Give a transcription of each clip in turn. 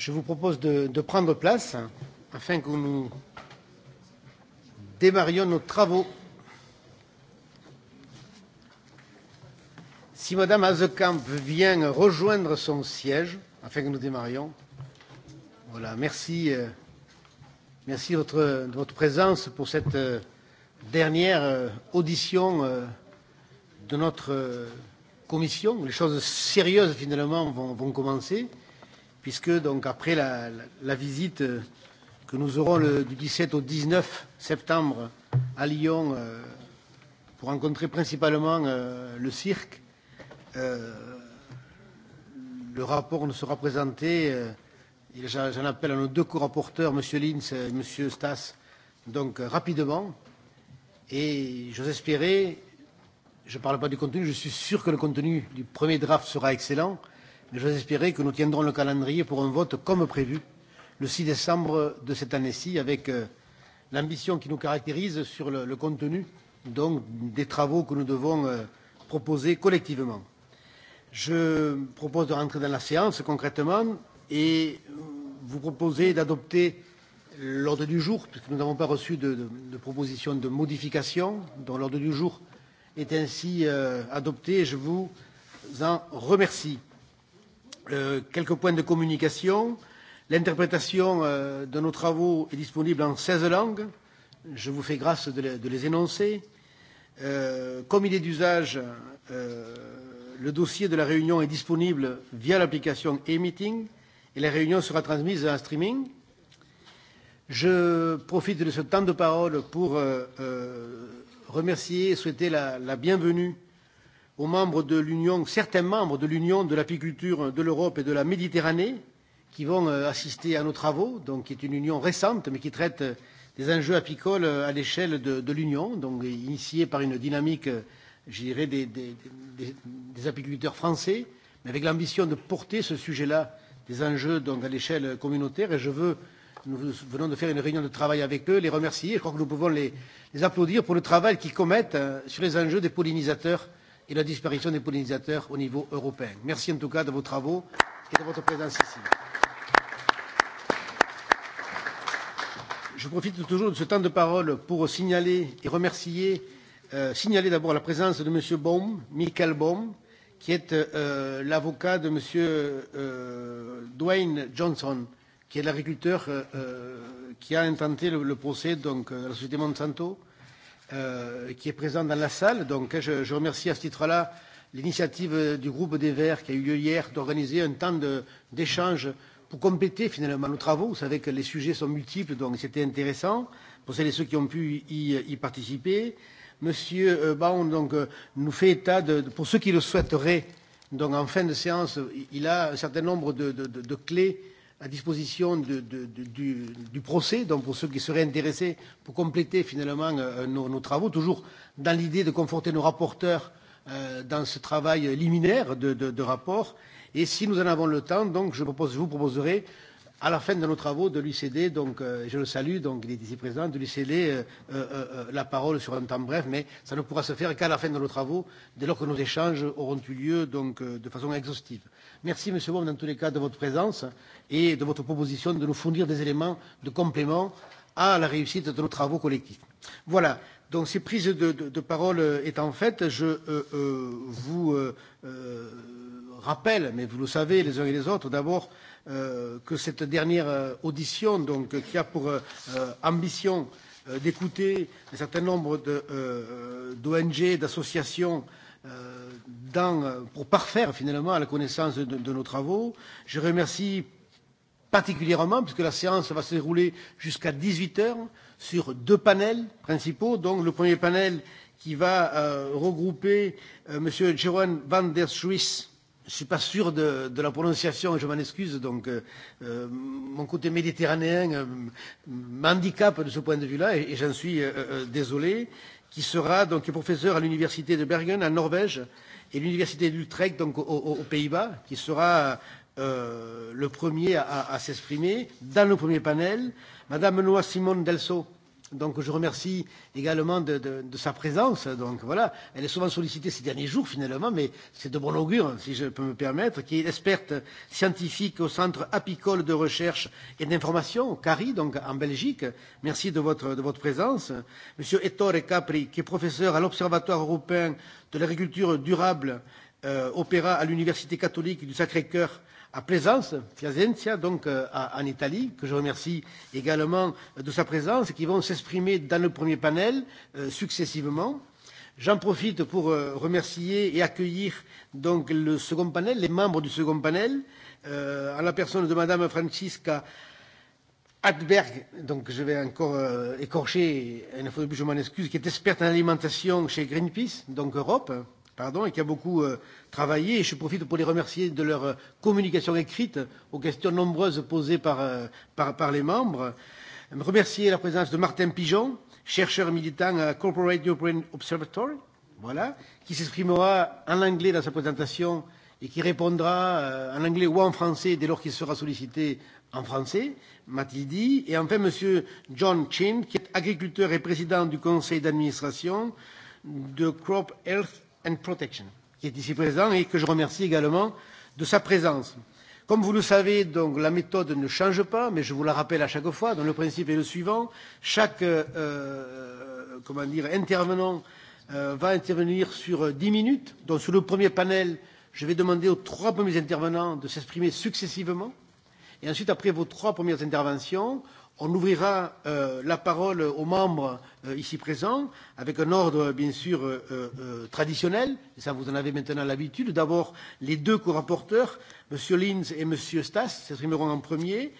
je vous propose de, de prendre place afin que nous démarrions nos travaux. Si Madame Hazekamp vient rejoindre son siège, afin que nous démarrions. Voilà, merci, euh, merci de votre, de votre présence pour cette euh, dernière euh, audition de notre commission. Les choses sérieuses, finalement, vont, vont commencer puisque donc après la, la, la visite euh, que nous aurons le, du 17 au 19 septembre à Lyon euh, pour rencontrer principalement euh, le cirque, euh, le rapport nous sera présenté. Euh, J'en appelle à nos deux co-rapporteurs, M. Linz et M. Stas, donc euh, rapidement. Et j'ose espérer, je ne parle pas du contenu, je suis sûr que le contenu du premier draft sera excellent. Euh, J'ose espérer que nous tiendrons le calendrier pour un vote comme prévu le 6 décembre de cette année-ci avec euh, l'ambition qui nous caractérise sur le, le contenu donc des travaux que nous devons euh, proposer collectivement. Je propose de rentrer dans la séance concrètement et euh, vous proposer d'adopter l'ordre du jour, puisque nous n'avons pas reçu de, de, de proposition de modification, dont l'ordre du jour est ainsi euh, adopté. Je vous en remercie. Euh, quelques points de communication. L'interprétation euh, de nos travaux est disponible en 16 langues. Je vous fais grâce de les, énoncer. Euh, comme il est d'usage, le dossier de la réunion est disponible via l'application e-meeting et la réunion sera transmise en streaming. Je profite de ce temps de parole pour remercier et souhaiter la bienvenue aux membres de l'Union, certains membres de l'Union de l'apiculture de l'Europe et de la Méditerranée, qui vont euh, assister à nos travaux, donc qui est une union récente, mais qui traite euh, des enjeux apicoles euh, à l'échelle de, de l'Union, donc initiée par une dynamique, je dirais, des, des, des, des apiculteurs français, mais avec l'ambition de porter ce sujet-là, des enjeux donc à l'échelle communautaire, et je veux nous venons de faire une réunion de travail avec eux, les remercier. Je crois que nous pouvons les, les applaudir pour le travail qu'ils commettent sur les enjeux des pollinisateurs et la disparition des pollinisateurs au niveau européen. Merci en tout cas de vos travaux et de votre présence ici. Je profite toujours de ce temps de parole pour signaler et remercier, euh, signaler d'abord la présence de M. Baum, Michael Baum, qui est euh, l'avocat de M. Euh, Dwayne Johnson, qui est l'agriculteur euh, euh, qui a intenté le, le procès donc, euh, de la société Monsanto euh, qui est présent dans la salle. Donc je, je remercie à ce titre-là l'initiative euh, du groupe des Verts qui a eu lieu hier d'organiser un temps d'échange pour compléter finalement nos travaux. Vous savez que les sujets sont multiples, donc c'était intéressant pour celles et ceux qui ont pu y, y participer. Monsieur euh, Baum donc, euh, nous fait état, de, pour ceux qui le souhaiteraient, donc en fin de séance, il a un certain nombre de, de, de, de clés à disposition de, de, de, du, du procès, donc pour ceux qui seraient intéressés, pour compléter finalement euh, nos, nos travaux, toujours dans l'idée de conforter nos rapporteurs euh, dans ce travail liminaire de, de, de rapport. Et si nous en avons le temps, donc je, propose, je vous proposerai à la fin de nos travaux de lui céder, donc euh, je le salue, donc il est ici présent, de lui céder euh, euh, euh, la parole sur un temps bref, mais ça ne pourra se faire qu'à la fin de nos travaux, dès lors que nos échanges auront eu lieu donc, euh, de façon exhaustive. Merci, M. Baum, dans tous les cas, de votre présence et de votre proposition de nous fournir des éléments de complément à la réussite de nos travaux collectifs. Voilà. Donc ces prises de, de, de parole étant faites, je euh, euh, vous euh, euh, rappelle, mais vous le savez les uns et les autres, d'abord euh, que cette dernière euh, audition, donc, qui a pour euh, euh, ambition euh, d'écouter un certain nombre d'ONG, euh, euh d'associations, Euh, dans, euh, pour parfaire finalement la connaissance de, de nos travaux. Je remercie particulièrement, puisque la séance va se dérouler jusqu'à 18h, sur deux panels principaux. Donc le premier panel qui va euh, regrouper euh, M. Jeroen van der Schuys. je ne suis pas sûr de, de la prononciation, je m'en excuse, donc euh, euh, mon côté méditerranéen euh, m'handicape de ce point de vue-là et, et j'en suis euh, euh, désolé qui sera donc professeur à l'université de Bergen en Norvège et l'université d'Utrecht donc aux, aux Pays-Bas, qui sera euh, le premier à, à s'exprimer dans le premier panel. Madame Noa Simone Delso, Donc je remercie également de, de, de sa présence. Donc voilà, elle est souvent sollicitée ces derniers jours finalement, mais c'est de bon augure, si je peux me permettre, qui est experte scientifique au Centre apicole de recherche et d'information, CARI, donc en Belgique. Merci de votre, de votre présence. Monsieur Ettore Capri, qui est professeur à l'Observatoire européen de l'agriculture durable, euh, opéra à l'Université catholique du Sacré-Cœur à Plaisance, Piacenza, donc euh, à, en Italie, que je remercie également euh, de sa présence, qui vont s'exprimer dans le premier panel euh, successivement. J'en profite pour euh, remercier et accueillir donc le second panel, les membres du second panel, euh, en la personne de Madame Francisca Adberg, donc je vais encore euh, écorcher, une fois de plus je m'en excuse, qui est experte en alimentation chez Greenpeace, donc Europe, pardon, et qui a beaucoup euh, travaillé. Et je profite pour les remercier de leur euh, communication écrite aux questions nombreuses posées par, euh, par, par les membres. Je Remercier la présence de Martin Pigeon, chercheur militant à Corporate European Observatory, voilà, qui s'exprimera en anglais dans sa présentation et qui répondra euh, en anglais ou en français dès lors qu'il sera sollicité en français, m'a-t-il dit. et enfin M. John Chin, qui est agriculteur et président du conseil d'administration de Crop Health and Protection, qui est ici présent et que je remercie également de sa présence. Comme vous le savez, donc, la méthode ne change pas, mais je vous la rappelle à chaque fois. Donc, le principe est le suivant. Chaque euh, euh comment dire, intervenant euh, va intervenir sur 10 minutes. Donc, sur le premier panel, je vais demander aux trois premiers intervenants de s'exprimer successivement Et ensuite, après vos trois premières interventions, on ouvrira euh, la parole aux membres euh, ici présents, avec un ordre bien sûr euh, euh, euh traditionnel, et ça vous en avez maintenant l'habitude. D'abord, les deux co-rapporteurs, M. Linz et M. Stas, s'exprimeront en premier,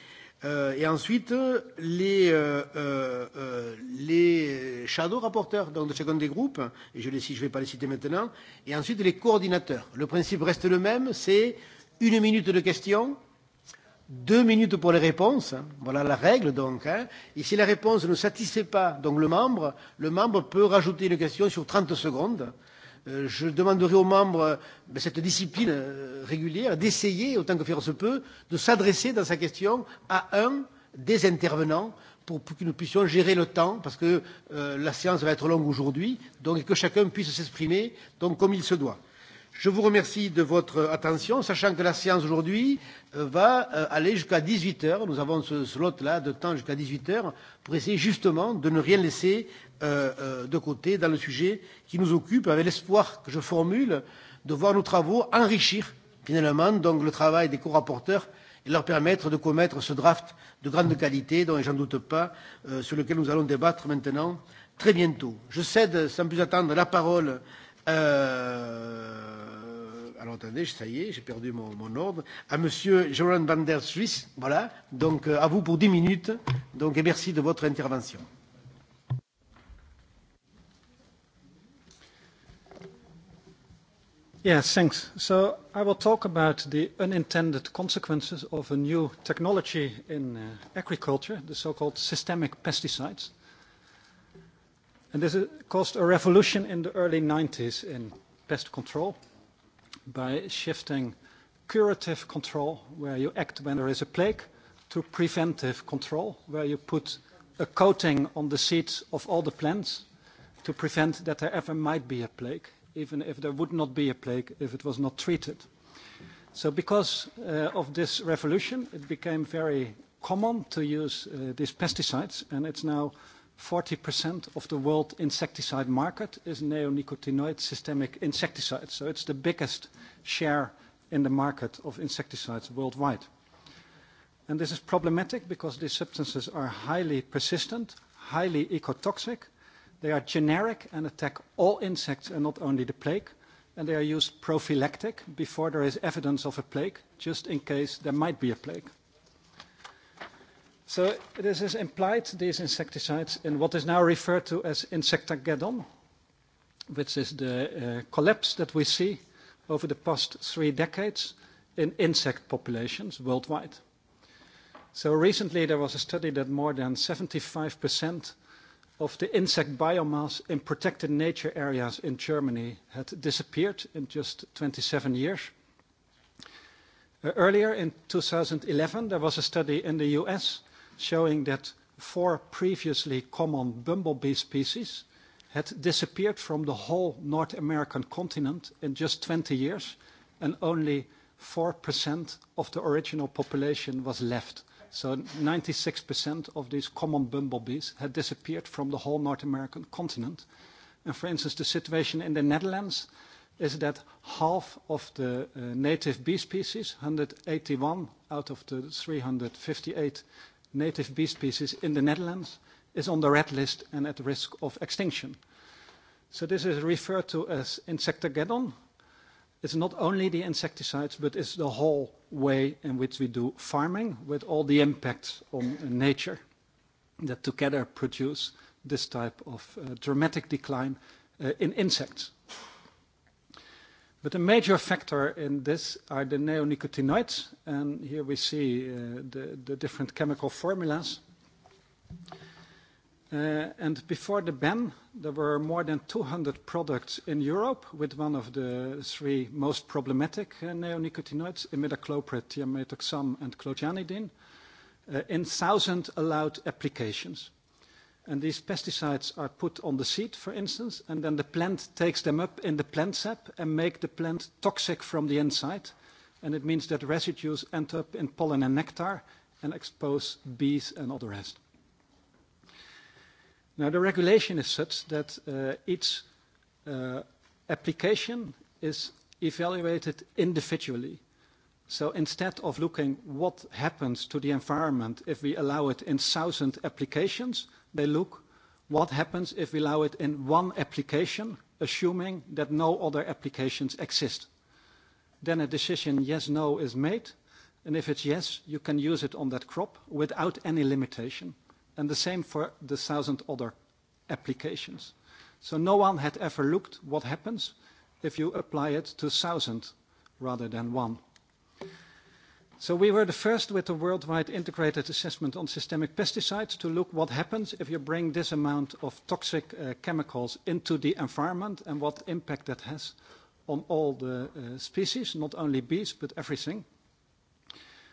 euh, et ensuite les, euh, euh, euh, les shadow rapporteurs donc de chacun des groupes, et je ne je vais pas les citer maintenant, et ensuite les coordinateurs. Le principe reste le même, c'est une minute de questions, deux minutes pour les réponses. Voilà la règle donc. Hein. Et si la réponse ne satisfait pas donc le membre, le membre peut rajouter une question sur 30 secondes. Euh, je demanderai aux membres euh, ben, cette discipline euh, régulière d'essayer, autant que faire se peut, de s'adresser dans sa question à un des intervenants pour, pour que nous puissions gérer le temps, parce que euh, la séance va être longue aujourd'hui, donc et que chacun puisse s'exprimer comme il se doit. Je vous remercie de votre attention, sachant que la séance aujourd'hui euh, va euh, aller jusqu'à 18 heures. Nous avons ce slot-là de temps jusqu'à 18 heures pour essayer justement de ne rien laisser euh, de côté dans le sujet qui nous occupe, avec l'espoir que je formule de voir nos travaux enrichir finalement donc le travail des co-rapporteurs et leur permettre de commettre ce draft de grande qualité dont j'en doute pas, sur lequel nous allons débattre maintenant très bientôt. Je cède sans plus attendre la parole euh, alors attendez, ça y est, j'ai perdu mon, mon ordre. À Monsieur Joran van der Suisse, voilà. Donc euh, à vous pour 10 minutes. Donc et merci de votre intervention. Yeah, thanks. So I will talk about the unintended consequences of a new technology in uh, agriculture, the so-called systemic pesticides. And this uh, caused a revolution in the early 90s in pest control by shifting curative control, where you act when there is a plague, to preventive control, where you put a coating on the seeds of all the plants to prevent that there ever might be a plague, even if there would not be a plague if it was not treated. So because uh, of this revolution, it became very common to use uh, these pesticides, and it's now 40% of the world insecticide market is neonicotinoid systemic insecticides, so it's the biggest share in the market of insecticides worldwide. And This is problematic because these substances are highly persistent, highly ecotoxic, they are generic and attack all insects and not only the plague, and they are used prophylactic before there is evidence of a plague, just in case there might be a plague. So this is implied, these insecticides, in what is now referred to as insectageddon, which is the uh, collapse that we see over the past three decades in insect populations worldwide. So recently there was a study that more than 75% of the insect biomass in protected nature areas in Germany had disappeared in just 27 years. Uh, earlier in 2011, there was a study in the US showing that four previously common bumblebee species had disappeared from the whole North American continent in just 20 years, and only 4% of the original population was left. So 96% of these common bumblebees had disappeared from the whole North American continent. And for instance, the situation in the Netherlands is that half of the uh, native bee species, 181 out of the 358 native bee species in the Netherlands is on the red list and at risk of extinction. So this is referred to as insectageddon. It's not only the insecticides, but it's the whole way in which we do farming with all the impacts on nature that together produce this type of uh, dramatic decline uh, in insects. But a major factor in this are the neonicotinoids, and here we see uh, the, the different chemical formulas. Uh, and before the ban, there were more than 200 products in Europe with one of the three most problematic uh, neonicotinoids, imidacloprid, thiamethoxam, and clojanidine, uh, in 1,000 allowed applications. And these pesticides are put on the seed, for instance, and then the plant takes them up in the plant sap and make the plant toxic from the inside. And it means that residues end up in pollen and nectar and expose bees and all the rest. Now, the regulation is such that uh, each uh, application is evaluated individually. So instead of looking what happens to the environment if we allow it in 1,000 applications, They look what happens if we allow it in one application, assuming that no other applications exist. Then a decision yes, no is made, and if it's yes, you can use it on that crop without any limitation. And the same for the thousand other applications. So no one had ever looked what happens if you apply it to thousand rather than one. So we were the first with a worldwide integrated assessment on systemic pesticides to look what happens if you bring this amount of toxic uh, chemicals into the environment and what impact that has on all the uh, species, not only bees, but everything.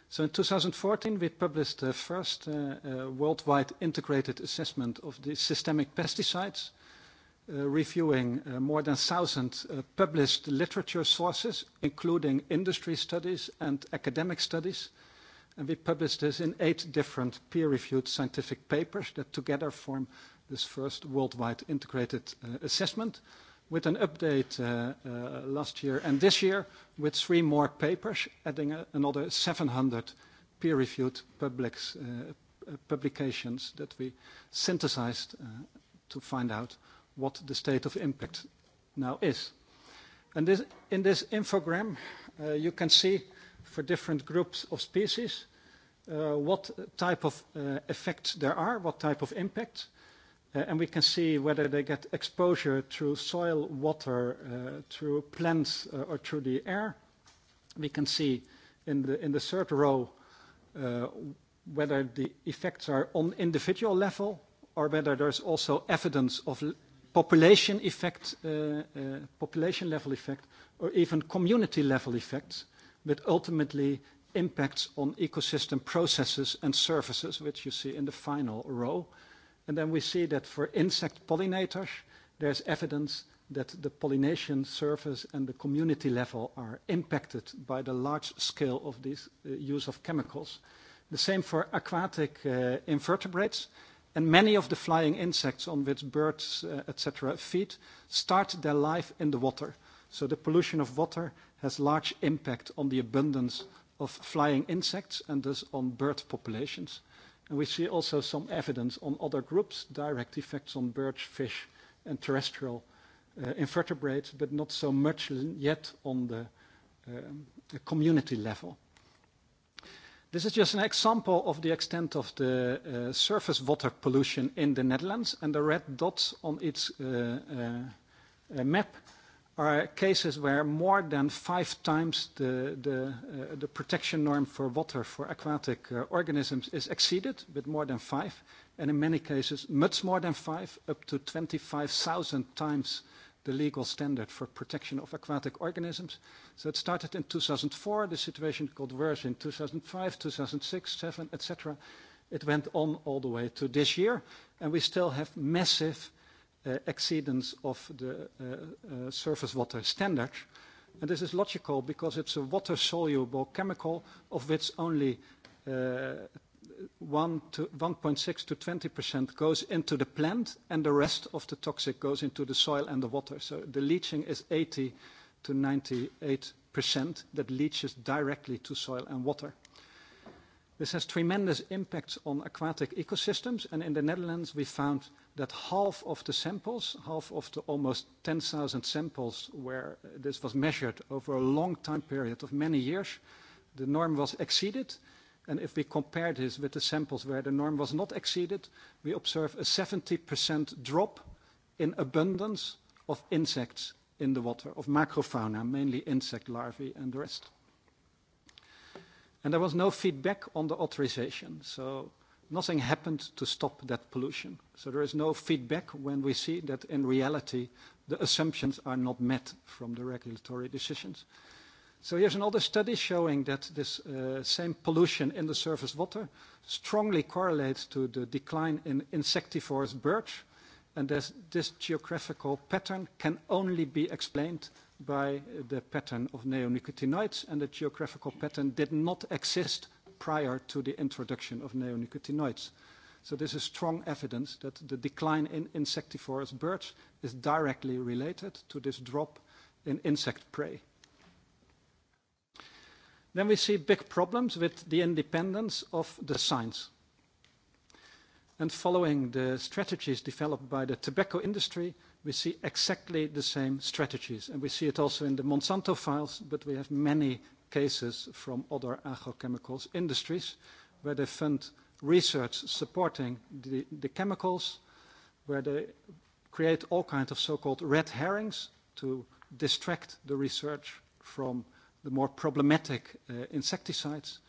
So in 2014, we published the first uh, uh, worldwide integrated assessment of the systemic pesticides Uh, reviewing uh, more than 1,000 uh, published literature sources, including industry studies and academic studies. And we published this in eight different peer-reviewed scientific papers that together form this first worldwide integrated uh, assessment with an update uh, uh, last year and this year with three more papers, adding uh, another 700 peer-reviewed uh, publications that we synthesized uh, to find out what the state of impact now is. And this, in this infogram, uh, you can see for different groups of species uh, what type of uh, effects there are, what type of impact, uh, and we can see whether they get exposure through soil, water, uh, through plants, uh, or through the air. We can see in the, in the third row uh, whether the effects are on individual level or whether there's also evidence of population effect, uh, uh, population level effect, or even community level effects, but ultimately impacts on ecosystem processes and services, which you see in the final row. And then we see that for insect pollinators, there's evidence that the pollination surface and the community level are impacted by the large scale of this uh, use of chemicals. The same for aquatic invertebrates. And many of the flying insects on which birds, uh, et cetera, feed start their life in the water. So the pollution of water has large impact on the abundance of flying insects and thus on bird populations. And we see also some evidence on other groups, direct effects on birds, fish, and terrestrial uh, invertebrates, but not so much yet on the um, community level. This is just an example of the extent of the uh, surface water pollution in the Netherlands, and the red dots on its uh, uh, uh, map are cases where more than five times the, the, uh, the protection norm for water for aquatic uh, organisms is exceeded with more than five, and in many cases much more than five, up to 25,000 times uh, the legal standard for protection of aquatic organisms. So it started in 2004. The situation got worse in 2005, 2006, 2007, etc. It went on all the way to this year, and we still have massive uh, exceedance of the uh, uh, surface water standard. And this is logical because it's a water-soluble chemical of which only uh, 1.6 to 20% goes into the plant, and the rest of the toxic goes into the soil and the water. So the leaching is 80 to 98% that leaches directly to soil and water. This has tremendous impacts on aquatic ecosystems, and in the Netherlands, we found that half of the samples, half of the almost 10,000 samples where this was measured over a long time period of many years, the norm was exceeded, And If we compare this with the samples where the norm was not exceeded, we observe a 70% drop in abundance of insects in the water, of macrofauna, mainly insect larvae and the rest. And There was no feedback on the authorization, so nothing happened to stop that pollution. So There is no feedback when we see that in reality, the assumptions are not met from the regulatory decisions. So here's another study showing that this uh, same pollution in the surface water strongly correlates to the decline in insectivorous birch, and this, this geographical pattern can only be explained by the pattern of neonicotinoids, and the geographical pattern did not exist prior to the introduction of neonicotinoids. So this is strong evidence that the decline in insectivorous birds is directly related to this drop in insect prey then we see big problems with the independence of the science. And following the strategies developed by the tobacco industry, we see exactly the same strategies. And we see it also in the Monsanto files, but we have many cases from other agrochemicals industries where they fund research supporting the, the chemicals, where they create all kinds of so-called red herrings to distract the research from the more problematic uh, insecticides,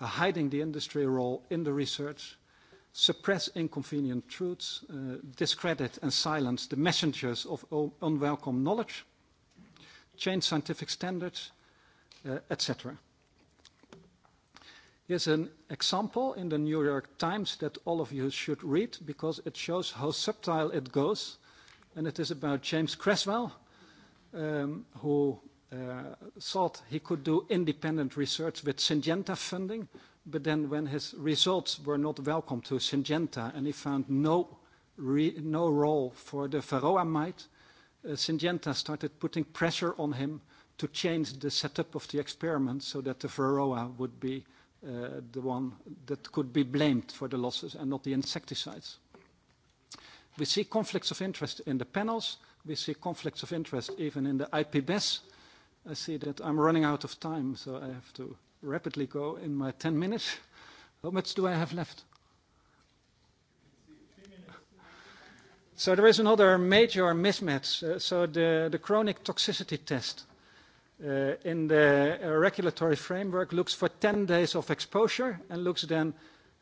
uh, hiding the industry role in the research, suppress inconvenient truths, uh, discredit and silence the messengers of unwelcome knowledge, change scientific standards, uh, etc. Here's an example in the New York Times that all of you should read because it shows how subtle it goes. And it is about James Creswell, um, who uh, thought he could do independent research with Syngenta funding, but then when his results were not welcome to Syngenta and he found no, re, no role for the Varroa uh, Syngenta started putting pressure on him to change the setup of the experiment so that the varroa would be uh, the one that could be blamed for the losses and not the insecticides. We see conflicts of interest in the panels. We see conflicts of interest even in the IPBES i see that I'm running out of time, so I have to rapidly go in my 10 minutes. How much do I have left? So there is another major mismatch. Uh, so the, the chronic toxicity test uh, in the uh, regulatory framework looks for 10 days of exposure and looks then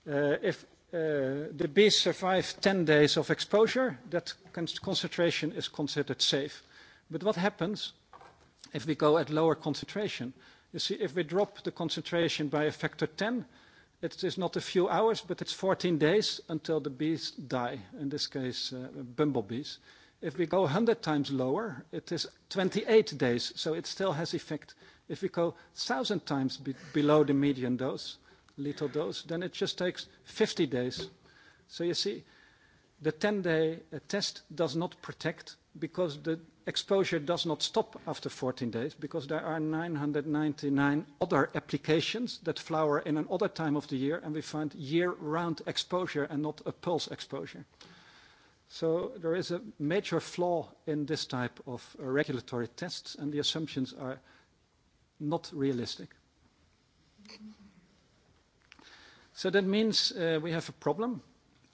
uh, if uh, the bees survive 10 days of exposure, that con concentration is considered safe. But what happens if we go at lower concentration. You see, if we drop the concentration by a factor 10, it is not a few hours, but it's 14 days until the bees die, in this case, uh, bumblebees. If we go 100 times lower, it is 28 days, so it still has effect. If we go 1,000 times be below the median dose, lethal dose, then it just takes 50 days. So you see, the 10-day uh, test does not protect because the exposure does not stop after 14 days because there are 999 other applications that flower in another time of the year, and we find year-round exposure and not a pulse exposure. So there is a major flaw in this type of uh, regulatory tests, and the assumptions are not realistic. So that means uh, we have a problem,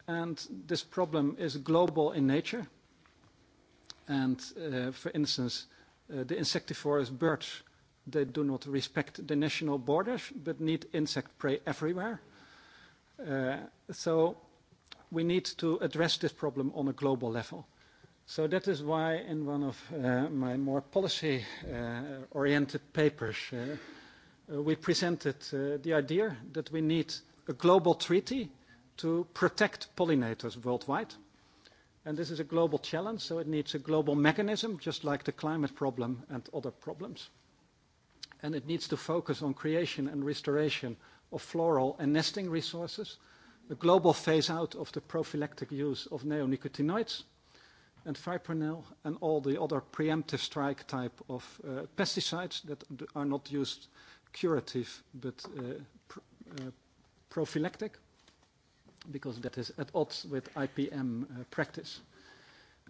and this problem is global in nature – And uh, for instance, uh, the insectivorous birds, they do not respect the national borders, but need insect prey everywhere. Uh, so we need to address this problem on a global level. So that is why in one of uh, my more policy-oriented uh, papers, uh, uh, we presented uh, the idea that we need a global treaty to protect pollinators worldwide And this is a global challenge, so it needs a global mechanism, just like the climate problem and other problems. And it needs to focus on creation and restoration of floral and nesting resources, a global phase-out of the prophylactic use of neonicotinoids, and fipronil and all the other preemptive strike type of uh, pesticides that are not used curative but uh, pr uh, prophylactic because that is at odds with IPM uh, practice.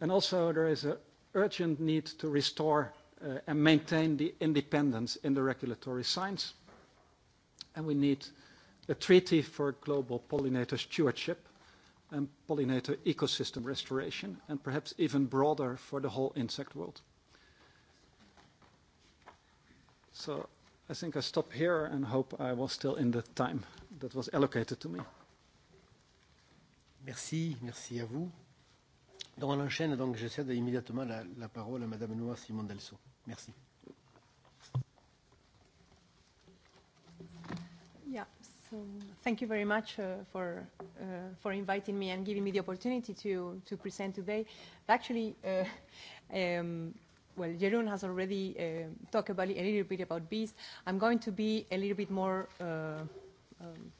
And also there is an urgent need to restore uh, and maintain the independence in the regulatory science. And we need a treaty for global pollinator stewardship and pollinator ecosystem restoration, and perhaps even broader for the whole insect world. So I think I stop here and hope I was still in the time that was allocated to me. Merci, merci à vous. Donc on enchaîne, donc je cède immédiatement la, la parole à Madame Noa Simon Delso. Merci. Yeah, so thank you very much uh, for, uh, for inviting me and giving me the opportunity to, to present today. Actually, uh, um, well, Jeroen has already uh, talked about a little bit about bees. I'm going to be a little bit more uh, um,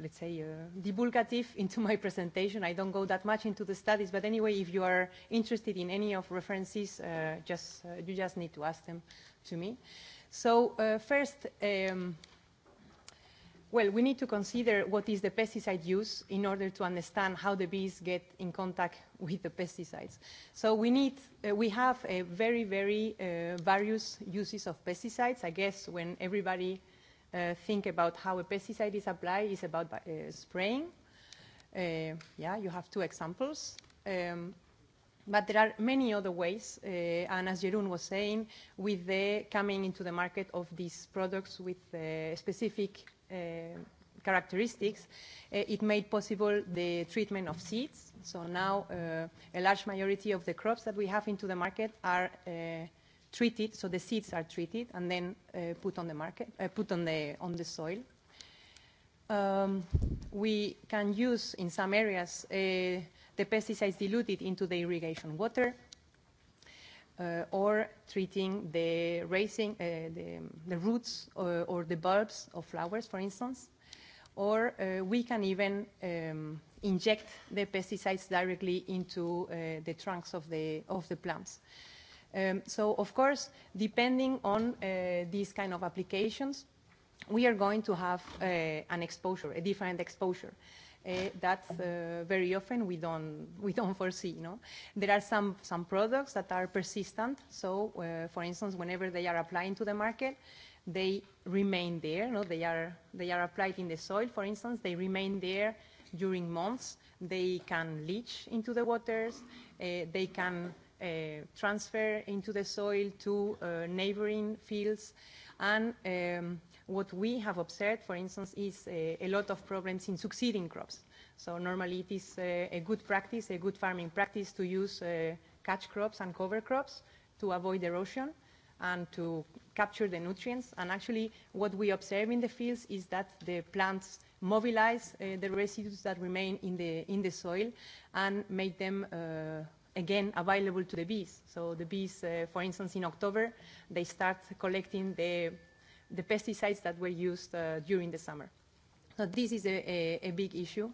let's say, uh, divulgative into my presentation. I don't go that much into the studies, but anyway, if you are interested in any of references, uh, just, uh, you just need to ask them to me. So uh, first, um, well, we need to consider what is the pesticide use in order to understand how the bees get in contact with the pesticides. So we need, uh, we have a very, very uh, various uses of pesticides. I guess when everybody uh, think about how a pesticide is applied is about uh, spraying. Uh, yeah, you have two examples. Um, but there are many other ways, uh, and as Jeroen was saying, with the coming into the market of these products with uh, specific uh, characteristics, uh, it made possible the treatment of seeds. So now uh, a large majority of the crops that we have into the market are uh, treated, so the seeds are treated and then uh, put on the market, uh, put on the, on the soil. Um, we can use in some areas uh, the pesticides diluted into the irrigation water uh, or treating the raising, uh, the, the roots or, uh, or the bulbs of flowers, for instance. Or uh, we can even um, inject the pesticides directly into uh, the trunks of the, of the plants. Uh, Um, so, of course, depending on uh, these kind of applications, we are going to have uh, an exposure, a different exposure. Uh, that uh, very often we don't, we don't foresee. No? There are some, some products that are persistent. So, uh, for instance, whenever they are applying to the market, they remain there. No? They, are, they are applied in the soil, for instance. They remain there during months. They can leach into the waters. Uh, they can uh, transfer into the soil to uh, neighboring fields. And um, what we have observed, for instance, is a, uh, a lot of problems in succeeding crops. So normally it is a, uh, a good practice, a good farming practice to use uh, catch crops and cover crops to avoid erosion and to capture the nutrients. And actually what we observe in the fields is that the plants mobilize uh, the residues that remain in the, in the soil and make them uh, again available to the bees. So the bees, uh, for instance, in October, they start collecting the, the pesticides that were used uh, during the summer. So this is a, a, a big issue.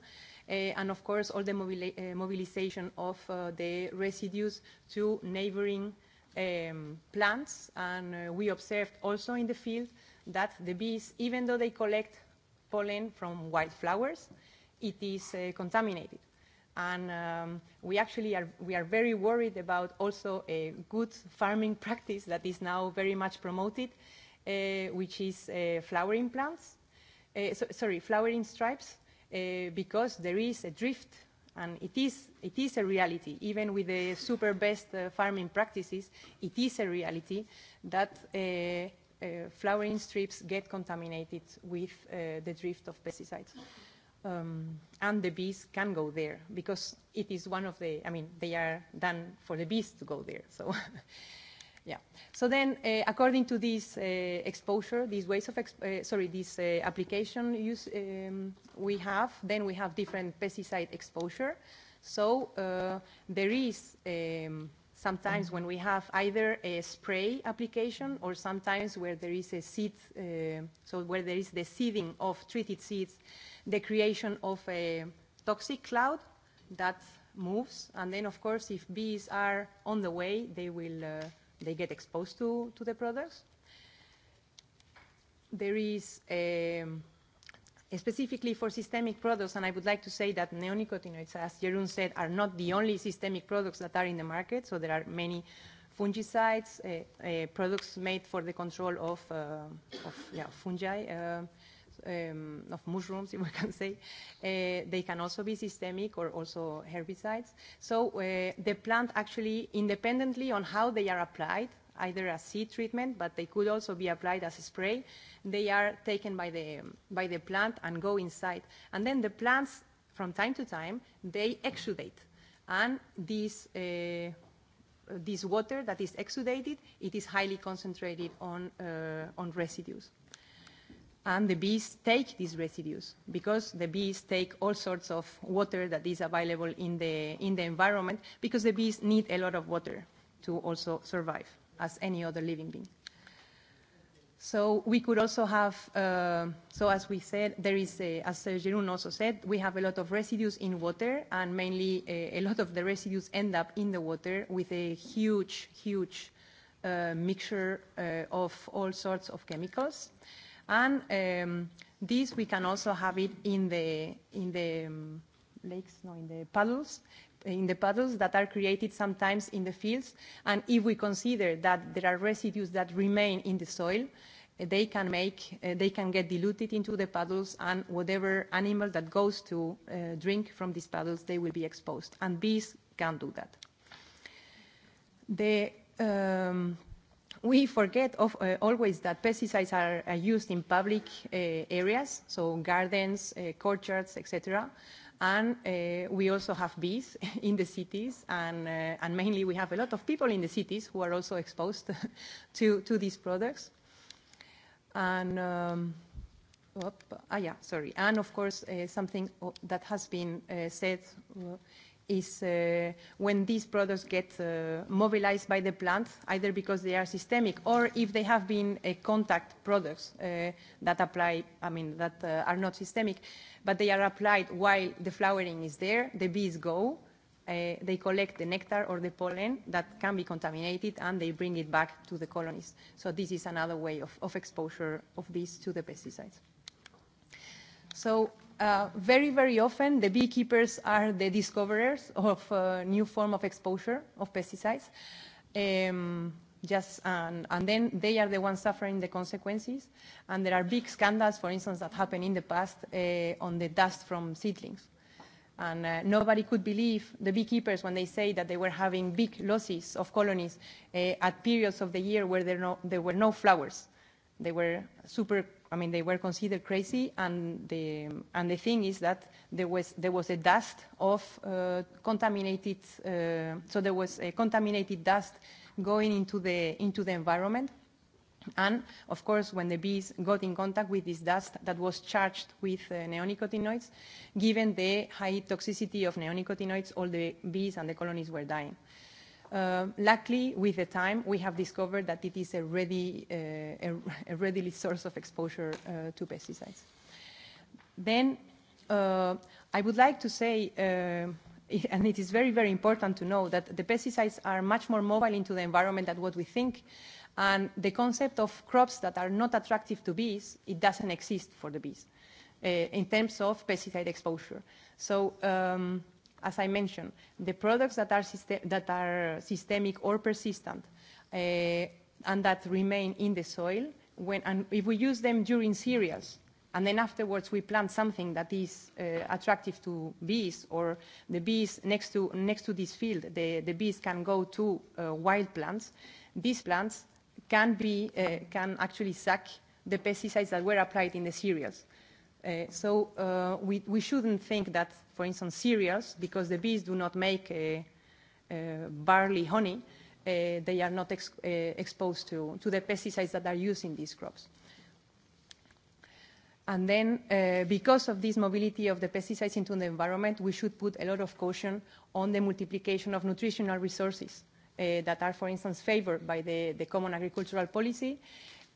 Uh, and of course, all the mobili uh, mobilization of uh, the residues to neighboring um, plants. And uh, we observed also in the field that the bees, even though they collect pollen from wildflowers, it is uh, contaminated and um, we actually are, we are very worried about also a good farming practice that is now very much promoted, uh, which is uh, flowering plants, uh, so, sorry, flowering stripes, uh, because there is a drift and it is, it is a reality, even with the super best uh, farming practices, it is a reality that uh, uh, flowering strips get contaminated with uh, the drift of pesticides um, and the bees can go there because it is one of the, I mean, they are done for the bees to go there. So, yeah. So then, uh, according to this uh, exposure, these ways of, exp uh, sorry, this uh, application use um, we have, then we have different pesticide exposure. So uh, there is um, sometimes when we have either a spray application or sometimes where there is a seed, uh, so where there is the seeding of treated seeds, the creation of a toxic cloud that moves. And then, of course, if bees are on the way, they will uh, they get exposed to, to the products. There is... Um, specifically for systemic products, and I would like to say that neonicotinoids, as Jeroen said, are not the only systemic products that are in the market, so there are many fungicides, uh, uh, products made for the control of, uh, of yeah, fungi, uh, um, of mushrooms, if we can say. Uh, they can also be systemic or also herbicides. So uh, the plant actually, independently on how they are applied, either as seed treatment, but they could also be applied as a spray. They are taken by the, by the plant and go inside. And then the plants, from time to time, they exudate. And this uh, this water that is exudated, it is highly concentrated on, uh, on residues. And the bees take these residues because the bees take all sorts of water that is available in the, in the environment because the bees need a lot of water to also survive as any other living being. So we could also have, uh, so as we said, there is, a, as Jeroen also said, we have a lot of residues in water, and mainly a, uh, a lot of the residues end up in the water with a huge, huge uh, mixture uh, of all sorts of chemicals. And um, this we can also have it in the, in the um, lakes, no, in the puddles, in the puddles that are created sometimes in the fields. And if we consider that there are residues that remain in the soil, eh, they can make, uh, they can get diluted into the puddles and whatever animal that goes to uh, drink from these puddles, they will be exposed. And bees can do that. The, um, we forget of, uh, always that pesticides are, are used in public uh, areas, so gardens, uh, courtyards, etc And uh, we also have bees in the cities, and, uh, and mainly we have a lot of people in the cities who are also exposed to, to these products. And um, oh, ah, yeah, sorry. And of course, uh, something oh, that has been uh, said is uh, when these products get uh, mobilized by the plant, either because they are systemic or if they have been a uh, contact products uh, that apply, I mean, that uh, are not systemic, but they are applied while the flowering is there, the bees go, uh, they collect the nectar or the pollen that can be contaminated and they bring it back to the colonies. So this is another way of, of exposure of bees to the pesticides. So uh, very, very often the beekeepers are the discoverers of a new form of exposure of pesticides. Um, just and, and then they are the ones suffering the consequences. And there are big scandals, for instance, that happened in the past uh, on the dust from seedlings. And uh, nobody could believe the beekeepers when they say that they were having big losses of colonies uh, at periods of the year where there, no, there were no flowers. They were super i mean, they were considered crazy, and the, and the thing is that there was, there was a dust of uh, contaminated, uh, so there was a contaminated dust going into the, into the environment. And of course, when the bees got in contact with this dust that was charged with uh, neonicotinoids, given the high toxicity of neonicotinoids, all the bees and the colonies were dying. Uh, Uh, luckily, with the time, we have discovered that it is a ready, uh, a, a source of exposure uh, to pesticides. Then, uh, I would like to say, uh, and it is very, very important to know that the pesticides are much more mobile into the environment than what we think. And the concept of crops that are not attractive to bees, it doesn't exist for the bees uh, in terms of pesticide exposure. So um, as I mentioned, the products that are, system, that are systemic or persistent uh, and that remain in the soil, when, and if we use them during cereals, and then afterwards we plant something that is uh, attractive to bees or the bees next to, next to this field, the, the bees can go to uh, wild plants. These plants can, be, uh, can actually suck the pesticides that were applied in the cereals. Uh, so uh, we, we shouldn't think that, for instance, cereals, because the bees do not make uh, uh, barley honey, uh, they are not ex uh, exposed to, to the pesticides that are used in these crops. And then, uh, because of this mobility of the pesticides into the environment, we should put a lot of caution on the multiplication of nutritional resources uh, that are, for instance, favored by the, the common agricultural policy,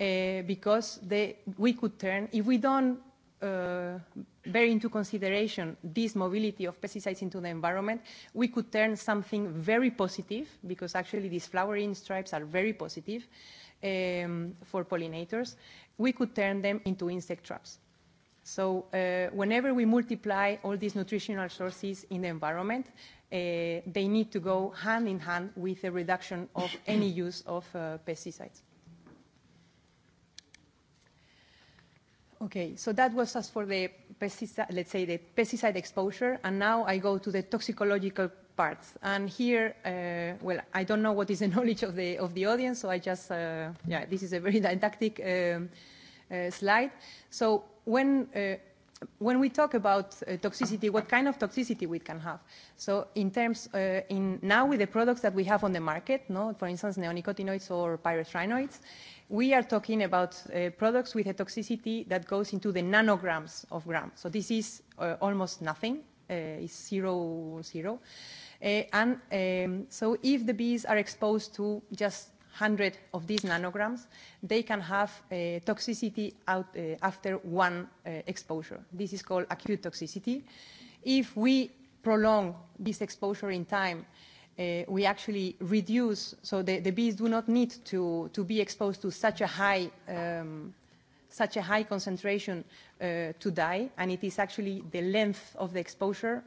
uh, because they, we could turn, if we don't uh, bear into consideration this mobility of pesticides into the environment, we could turn something very positive, because actually these flowering stripes are very positive um, for pollinators, we could turn them into insect traps. So uh, whenever we multiply all these nutritional sources in the environment, uh, they need to go hand in hand with the reduction of any use of uh, pesticides. Okay, so that was as for the pesticide, let's say the pesticide exposure, and now I go to the toxicological parts. And here, uh, well, I don't know what is the knowledge of the of the audience, so I just, uh, yeah, this is a very didactic um, uh, slide. So when uh, when we talk about uh, toxicity, what kind of toxicity we can have. So in terms, uh, in now with the products that we have on the market, no, for instance, neonicotinoids or pyrethrinoids we are talking about uh, products with a toxicity that goes into the nanograms of gram. So this is uh, almost nothing, uh, it's zero, zero. Uh, and um, so if the bees are exposed to just 100 of these nanograms, they can have uh, toxicity out, uh, after one uh, exposure. This is called acute toxicity. If we prolong this exposure in time, uh, uh, we actually reduce, so the, the bees do not need to, to be exposed to such a high, um, such a high concentration uh, to die, and it is actually the length of the exposure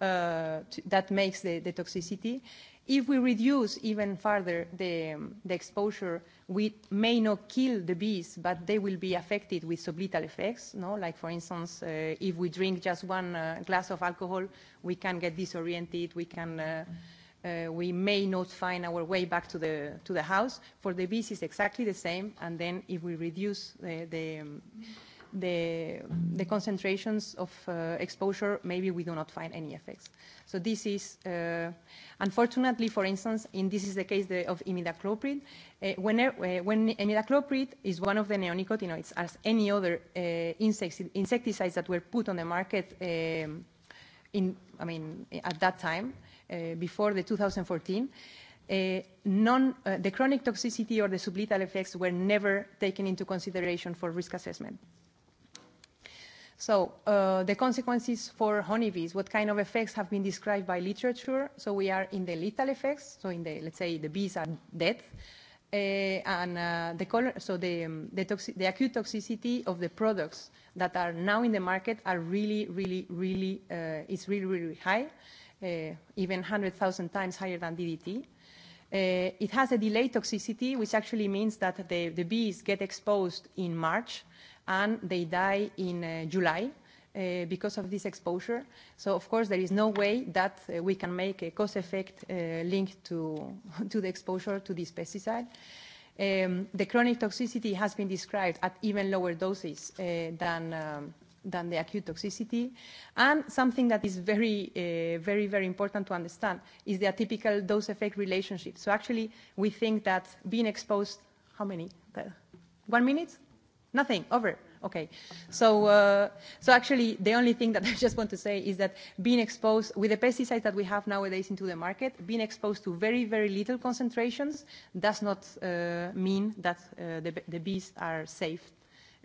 uh, to, that makes the, the toxicity. If we reduce even further the, um, the exposure, we may not kill the bees, but they will be affected with sublethal effects. No? Like, for instance, uh, if we drink just one uh, glass of alcohol, we can get disoriented, we can uh, uh, we may not find our way back to the, to the house. For the bees, it's exactly the same. And then if we reduce the, the, um, the, the concentrations of uh, exposure, maybe we do not find any effects. So this is, uh, unfortunately, for instance, in this is the case the, of imidacloprid. Uh, when, uh, when imidacloprid is one of the neonicotinoids, as any other uh, insects, insecticides that were put on the market um, in, I mean, at that time, uh, before the 2014, uh, eh, non, uh, the chronic toxicity or the sublethal effects were never taken into consideration for risk assessment. So uh, the consequences for honeybees, what kind of effects have been described by literature? So we are in the lethal effects, so in the, let's say the bees are dead, uh, and uh, the color, so the, um, the, toxi the acute toxicity of the products that are now in the market are really, really, really, uh, it's really, really high uh, even 100,000 times higher than DDT. Uh, it has a delayed toxicity, which actually means that the, the bees get exposed in March and they die in uh, July uh, because of this exposure. So, of course, there is no way that uh, we can make a cause effect uh, linked to, to the exposure to this pesticide. Um, the chronic toxicity has been described at even lower doses uh, than, um, than the acute toxicity. And something that is very, uh, very, very important to understand is the atypical dose-effect relationship. So actually, we think that being exposed, how many? One minute? Nothing, over. Okay. So, uh, so actually, the only thing that I just want to say is that being exposed with the pesticides that we have nowadays into the market, being exposed to very, very little concentrations does not uh, mean that uh, the, the bees are safe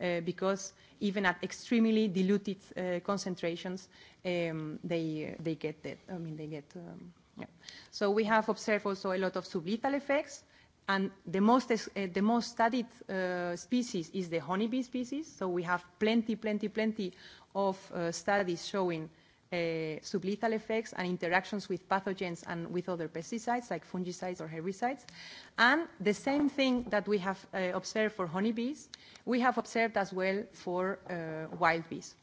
uh, because even at extremely diluted uh, concentrations, um, they, uh, they get that. I mean, they get. Um, yeah. So we have observed also a lot of sublethal effects. And the most, uh, the most studied uh, species is the honeybee species. So we have plenty, plenty, plenty of uh, studies showing uh, sublethal effects and interactions with pathogens and with other pesticides like fungicides or herbicides. And the same thing that we have uh, observed for honeybees, we have observed as well for uh, wild bees.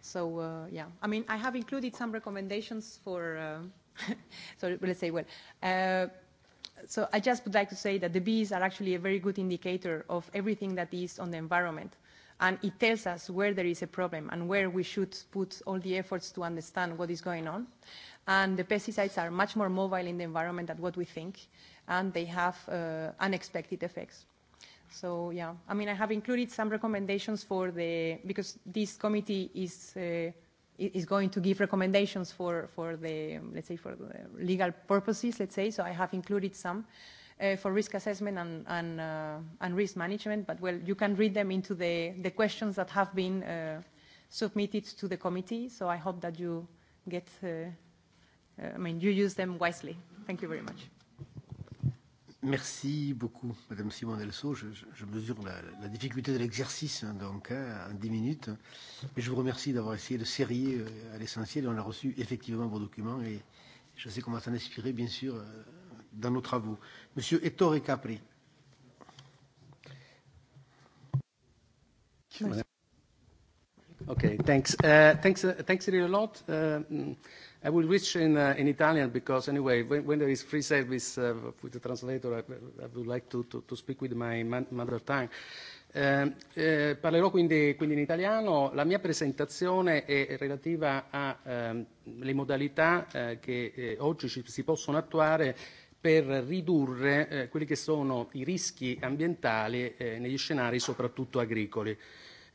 So, uh, yeah, I mean, I have included some recommendations for, uh, so let's say, well, uh, so I just would like to say that the bees are actually a very good indicator of everything that is on the environment. Uh, and it tells us where there is a problem and where we should put all the efforts to understand what is going on. And the pesticides are much more mobile in the environment than what we think, and they have uh, unexpected effects. So yeah, I mean, I have included some recommendations for the, because this committee is, uh, is going to give recommendations for, for the, let's say, for the legal purposes, let's say, so I have included some. Uh, uh, for risk assessment and, and, uh, and risk management, but well, you can read them into the, the questions that have been uh, submitted to the committee. So I hope that you get, uh, uh, I mean, you use them wisely. Thank you very much. Merci beaucoup, Madame Simon Delso. Je, je, mesure la, la difficulté de l'exercice, hein, donc, hein, en 10 minutes. Mais je vous remercie d'avoir essayé de serrer euh, à l'essentiel. On a reçu effectivement vos documents et je sais qu'on va s'en inspirer, bien sûr, euh, dans nos travaux. Monsieur Ettore Capri. Okay, thanks. Uh, thanks, uh, thanks really a lot. Uh, mm, I will reach in, uh, in Italian because anyway, when, when there is free service uh, with the translator, I, I would like to, to, to speak with my mother tongue. Eh, eh, parlerò quindi, quindi in italiano. La mia presentazione è relativa alle um, ehm, modalità eh, che eh, oggi ci, si possono attuare per ridurre eh, quelli che sono i rischi ambientali eh, negli scenari soprattutto agricoli.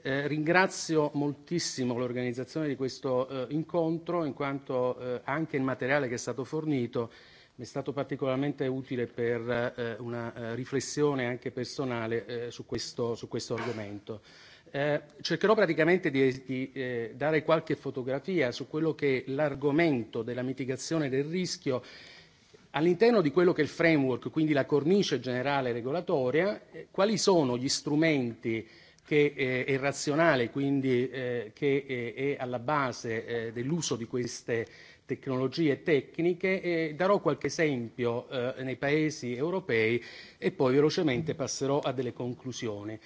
Eh, ringrazio moltissimo l'organizzazione di questo eh, incontro in quanto eh, anche il materiale che è stato fornito mi è stato particolarmente utile per eh, una eh, riflessione anche personale eh, su, questo, su questo argomento. Eh, cercherò praticamente di, di eh, dare qualche fotografia su quello che l'argomento della mitigazione del rischio All'interno di quello che è il framework, quindi la cornice generale regolatoria, eh, quali sono gli strumenti che eh, è razionale, quindi eh, che eh, è alla base eh, dell'uso di queste tecnologie tecniche. Eh, darò qualche esempio eh, nei paesi europei e poi velocemente passerò a delle conclusioni.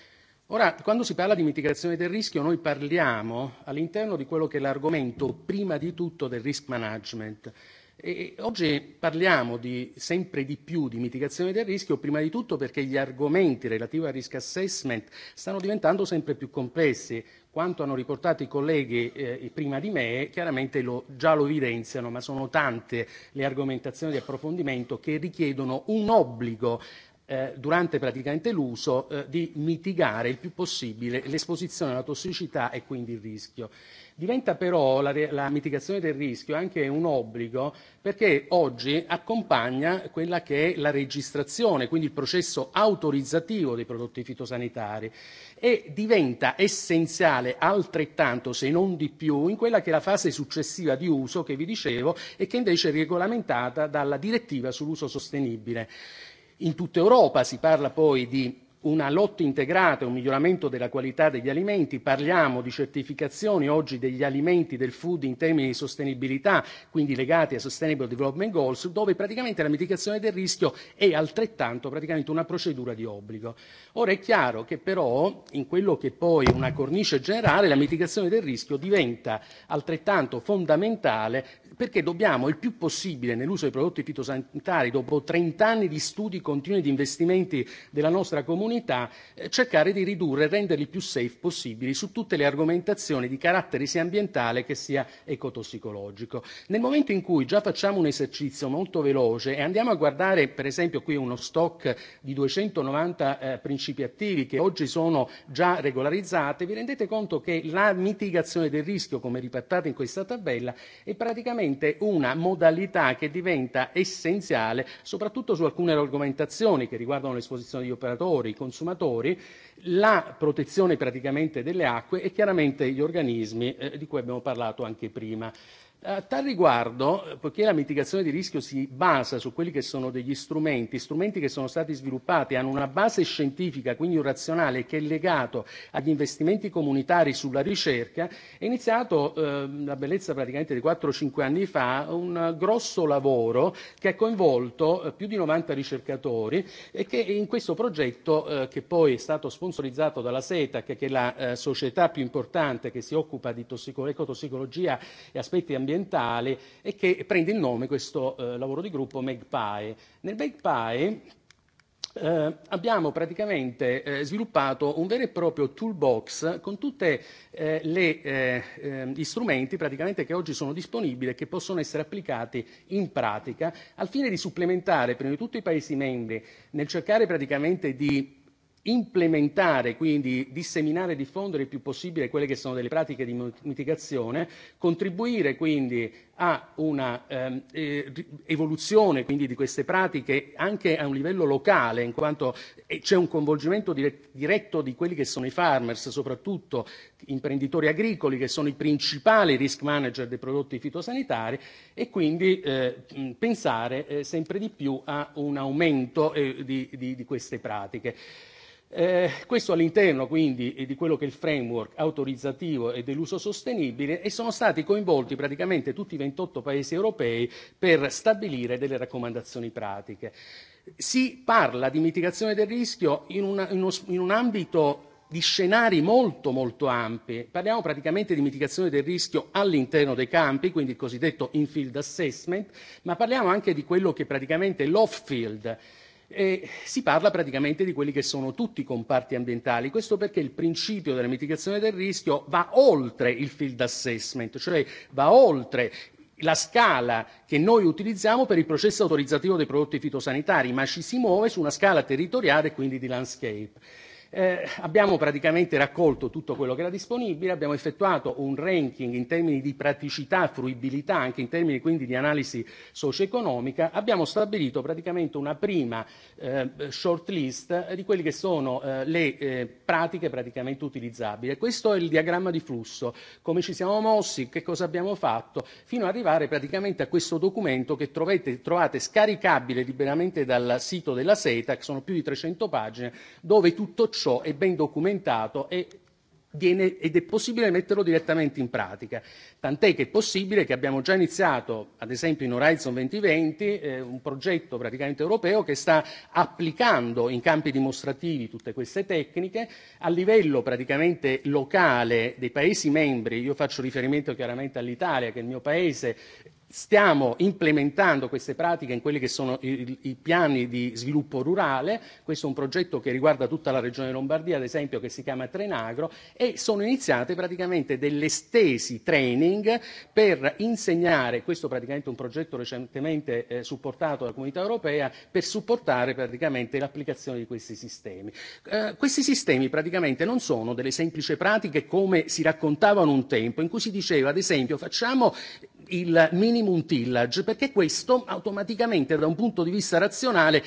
Ora, quando si parla di mitigazione del rischio, noi parliamo all'interno di quello che è l'argomento prima di tutto del risk management. E, e oggi parliamo di, sempre di più di mitigazione del rischio, prima di tutto perché gli argomenti relativi al risk assessment stanno diventando sempre più complessi. Quanto hanno riportato i colleghi eh, e prima di me, chiaramente lo, già lo evidenziano, ma sono tante le argomentazioni di approfondimento che richiedono un obbligo eh, durante praticamente l'uso eh, di mitigare il più possibile l'esposizione alla tossicità e quindi il rischio. Diventa però la, la mitigazione del rischio anche un obbligo perché oggi accompagna quella che è la registrazione, quindi il processo autorizzativo dei prodotti fitosanitari e diventa essenziale altrettanto, se non di più, in quella che è la fase successiva di uso che vi dicevo e che invece è regolamentata dalla direttiva sull'uso sostenibile. In tutta Europa si parla poi di una lotta integrata e un miglioramento della qualità degli alimenti. Parliamo di certificazioni oggi degli alimenti del food in termini di sostenibilità, quindi legati ai Sustainable Development Goals, dove praticamente la mitigazione del rischio è altrettanto praticamente una procedura di obbligo. Ora è chiaro che però in quello che poi è una cornice generale la mitigazione del rischio diventa altrettanto fondamentale perché dobbiamo il più possibile nell'uso dei prodotti fitosanitari, dopo 30 anni di studi continui e di investimenti della nostra comunità, eh, cercare di ridurre e renderli più safe possibili su tutte le argomentazioni di carattere sia ambientale che sia ecotossicologico. Nel momento in cui già facciamo un esercizio molto veloce e andiamo a guardare, per esempio, qui uno stock di 290 eh, principi attivi che oggi sono già regolarizzati, vi rendete conto che la mitigazione del rischio, come riportato in questa tabella, è praticamente sicuramente una modalità che diventa essenziale soprattutto su alcune argomentazioni che riguardano l'esposizione degli operatori, i consumatori, la protezione praticamente delle acque e chiaramente gli organismi eh, di cui abbiamo parlato anche prima. A tal riguardo, poiché la mitigazione di rischio si basa su quelli che sono degli strumenti, strumenti che sono stati sviluppati, hanno una base scientifica, quindi un razionale che è legato agli investimenti comunitari sulla ricerca, è iniziato, ehm, la bellezza praticamente di 4-5 anni fa, un grosso lavoro che ha coinvolto eh, più di 90 ricercatori e che in questo progetto, eh, che poi è stato sponsorizzato dalla SETAC, che è la eh, società più importante che si occupa di ecotossicologia e aspetti ambientali e che prende il nome questo eh, lavoro di gruppo MAGPIE. Nel MAGPIE eh, abbiamo praticamente eh, sviluppato un vero e proprio toolbox con tutti eh, eh, eh, gli strumenti praticamente che oggi sono disponibili e che possono essere applicati in pratica al fine di supplementare prima di tutto i Paesi membri nel cercare praticamente di implementare, quindi disseminare e diffondere il più possibile quelle che sono delle pratiche di mitigazione, contribuire quindi a una eh, evoluzione quindi di queste pratiche anche a un livello locale, in quanto eh, c'è un coinvolgimento diretto di quelli che sono i farmers, soprattutto imprenditori agricoli che sono i principali risk manager dei prodotti fitosanitari e quindi eh, pensare eh, sempre di più a un aumento eh, di, di, di queste pratiche. Eh, questo all'interno quindi eh, di quello che è il framework autorizzativo e dell'uso sostenibile e sono stati coinvolti praticamente tutti i 28 paesi europei per stabilire delle raccomandazioni pratiche. Si parla di mitigazione del rischio in, una, in, uno, in un ambito di scenari molto molto ampi. Parliamo praticamente di mitigazione del rischio all'interno dei campi, quindi il cosiddetto in-field assessment, ma parliamo anche di quello che praticamente è l'off-field, E si parla praticamente di quelli che sono tutti i comparti ambientali, questo perché il principio della mitigazione del rischio va oltre il field assessment, cioè va oltre la scala che noi utilizziamo per il processo autorizzativo dei prodotti fitosanitari, ma ci si muove su una scala territoriale e quindi di landscape. Eh, abbiamo praticamente raccolto tutto quello che era disponibile, abbiamo effettuato un ranking in termini di praticità, fruibilità, anche in termini quindi di analisi socio-economica, abbiamo stabilito praticamente una prima eh, short list di quelle che sono eh, le eh, pratiche praticamente utilizzabili. E questo è il diagramma di flusso, come ci siamo mossi, che cosa abbiamo fatto, fino ad arrivare praticamente a questo documento che trovate, trovate scaricabile liberamente dal sito della SETA, che sono più di 300 pagine, dove tutto ciò ciò è ben documentato e viene, ed è possibile metterlo direttamente in pratica. Tant'è che è possibile che abbiamo già iniziato, ad esempio in Horizon 2020, eh, un progetto praticamente europeo che sta applicando in campi dimostrativi tutte queste tecniche a livello praticamente locale dei Paesi membri. Io faccio riferimento chiaramente all'Italia, che è il mio paese, Stiamo implementando queste pratiche in quelli che sono i, i piani di sviluppo rurale, questo è un progetto che riguarda tutta la regione Lombardia, ad esempio, che si chiama Trenagro, e sono iniziate praticamente delle stesi training per insegnare, questo praticamente è un progetto recentemente eh, supportato dalla comunità europea, per supportare praticamente l'applicazione di questi sistemi. Eh, questi sistemi praticamente non sono delle semplici pratiche come si raccontavano un tempo, in cui si diceva, ad esempio, facciamo il minimum tillage, perché questo automaticamente da un punto di vista razionale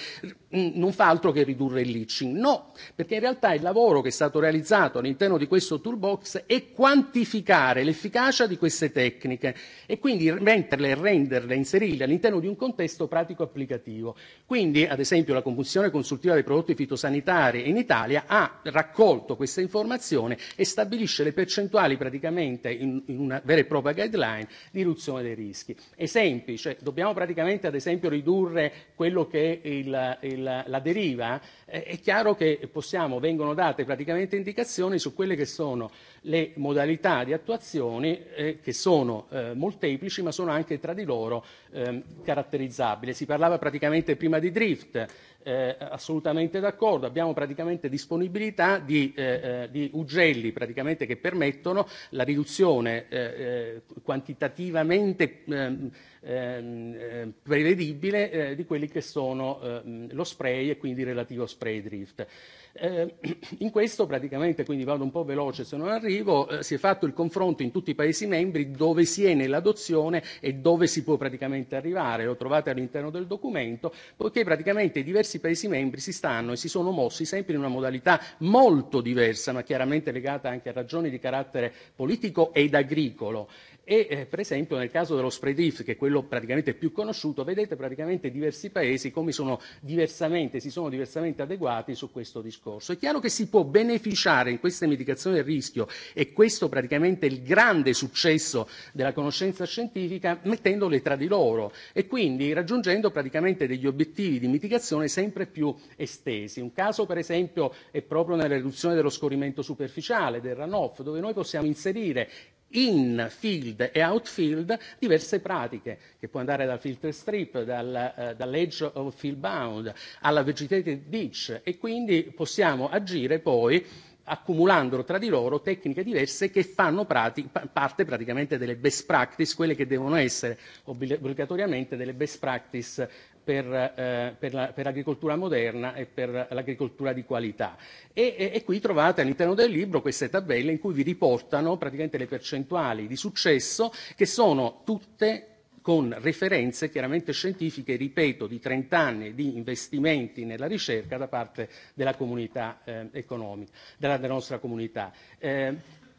non fa altro che ridurre il leaching. No, perché in realtà il lavoro che è stato realizzato all'interno di questo toolbox è quantificare l'efficacia di queste tecniche e quindi metterle, renderle, inserirle all'interno di un contesto pratico applicativo. Quindi, ad esempio, la Commissione consultiva dei prodotti fitosanitari in Italia ha raccolto questa informazione e stabilisce le percentuali praticamente in, in una vera e propria guideline di riduzione riduzione dei rischi. Esempi, cioè dobbiamo praticamente ad esempio ridurre quello che è il, il, la deriva, eh, è chiaro che possiamo, vengono date praticamente indicazioni su quelle che sono le modalità di attuazione eh, che sono eh, molteplici ma sono anche tra di loro eh, caratterizzabili. Si parlava praticamente prima di drift, eh, assolutamente d'accordo, abbiamo praticamente disponibilità di, eh, eh, di ugelli praticamente che permettono la riduzione eh, eh, quantitativamente eh, eh, prevedibile eh, di quelli che sono eh, lo spray e quindi il relativo spray drift. Eh, in questo praticamente, quindi vado un po' veloce se non arrivo, eh, si è fatto il confronto in tutti i Paesi membri dove si è nell'adozione e dove si può praticamente arrivare, lo trovate all'interno del documento, poiché praticamente i diversi Paesi membri si stanno e si sono mossi sempre in una modalità molto diversa, ma chiaramente legata anche a ragioni di carattere politico ed agricolo. E eh, per esempio nel caso dello spread if, che è quello praticamente più conosciuto, vedete praticamente diversi paesi come sono diversamente, si sono diversamente adeguati su questo discorso. È chiaro che si può beneficiare in queste mitigazioni del rischio, e questo praticamente è il grande successo della conoscenza scientifica, mettendole tra di loro e quindi raggiungendo praticamente degli obiettivi di mitigazione sempre più estesi. Un caso per esempio è proprio nella riduzione dello scorrimento superficiale, del runoff, dove noi possiamo inserire in field e outfield diverse pratiche che può andare dal filter strip, dal, eh, dall'edge of field bound alla vegetated beach e quindi possiamo agire poi accumulando tra di loro tecniche diverse che fanno prati, parte praticamente delle best practice, quelle che devono essere obbligatoriamente delle best practice per, eh, per, la, per l'agricoltura moderna e per l'agricoltura di qualità. E, e, e qui trovate all'interno del libro queste tabelle in cui vi riportano praticamente le percentuali di successo che sono tutte con referenze chiaramente scientifiche, ripeto, di 30 anni di investimenti nella ricerca da parte della comunità eh, economica, della, della nostra comunità. Eh,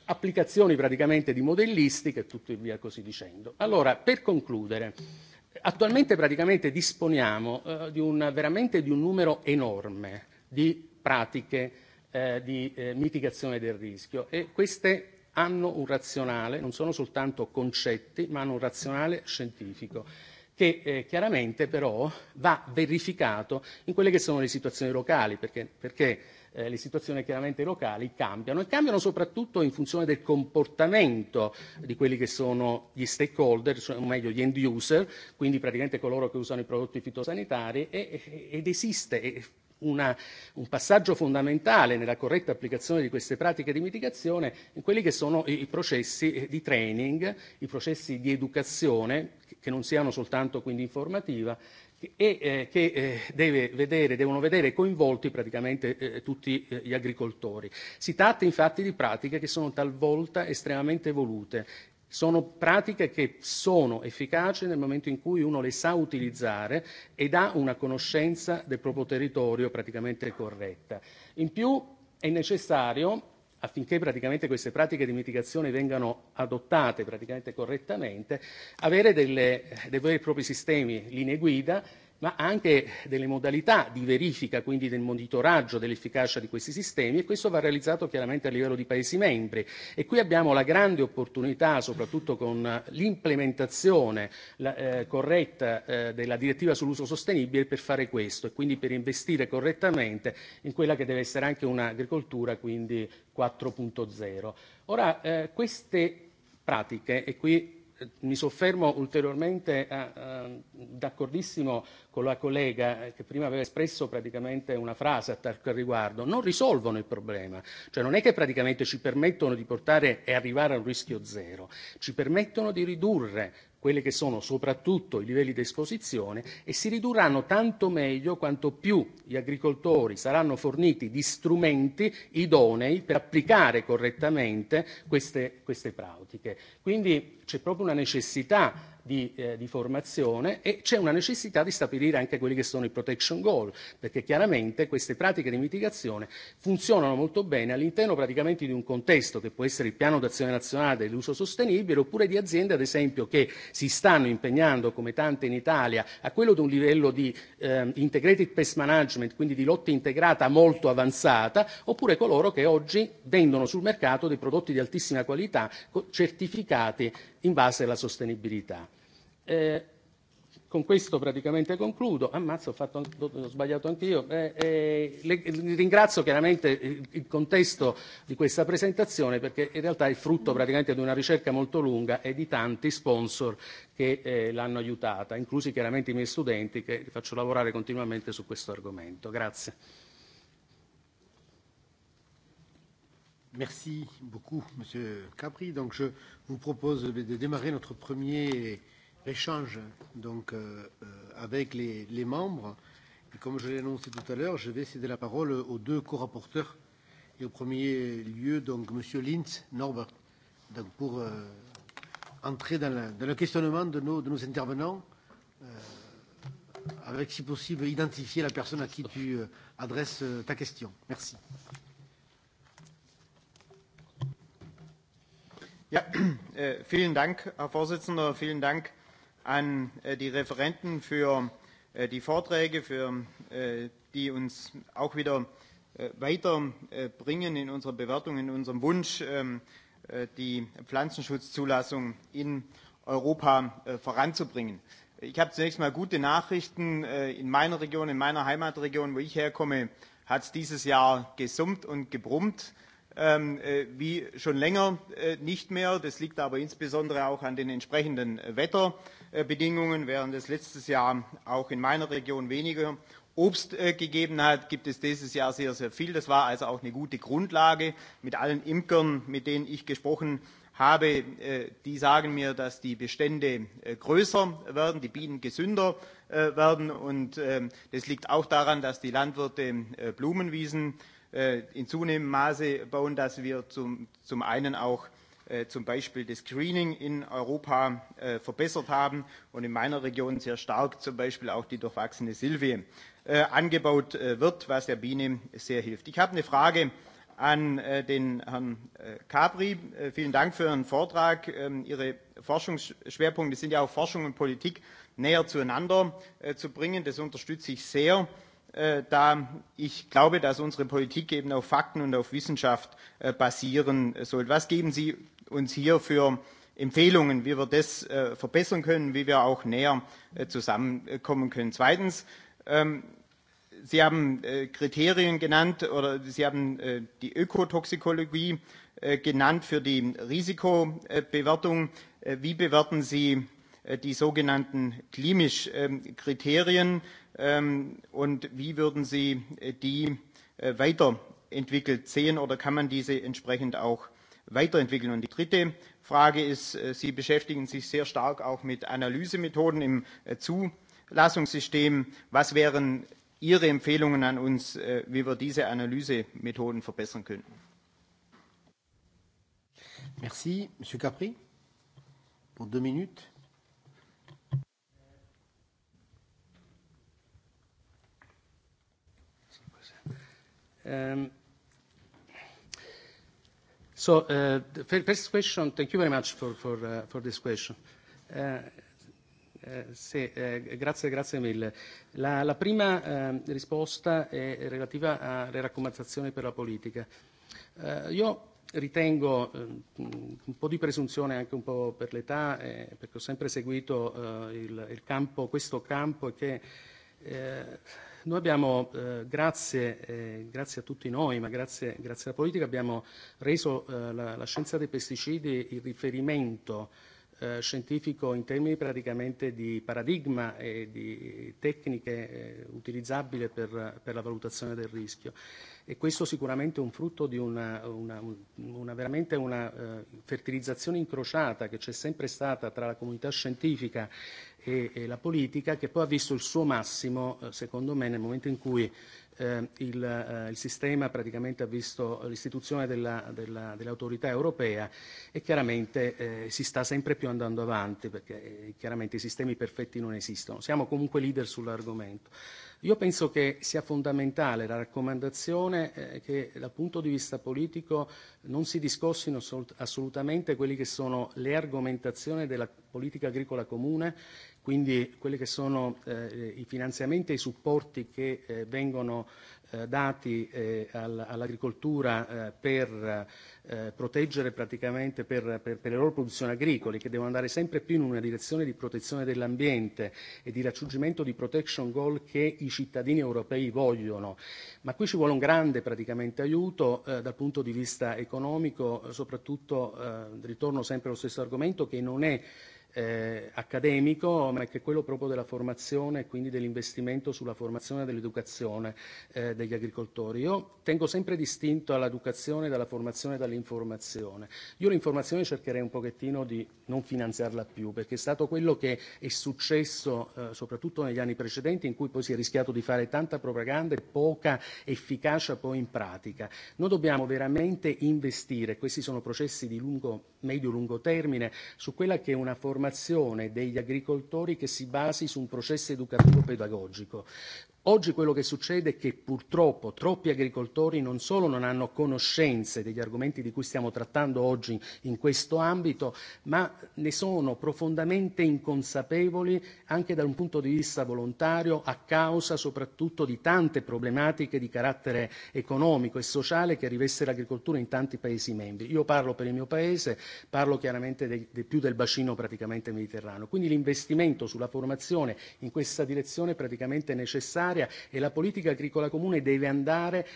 applicazioni praticamente di modellistica e tutto il via così dicendo. Allora, per concludere, Attualmente praticamente disponiamo eh, di un, veramente di un numero enorme di pratiche eh, di eh, mitigazione del rischio e queste hanno un razionale, non sono soltanto concetti, ma hanno un razionale scientifico che eh, chiaramente però va verificato in quelle che sono le situazioni locali, perché, perché eh, le situazioni chiaramente locali cambiano e cambiano soprattutto in funzione del comportamento di quelli che sono gli stakeholder, cioè, o meglio gli end user, quindi praticamente coloro che usano i prodotti fitosanitari e, e ed esiste e, una, un passaggio fondamentale nella corretta applicazione di queste pratiche di mitigazione in quelli che sono i processi eh, di training, i processi di educazione, che non siano soltanto quindi informativa, e eh, che eh, deve vedere, devono vedere coinvolti praticamente eh, tutti eh, gli agricoltori. Si tratta infatti di pratiche che sono talvolta estremamente evolute Sono pratiche che sono efficaci nel momento in cui uno le sa utilizzare ed ha una conoscenza del proprio territorio praticamente corretta. In più è necessario affinché praticamente queste pratiche di mitigazione vengano adottate correttamente, avere delle, dei veri e propri sistemi, linee guida ma anche delle modalità di verifica, quindi del monitoraggio dell'efficacia di questi sistemi e questo va realizzato chiaramente a livello di Paesi membri e qui abbiamo la grande opportunità, soprattutto con l'implementazione eh, corretta eh, della direttiva sull'uso sostenibile per fare questo e quindi per investire correttamente in quella che deve essere anche un'agricoltura quindi 4.0. Ora, eh, queste pratiche, e qui mi soffermo ulteriormente, eh, eh, d'accordissimo con la collega che prima aveva espresso praticamente una frase a tal riguardo, non risolvono il problema, cioè non è che praticamente ci permettono di portare e arrivare a un rischio zero, ci permettono di ridurre quelli che sono soprattutto i livelli di esposizione e si ridurranno tanto meglio quanto più gli agricoltori saranno forniti di strumenti idonei per applicare correttamente queste, queste pratiche. Quindi c'è proprio una necessità di, eh, di formazione e c'è una necessità di stabilire anche quelli che sono i protection goal, perché chiaramente queste pratiche di mitigazione funzionano molto bene all'interno praticamente di un contesto che può essere il piano d'azione nazionale dell'uso sostenibile oppure di aziende ad esempio che si stanno impegnando come tante in Italia a quello di un livello di eh, integrated pest management, quindi di lotta integrata molto avanzata, oppure coloro che oggi vendono sul mercato dei prodotti di altissima qualità certificati in base alla sostenibilità. Eh, con questo praticamente concludo. Ammazzo, ho, fatto, ho sbagliato anch'io. Eh, eh, le, ringrazio chiaramente il, il contesto di questa presentazione perché in realtà è frutto praticamente di una ricerca molto lunga e di tanti sponsor che eh, l'hanno aiutata, inclusi chiaramente i miei studenti che faccio lavorare continuamente su questo argomento. Grazie. Merci beaucoup, Monsieur Capri. Donc, je vous propose de, de démarrer notre premier échange donc, euh, euh, avec les, les membres. Et comme je l'ai annoncé tout à l'heure, je vais céder la parole aux deux co-rapporteurs. Et au premier lieu, donc, Monsieur Linz Norbert, donc, pour euh, entrer dans, la, dans le questionnement de nos, de nos intervenants, euh, avec, si possible, identifier la personne à qui tu euh, adresses euh, ta question. Merci. Ja, äh, vielen Dank, Herr Vorsitzender. Vielen Dank an äh, die Referenten für äh, die Vorträge, für, äh, die uns auch wieder äh, weiterbringen äh, in unserer Bewertung, in unserem Wunsch, ähm, äh, die Pflanzenschutzzulassung in Europa äh, voranzubringen. Ich habe zunächst mal gute Nachrichten. Äh, in meiner Region, in meiner Heimatregion, wo ich herkomme, hat es dieses Jahr gesummt und gebrummt. Ähm, äh, wie schon länger äh, nicht mehr. Das liegt aber insbesondere auch an den entsprechenden äh, Wetterbedingungen. Während es letztes Jahr auch in meiner Region weniger Obst gegeben hat, gibt es dieses Jahr sehr, sehr viel. Das war also auch eine gute Grundlage. Mit allen Imkern, mit denen ich gesprochen habe, die sagen mir, dass die Bestände größer werden, die Bienen gesünder werden. Und ähm, das liegt auch daran, dass die Landwirte Blumenwiesen äh, in zunehmendem Maße bauen, dass wir zum, zum einen auch äh, zum Beispiel das Screening in Europa äh, verbessert haben und in meiner Region sehr stark zum Beispiel auch die durchwachsene Silve äh, angebaut äh, wird, was der Biene sehr hilft. Ich habe eine Frage an äh, den Herrn äh, Capri. Äh, vielen Dank für Ihren Vortrag. Ähm, Ihre Forschungsschwerpunkte sind ja auch Forschung und Politik näher zueinander äh, zu bringen. Das unterstütze ich sehr. Äh, da ich glaube, dass unsere Politik eben auf Fakten und auf Wissenschaft äh, basieren soll. Was geben Sie uns hier für Empfehlungen, wie wir das äh, verbessern können, wie wir auch näher zusammenkommen können? Zweitens, ähm, Sie haben Kriterien genannt oder Sie haben die Ökotoxikologie genannt für die Risikobewertung. Wie bewerten Sie die sogenannten klinischen ähm, Kriterien? Ähm, und wie würden Sie äh, die äh, weiterentwickelt sehen oder kann man diese entsprechend auch weiterentwickeln? Und die dritte Frage ist, äh, Sie beschäftigen sich sehr stark auch mit Analysemethoden im Zulassungssystem. Was wären Ihre Empfehlungen an uns, wie wir diese Analysemethoden verbessern könnten? Merci. Monsieur Capri, pour deux minutes. Um, so uh, the first question, thank you very much for, for, uh, for this question. Uh, uh sì, eh, grazie, grazie mille. La, la prima ehm, risposta è relativa alle raccomandazioni per la politica. Eh, io ritengo ehm, un po' di presunzione anche un po' per l'età, eh, perché ho sempre seguito eh, il, il campo, questo campo e che noi abbiamo, eh, grazie, eh, grazie a tutti noi, ma grazie, grazie alla politica, abbiamo reso eh, la, la scienza dei pesticidi il riferimento eh, scientifico in termini praticamente di paradigma e di tecniche eh, utilizzabili per, per la valutazione del rischio. E questo sicuramente è un frutto di una, una, una veramente una eh, fertilizzazione incrociata che c'è sempre stata tra la comunità scientifica e, e la politica, che poi ha visto il suo massimo, eh, secondo me, nel momento in cui eh, il, eh, il sistema praticamente ha visto l'istituzione della, della, dell'autorità europea e chiaramente eh, si sta sempre più andando avanti perché eh, chiaramente i sistemi perfetti non esistono. Siamo comunque leader sull'argomento. Io penso che sia fondamentale la raccomandazione eh, che dal punto di vista politico non si discossino assolut assolutamente quelle che sono le argomentazioni della politica agricola comune Quindi quelli che sono eh, i finanziamenti e i supporti che eh, vengono eh, dati eh, all'agricoltura eh, per eh, proteggere praticamente per, per, per le loro produzioni agricole, che devono andare sempre più in una direzione di protezione dell'ambiente e di raggiungimento di protection goal che i cittadini europei vogliono. Ma qui ci vuole un grande praticamente aiuto eh, dal punto di vista economico, soprattutto eh, ritorno sempre allo stesso argomento che non è eh, accademico, ma che è quello proprio della formazione e quindi dell'investimento sulla formazione e dell'educazione eh, degli agricoltori. Io tengo sempre distinto all'educazione dalla formazione e dall'informazione. Io l'informazione cercherei un pochettino di non finanziarla più, perché è stato quello che è successo eh, soprattutto negli anni precedenti, in cui poi si è rischiato di fare tanta propaganda e poca efficacia poi in pratica. Noi dobbiamo veramente investire, questi sono processi di lungo, medio-lungo termine, su quella che è una formazione formazione degli agricoltori che si basi su un processo educativo-pedagogico. Oggi quello che succede è che purtroppo troppi agricoltori non solo non hanno conoscenze degli argomenti di cui stiamo trattando oggi in questo ambito, ma ne sono profondamente inconsapevoli anche da un punto di vista volontario, a causa soprattutto di tante problematiche di carattere economico e sociale che riveste l'agricoltura in tanti Paesi membri. Io parlo per il mio Paese, parlo chiaramente dei, de, più del bacino praticamente mediterraneo. Quindi l'investimento sulla formazione in questa direzione è praticamente necessario comunitaria e la politica agricola comune deve andare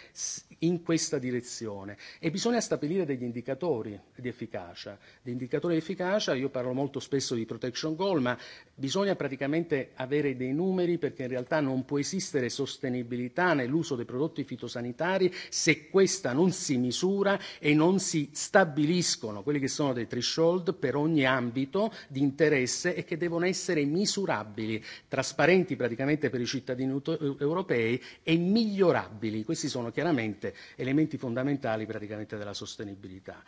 in questa direzione e bisogna stabilire degli indicatori di efficacia. Gli indicatori di efficacia io parlo molto spesso di protection goal, ma bisogna praticamente avere dei numeri perché in realtà non può esistere sostenibilità nell'uso dei prodotti fitosanitari se questa non si misura e non si stabiliscono quelli che sono dei threshold per ogni ambito di interesse e che devono essere misurabili, trasparenti praticamente per i cittadini europei e migliorabili. Questi sono chiaramente elementi fondamentali praticamente della sostenibilità.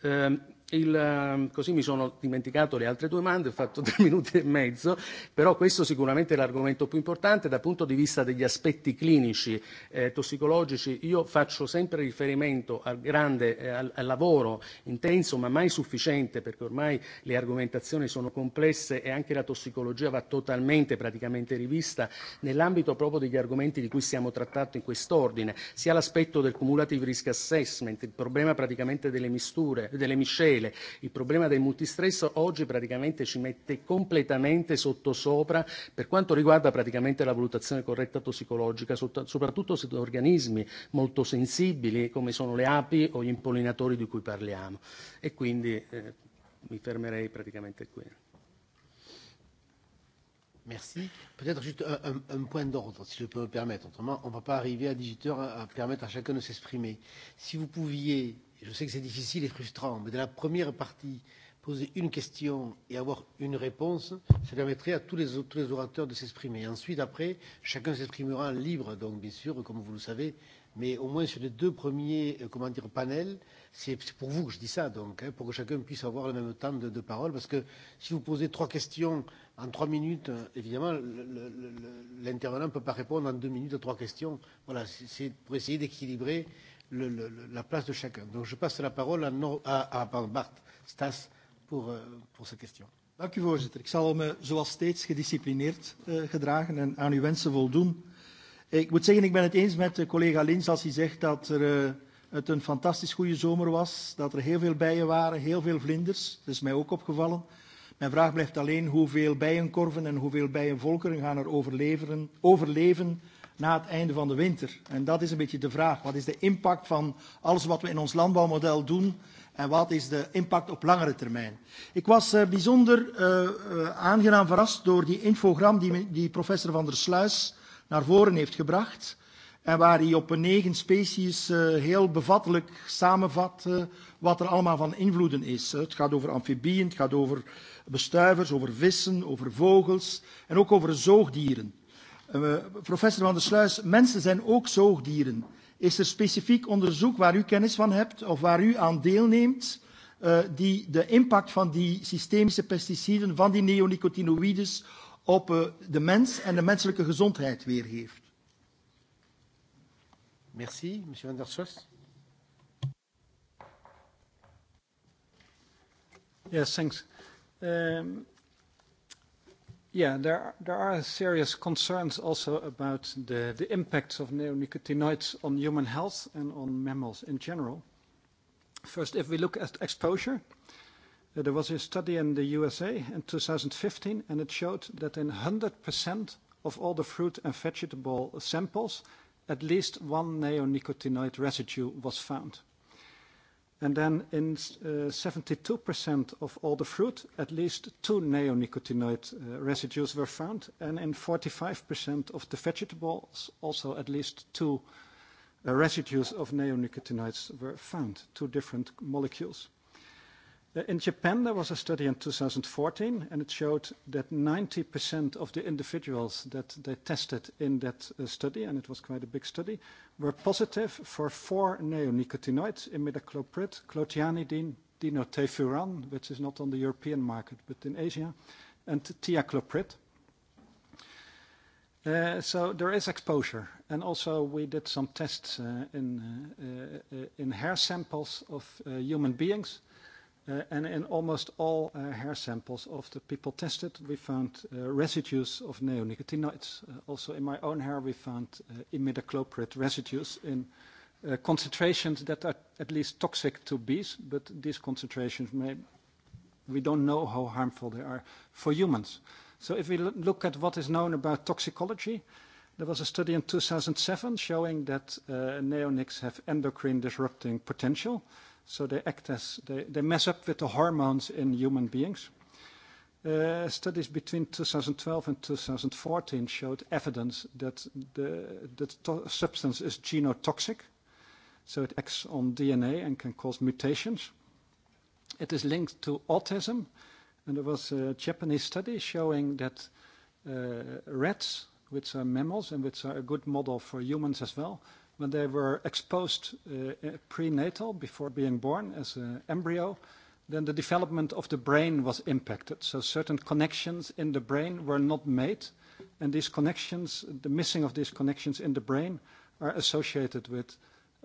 Eh, Il, ehm, così mi sono dimenticato le altre due domande, ho fatto tre minuti e mezzo, però questo sicuramente è l'argomento più importante dal punto di vista degli aspetti clinici, eh, tossicologici. Io faccio sempre riferimento al grande eh, al, al lavoro intenso ma mai sufficiente perché ormai le argomentazioni sono complesse e anche la tossicologia va totalmente praticamente rivista nell'ambito proprio degli argomenti di cui stiamo trattando in quest'ordine, sia l'aspetto del cumulative risk assessment, il problema praticamente delle misture, delle miscele crudele. Il problema del multistress oggi praticamente ci mette completamente sotto sopra per quanto riguarda praticamente la valutazione corretta tossicologica, soprattutto su organismi molto sensibili come sono le api o gli impollinatori di cui parliamo. E quindi eh, mi fermerei praticamente qui. Merci. Peut-être juste un, un, un point d'ordre, si je peux me permettre. Autrement, on ne va pas arriver à 18 heures à permettre à chacun de s'exprimer. Si vous pouviez je sais que c'est difficile et frustrant, mais de la première partie, poser une question et avoir une réponse, ça permettrait à tous les, tous les orateurs de s'exprimer. Ensuite, après, chacun s'exprimera libre, donc bien sûr, comme vous le savez, mais au moins sur les deux premiers euh, comment dire, panels, c'est pour vous que je dis ça, donc, hein, pour que chacun puisse avoir le même temps de, de parole, parce que si vous posez trois questions en trois minutes, euh, évidemment, l'intervenant ne peut pas répondre en deux minutes à trois questions. Voilà, c'est pour essayer d'équilibrer euh, le, le, la place de chacun. Donc je passe la parole à, no, à, à pardon, Bart Stas pour, euh, pour zijn question. Dank u voorzitter. Ik zal me zoals steeds gedisciplineerd uh, gedragen en aan uw wensen voldoen. Ik moet zeggen, ik ben het eens met de collega Lins als hij zegt dat er, uh, het een fantastisch goede zomer was, dat er heel veel bijen waren, heel veel vlinders. Dat is mij ook opgevallen. Mijn vraag blijft alleen hoeveel bijenkorven en hoeveel bijenvolkeren gaan er overleven na het einde van de winter. En dat is een beetje de vraag. Wat is de impact van alles wat we in ons landbouwmodel doen en wat is de impact op langere termijn? Ik was uh, bijzonder uh, uh, aangenaam verrast door die infogram die, die professor Van der Sluis naar voren heeft gebracht. En waar hij op een negen species uh, heel bevattelijk samenvat uh, wat er allemaal van invloeden is. Het gaat over amfibieën, het gaat over bestuivers, over vissen, over vogels en ook over zoogdieren. Eh, professor van der Sluis, mensen zijn ook zoogdieren. Is er specifiek onderzoek waar u kennis van hebt of waar u aan deelneemt uh, die de impact van die systemische pesticiden, van die neonicotinoïdes op uh, de mens en de menselijke gezondheid weergeeft? Merci, van der Sluis. Yes, thanks. Um, Yeah, there are, there are serious concerns also about the, the impacts of neonicotinoids on human health and on mammals in general. First, if we look at exposure, uh, there was a study in the USA in 2015, and it showed that in 100% of all the fruit and vegetable samples, at least one neonicotinoid residue was found. And then in uh, 72% of all the fruit, at least two neonicotinoid uh, residues were found. And in 45% of the vegetables, also at least two uh, residues of neonicotinoids were found, two different molecules. Uh, in Japan, there was a study in 2014, and it showed that 90% of the individuals that they tested in that uh, study, and it was quite a big study, were positive for four neonicotinoids, imidacloprid, clothianidine, dinotefuran, which is not on the European market, but in Asia, and tiacloprid. Uh, so there is exposure. And also we did some tests uh, in, in hair samples of human beings, Uh, and in almost all uh, hair samples of the people tested, we found uh, residues of neonicotinoids. Uh, also, in my own hair, we found uh, imidacloprid residues in uh, concentrations that are at least toxic to bees, but these concentrations may, we don't know how harmful they are for humans. So, if we look at what is known about toxicology, There was a study in 2007 showing that uh, neonics have endocrine disrupting potential. Uh, so they act as, they, they mess up with the hormones in human beings. Uh, studies between 2012 and 2014 showed evidence that the, the to substance is genotoxic, so it acts on DNA and can cause mutations. It is linked to autism, and there was a Japanese study showing that uh, rats, which are mammals and which are a good model for humans as well, when they were exposed uh, prenatal before being born as an embryo, then the development of the brain was impacted. So certain connections in the brain were not made, and these connections, the missing of these connections in the brain, are associated with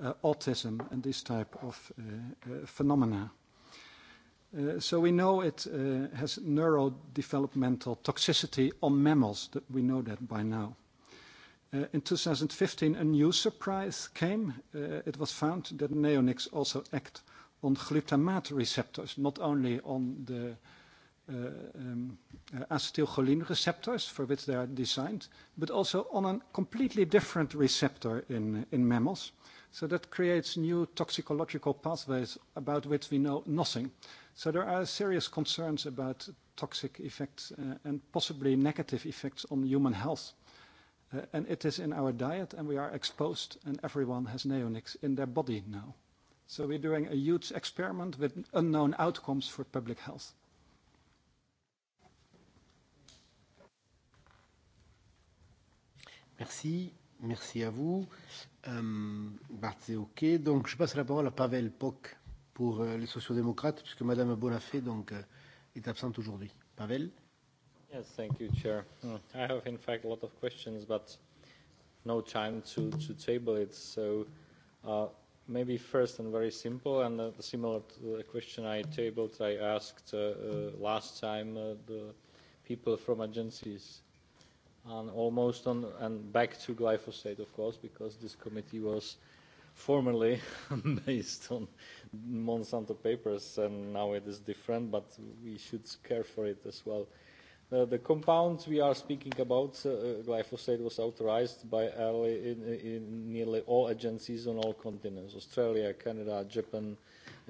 uh, autism and this type of uh, uh, phenomena. Uh, so we know it uh, has neurodevelopmental toxicity on mammals. That we know that by now. Uh, in 2015, a new surprise came. Uh, it was found that neonics also act on glutamate receptors, not only on the uh, um, uh, acetylcholine receptors for which they are designed, but also on a completely different receptor in, in mammals. So that creates new toxicological pathways about which we know nothing. So there are serious concerns about toxic effects uh, and possibly negative effects on human health. Eh, and it is in our diet, and we are exposed, and everyone has neonics in their body now. So we're doing a huge experiment with unknown outcomes for public health. Merci. Merci à vous. Euh, Bart, c'est OK. Donc, je passe la parole à Pavel Poc pour euh, les sociaux-démocrates, puisque Madame Bonafé donc, euh, est absente aujourd'hui. Pavel Yes, thank you, Chair. Hmm, I have, in fact, a lot of questions, but no time to, to table it. So uh, maybe first and very simple, and uh, similar to the question I tabled, I asked uh, uh, last time uh, the people from agencies and almost on and back to glyphosate, of course, because this committee was formerly based on Monsanto papers, and now it is different, but we should care for it as well. Uh, the compounds we are speaking about, uh, uh glyphosate was authorized by early in, in nearly all agencies on all continents, Australia, Canada, Japan,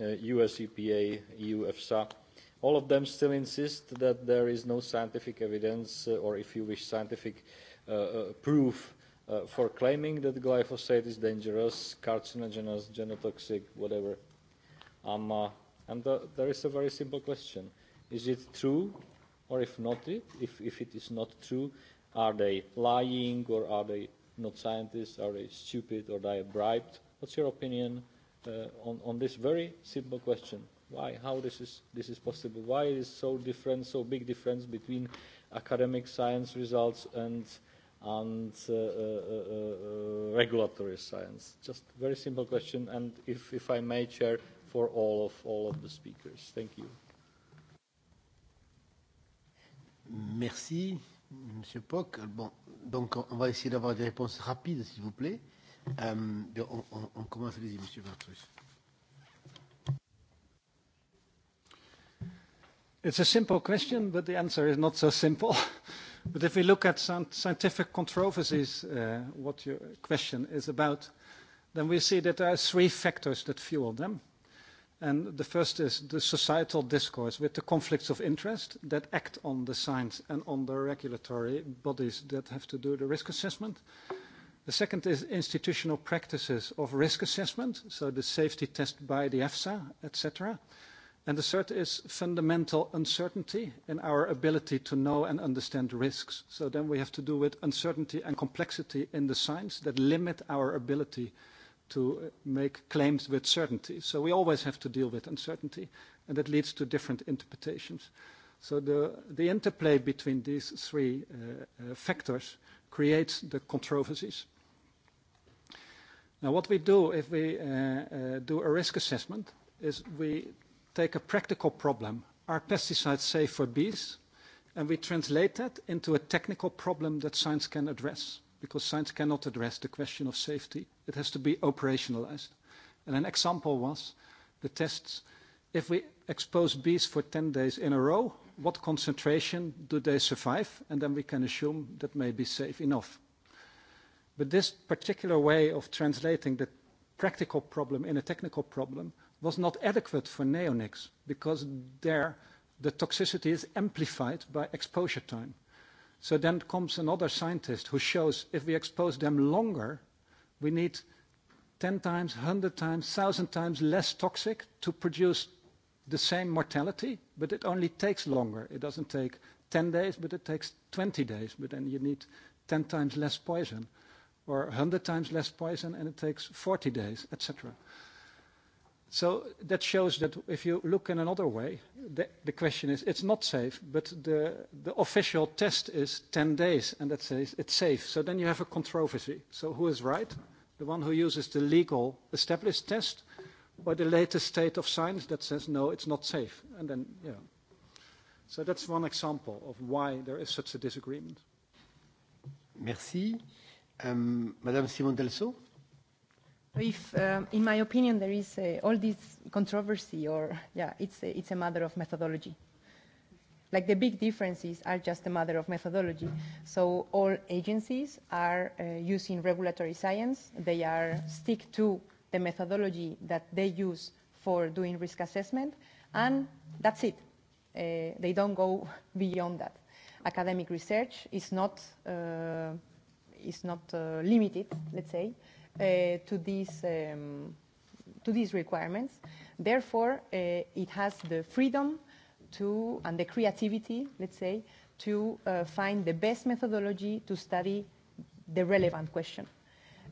uh, US EPA, EU EFSA. All of them still insist that there is no scientific evidence, uh, or if you wish, scientific uh, uh, proof uh, for claiming that glyphosate is dangerous, carcinogenous, genotoxic, whatever. Um, uh, and the, there is a very simple question. Is it true or if not, it if, if it is not true, are they lying or are they not scientists? Are they stupid or they are bribed? What's your opinion uh, on, on this very simple question? Why, how this is, this is possible? Why is so different, so big difference between academic science results and, and uh, uh, uh, uh, regulatory science? Just very simple question, and if, if I may, chair for all of all of the speakers. Thank you. Merci, Monsieur Poc. Bon, donc on va essayer d'avoir des réponses rapides, s'il vous plaît. Euh, on, on, on commence, allez-y, Monsieur Bertrus. It's a simple question, but the answer is not so simple. but if we look at scientific controversies, uh, what your question is about, then we see that there are three factors that fuel them. And the first is the societal discourse with the conflicts of interest that act on the science and on the regulatory bodies that have to do the risk assessment. The second is institutional practices of risk assessment, so the safety test by the EFSA, etc. And the third is fundamental uncertainty in our ability to know and understand risks. So then we have to do with uncertainty and complexity in the science that limit our ability to make claims with certainty. So we always have to deal with uncertainty, and that leads to different interpretations. So the, the interplay between these three uh, uh, factors creates the controversies. Now, what we do if we uh, uh, do a risk assessment is we take a practical problem. Are pesticides safe for bees? And we translate that into a technical problem that science can address because science cannot address the question of safety. It has to be operationalized. And an example was the tests. If we expose bees for 10 days in a row, what concentration do they survive? And then we can assume that may be safe enough. But this particular way of translating the practical problem in a technical problem was not adequate for neonics because there the toxicity is amplified by exposure time. So then comes another scientist who shows if we expose them longer, we need 10 times, 100 times, 1,000 times less toxic to produce the same mortality, but it only takes longer. It doesn't take 10 days, but it takes 20 days, but then you need 10 times less poison or 100 times less poison, and it takes 40 days, et cetera. So That shows that if you look in another way, the the question is, it's not safe, but the the official test is 10 days, and that says it's safe. So Then you have a controversy. So Who is right? The one who uses the legal established test or the latest state of science that says, "No, it's not safe." And Then, yeah. So That's one example of why there is such a disagreement. Merci. Um, Madame Simon Delceau? If, um, in my opinion, there is a, uh, all this controversy, or yeah, it's a, it's a matter of methodology. Like the big differences are just a matter of methodology. So all agencies are uh, using regulatory science. They are stick to the methodology that they use for doing risk assessment, and that's it. Uh, they don't go beyond that. Academic research is not uh, is not uh, limited, let's say uh, to these um, to these requirements. Therefore, uh, it has the freedom to and the creativity, let's say, to uh, find the best methodology to study the relevant question.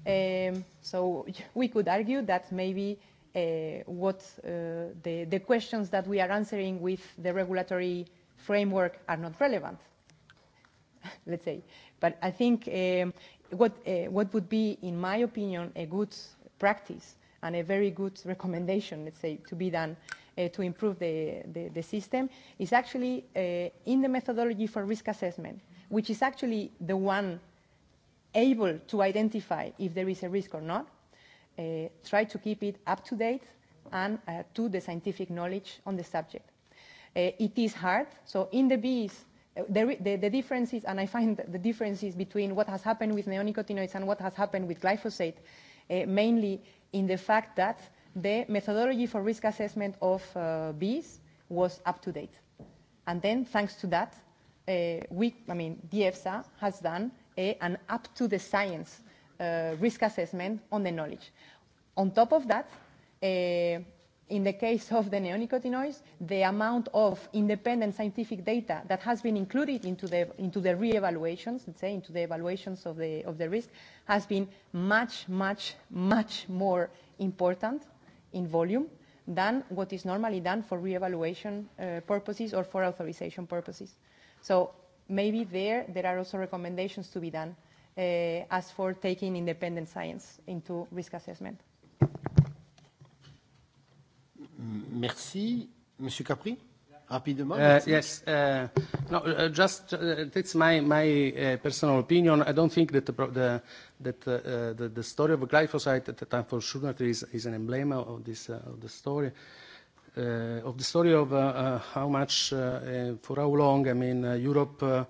Um, so we could argue that maybe uh, what uh, the, the questions that we are answering with the regulatory framework are not relevant, let's say. But I think um, what, uh, what would be, in my opinion, a good practice and a very good recommendation, let's say, to be done uh, to improve the, the, the system is actually uh, in the methodology for risk assessment, which is actually the one able to identify if there is a risk or not, uh, try to keep it up to date and uh, to the scientific knowledge on the subject. Uh, it is hard, so in the bees the, the, the differences, and I find the differences between what has happened with neonicotinoids and what has happened with glyphosate, uh, mainly in the fact that the methodology for risk assessment of uh, bees was up to date. And then, thanks to that, uh, we, I mean, DFSA e EFSA has done a, uh, an up to the science uh, risk assessment on the knowledge. On top of that, uh, in the case of the neonicotinoids, the amount of independent scientific data that has been included into the, into the re-evaluations, let's say, into the evaluations of the, of the risk, has been much, much, much more important in volume than what is normally done for re-evaluation uh, purposes or for authorization purposes. So maybe there, there are also recommendations to be done uh, as for taking independent science into risk assessment. Merci. Monsieur Capri? Rapidement. Uh, yes. Uh, no, uh, just uh, that's my, my uh, personal opinion. I don't think that the, the, that, uh, the, the story of glyphosate at the time for Schumacher is, is an emblem of this uh, of the story. Uh, of the story of uh, uh, how much, uh, uh, for how long, I mean, uh, Europe uh,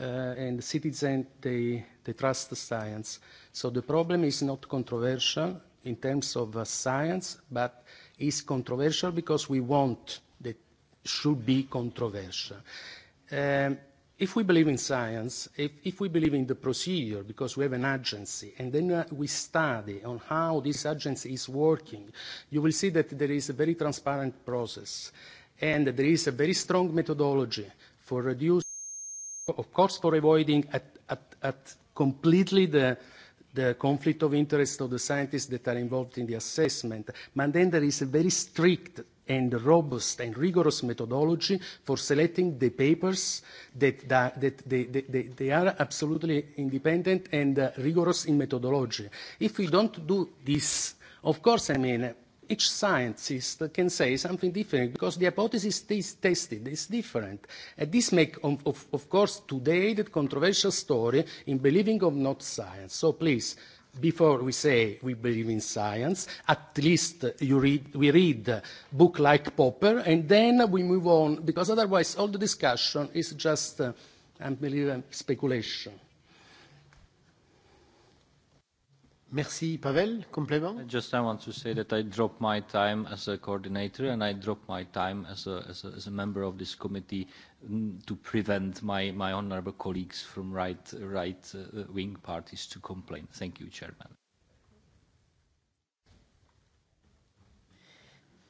uh, and the citizens, they, they trust the science. So the problem is not controversial in terms of uh, science, but uh, is controversial because we want that should be controversial. Um, if we believe in science, if, if we believe in the procedure, because we have an agency, and then uh, we study on how this agency is working, you will see that there is a very transparent process, and there is a very strong methodology for reducing, of course, for avoiding at, at, at completely the the conflict of interest of the scientists that are involved in the assessment. But then there is a very strict and robust and rigorous methodology for selecting the papers that, that, that they, they, they are absolutely independent and uh, rigorous in methodology. If we don't do this, of course, I mean, each scientist can say something different because the hypothesis is tested it's different. And this makes, of, of, of course, today the controversial story in believing or not science. So please, before we say we believe in science, at least you read, we read a book like Popper, and then we move on, because otherwise all the discussion is just, uh, I believe, speculation. Merci, Pavel. Complement? Just I want to say that I dropped my time as a coordinator and I drop my time as a, as a, as a member of this committee mm, to prevent my, my honorable colleagues from right, right uh, wing parties to complain. Thank you, Chairman.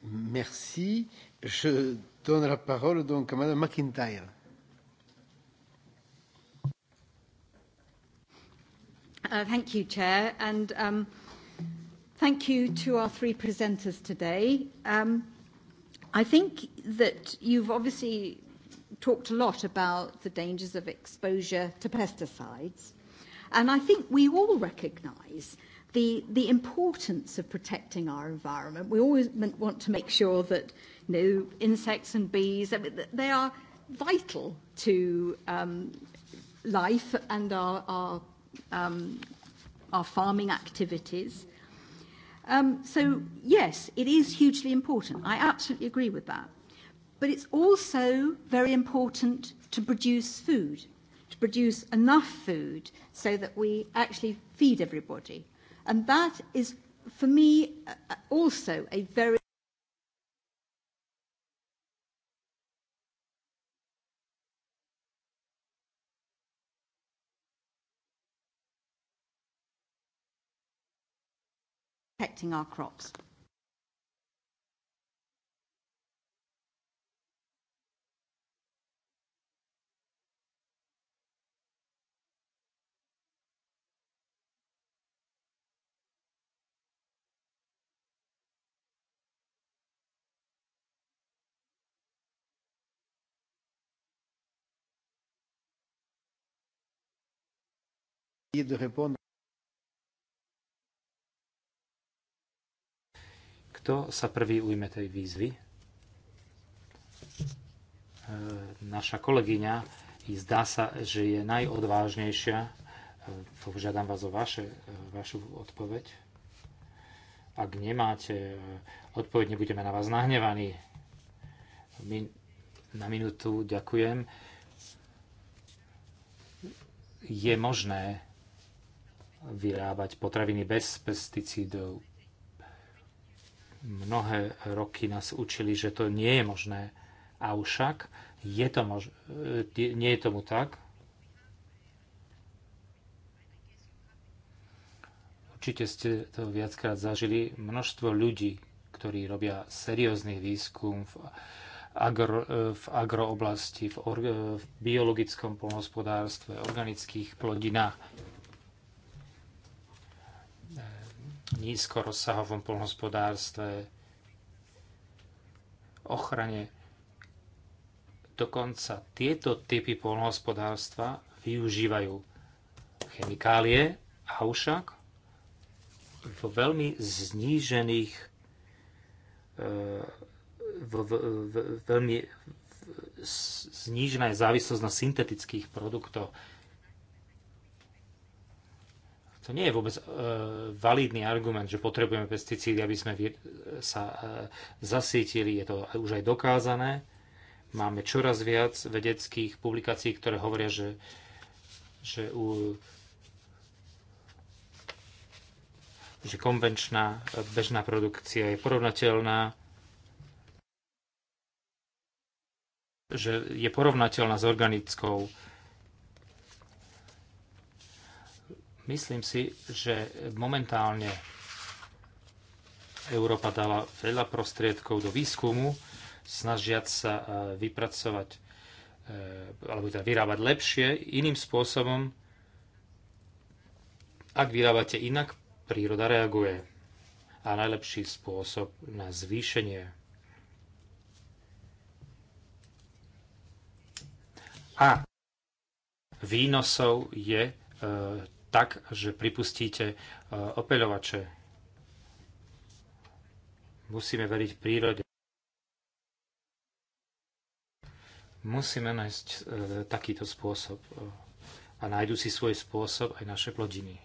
Merci. Je donne la parole donc à Madame McIntyre. Uh, thank you, Chair, and um, thank you to our three presenters today. Um, I think that you've obviously talked a lot about the dangers of exposure to pesticides, and I think we all recognise the, the importance of protecting our environment. We always want to make sure that you know, insects and bees, I mean, they are vital to um, life and our, our um, our farming activities. Um, so, yes, it is hugely important. I absolutely agree with that. But it's also very important to produce food, to produce enough food so that we actually feed everybody. And that is, for me, uh, also a very protecting our crops. de répondre Kto sa prvý ujme tej výzvy? E, naša kolegyňa, zdá sa, že je najodvážnejšia. E, požiadam vás o vaše, e, vašu odpoveď. Ak nemáte odpoveď, nebudeme na vás nahnevaní. My na minútu ďakujem. Je možné vyrábať potraviny bez pesticídov, Mnohé roky nás učili, že to nie je možné. Avšak je to mož- e, nie je tomu tak. Určite ste to viackrát zažili. Množstvo ľudí, ktorí robia seriózny výskum v, agro, e, v agrooblasti, v, or, e, v biologickom polnohospodárstve, organických plodinách, nízkorozsahovom polnohospodárstve, ochrane. Dokonca tieto typy polnohospodárstva využívajú chemikálie, ušak v veľmi znížených e, v, v, v, veľmi znížená je závislosť na syntetických produktoch. To nie je vôbec e, validný argument, že potrebujeme pesticídy, aby sme sa e, zasítili. Je to už aj dokázané. Máme čoraz viac vedeckých publikácií, ktoré hovoria, že, že, u, že konvenčná e, bežná produkcia je porovnateľná že je porovnateľná s organickou Myslím si, že momentálne Európa dala veľa prostriedkov do výskumu, snažiať sa e, vypracovať e, alebo teda vyrábať lepšie iným spôsobom. Ak vyrábate inak, príroda reaguje. A najlepší spôsob na zvýšenie a výnosov je e, tak, že pripustíte e, opeľovače. Musíme veriť prírode. Musíme nájsť e, takýto spôsob e, a nájdu si svoj spôsob aj naše plodiny.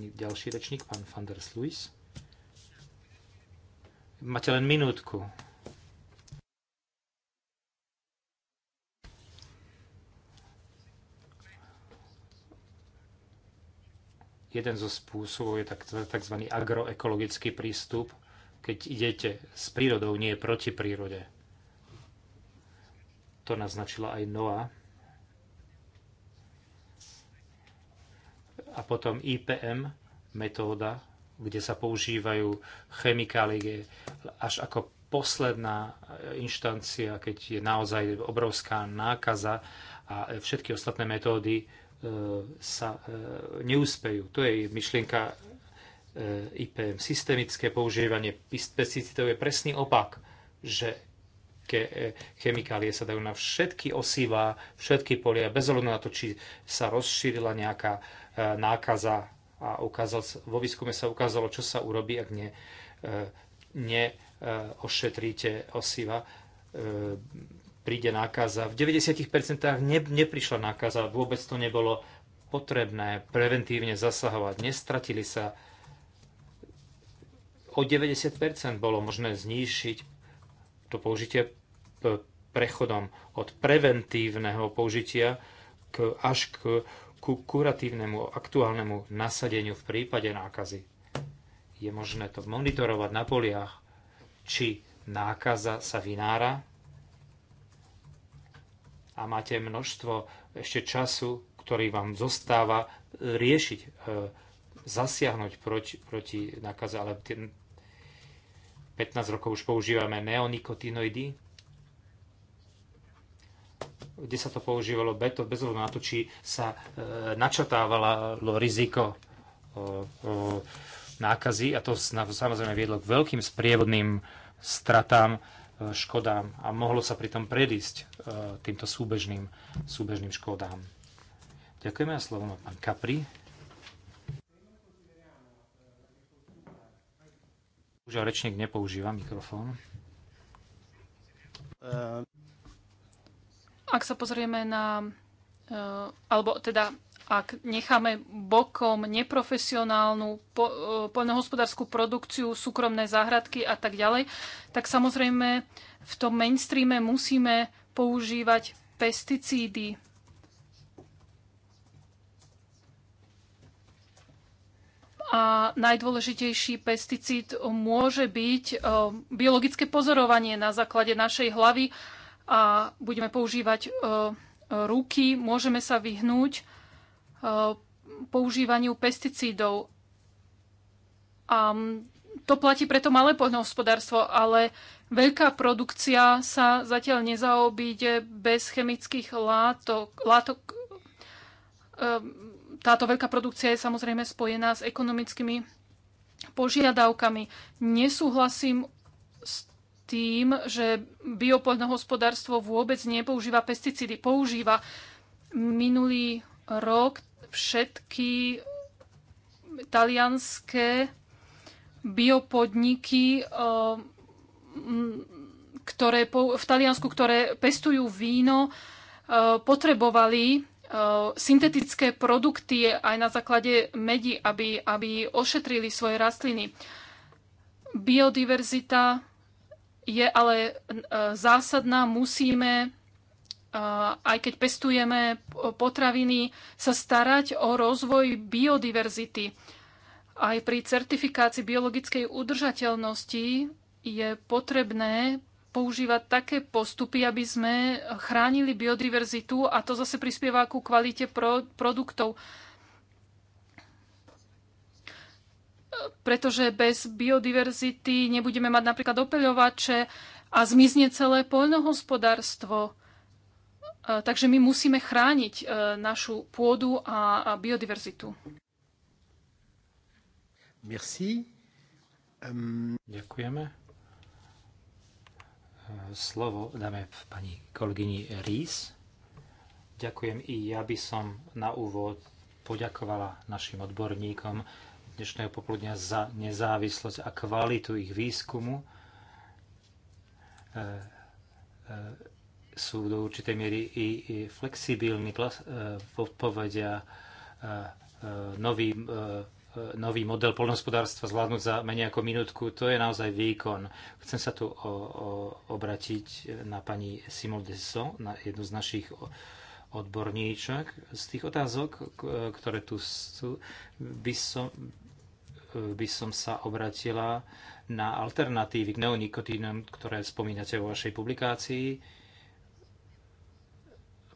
Ďalší rečník, pán Fanders Luis. Máte len minútku. Jeden zo spôsobov je tzv. agroekologický prístup, keď idete s prírodou, nie proti prírode. To naznačila aj Noa. A potom IPM metóda, kde sa používajú chemikálie až ako posledná eh, inštancia, keď je naozaj obrovská nákaza a eh, všetky ostatné metódy sa e, neúspejú. To je myšlienka e, IPM. Systemické používanie pesticidov je presný opak, že ke, e, chemikálie sa dajú na všetky osiva, všetky polia, bez ohľadu na to, či sa rozšírila nejaká nákaza a ukázal, vo výskume sa ukázalo, čo sa urobí, ak ne, neošetríte osiva príde nákaza. V 90% ne, neprišla nákaza, vôbec to nebolo potrebné preventívne zasahovať. Nestratili sa o 90% bolo možné znížiť to použitie e, prechodom od preventívneho použitia k, až k, ku kuratívnemu aktuálnemu nasadeniu v prípade nákazy. Je možné to monitorovať na poliach, či nákaza sa vynára a máte množstvo ešte času, ktorý vám zostáva e, riešiť, e, zasiahnuť proti, proti nakaze, ale 15 rokov už používame neonikotinoidy, kde sa to používalo beto, bez ohľadu na to, či sa e, načatávalo riziko nákazy a to samozrejme viedlo k veľkým sprievodným stratám Eh, škodám a mohlo sa pritom predísť eh, týmto súbežným, súbežným škodám. Ďakujeme a slovo má pán Kapri. Už rečník nepoužíva mikrofón. Eh. Ak sa pozrieme na alebo teda ak necháme bokom neprofesionálnu po, e, poľnohospodárskú produkciu, súkromné záhradky a tak ďalej, tak samozrejme v tom mainstreame musíme používať pesticídy. A najdôležitejší pesticíd môže byť e, biologické pozorovanie na základe našej hlavy a budeme používať e, ruky, môžeme sa vyhnúť používaniu pesticídov. A mm, to platí pre to malé poľnohospodárstvo, ale veľká produkcia sa zatiaľ nezaobíde bez chemických látok. látok ehm, táto veľká produkcia je samozrejme spojená s ekonomickými požiadavkami. Nesúhlasím s tým, že biopoľnohospodárstvo vôbec nepoužíva pesticídy. Používa minulý rok všetky talianské biopodniky, eh, ktoré v Taliansku, ktoré pestujú víno, eh, potrebovali eh, syntetické produkty aj na základe medi, aby, aby ošetrili svoje rastliny. Biodiverzita je ale zásadná, musíme aj keď pestujeme potraviny, sa starať o rozvoj biodiverzity. Aj pri certifikácii biologickej udržateľnosti je potrebné používať také postupy, aby sme chránili biodiverzitu a to zase prispieva ku kvalite pro- produktov. Pretože bez biodiverzity nebudeme mať napríklad opeľovače a zmizne celé poľnohospodárstvo E, takže my musíme chrániť e, našu pôdu a biodiverzitu. Merci. Um... Ďakujeme. E, slovo dáme pani kolegyni Rís. Ďakujem i ja by som na úvod poďakovala našim odborníkom dnešného popoludňa za nezávislosť a kvalitu ich výskumu. E, e, sú do určitej miery i, flexibilní, klas, e, e, e, nový, nový model poľnohospodárstva zvládnuť za menej ako minútku, to je naozaj výkon. Chcem sa tu o, o, obratiť na pani Simon Deso, na jednu z našich odborníčok. Z tých otázok, ktoré tu sú, by som, by som sa obratila na alternatívy k neonikotínom, ktoré spomínate vo vašej publikácii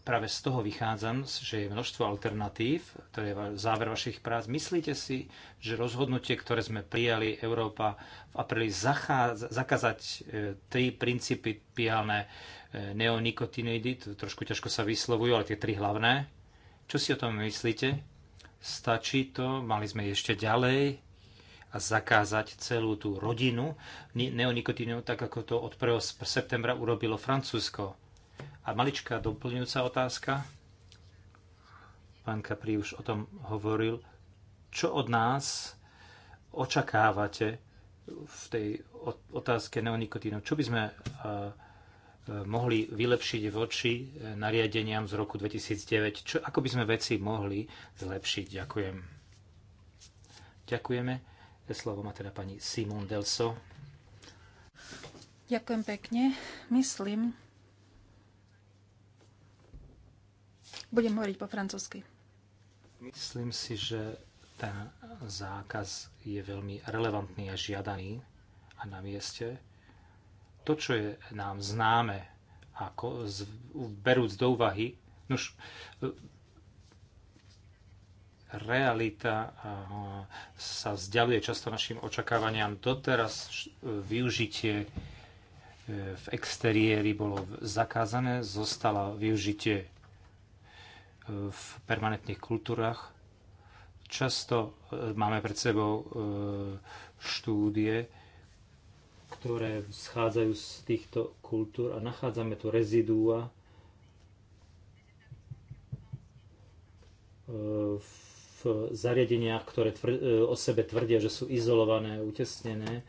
práve z toho vychádzam, že je množstvo alternatív, to je záver vašich prác. Myslíte si, že rozhodnutie, ktoré sme prijali Európa v apríli zakázať e, tri princípy piálne neonikotinoidy, to trošku ťažko sa vyslovujú, ale tie tri hlavné, čo si o tom myslíte? Stačí to? Mali sme ešte ďalej a zakázať celú tú rodinu neonikotínov, tak ako to od 1. septembra urobilo Francúzsko a maličká doplňujúca otázka. Pán Kapri už o tom hovoril. Čo od nás očakávate v tej otázke neonikotínu? Čo by sme e, mohli vylepšiť voči e, nariadeniam z roku 2009? Čo, ako by sme veci mohli zlepšiť? Ďakujem. Ďakujeme. Slovo má teda pani Simon Delso. Ďakujem pekne. Myslím, Budem hovoriť po francúzsky. Myslím si, že ten zákaz je veľmi relevantný a žiadaný a na mieste. To, čo je nám známe, ako z, berúc do úvahy, nož, realita sa vzdialuje často našim očakávaniam. Doteraz využitie e, v exteriéri bolo zakázané, zostala využitie v permanentných kultúrach. Často e, máme pred sebou e, štúdie, ktoré schádzajú z týchto kultúr a nachádzame tu rezidúa e, v zariadeniach, ktoré o sebe tvrdia, že sú izolované, utesnené.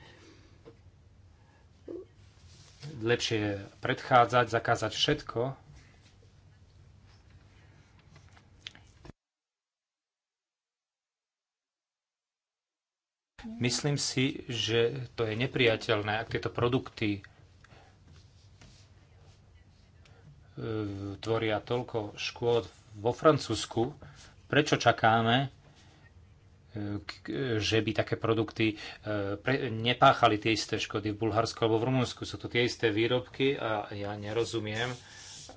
Lepšie je predchádzať, zakázať všetko, Myslím si, že to je nepriateľné, ak tieto produkty e, tvoria toľko škôd vo Francúzsku. Prečo čakáme, e, že by také produkty e, nepáchali tie isté škody v Bulharsku alebo v Rumunsku? Sú to tie isté výrobky a ja nerozumiem,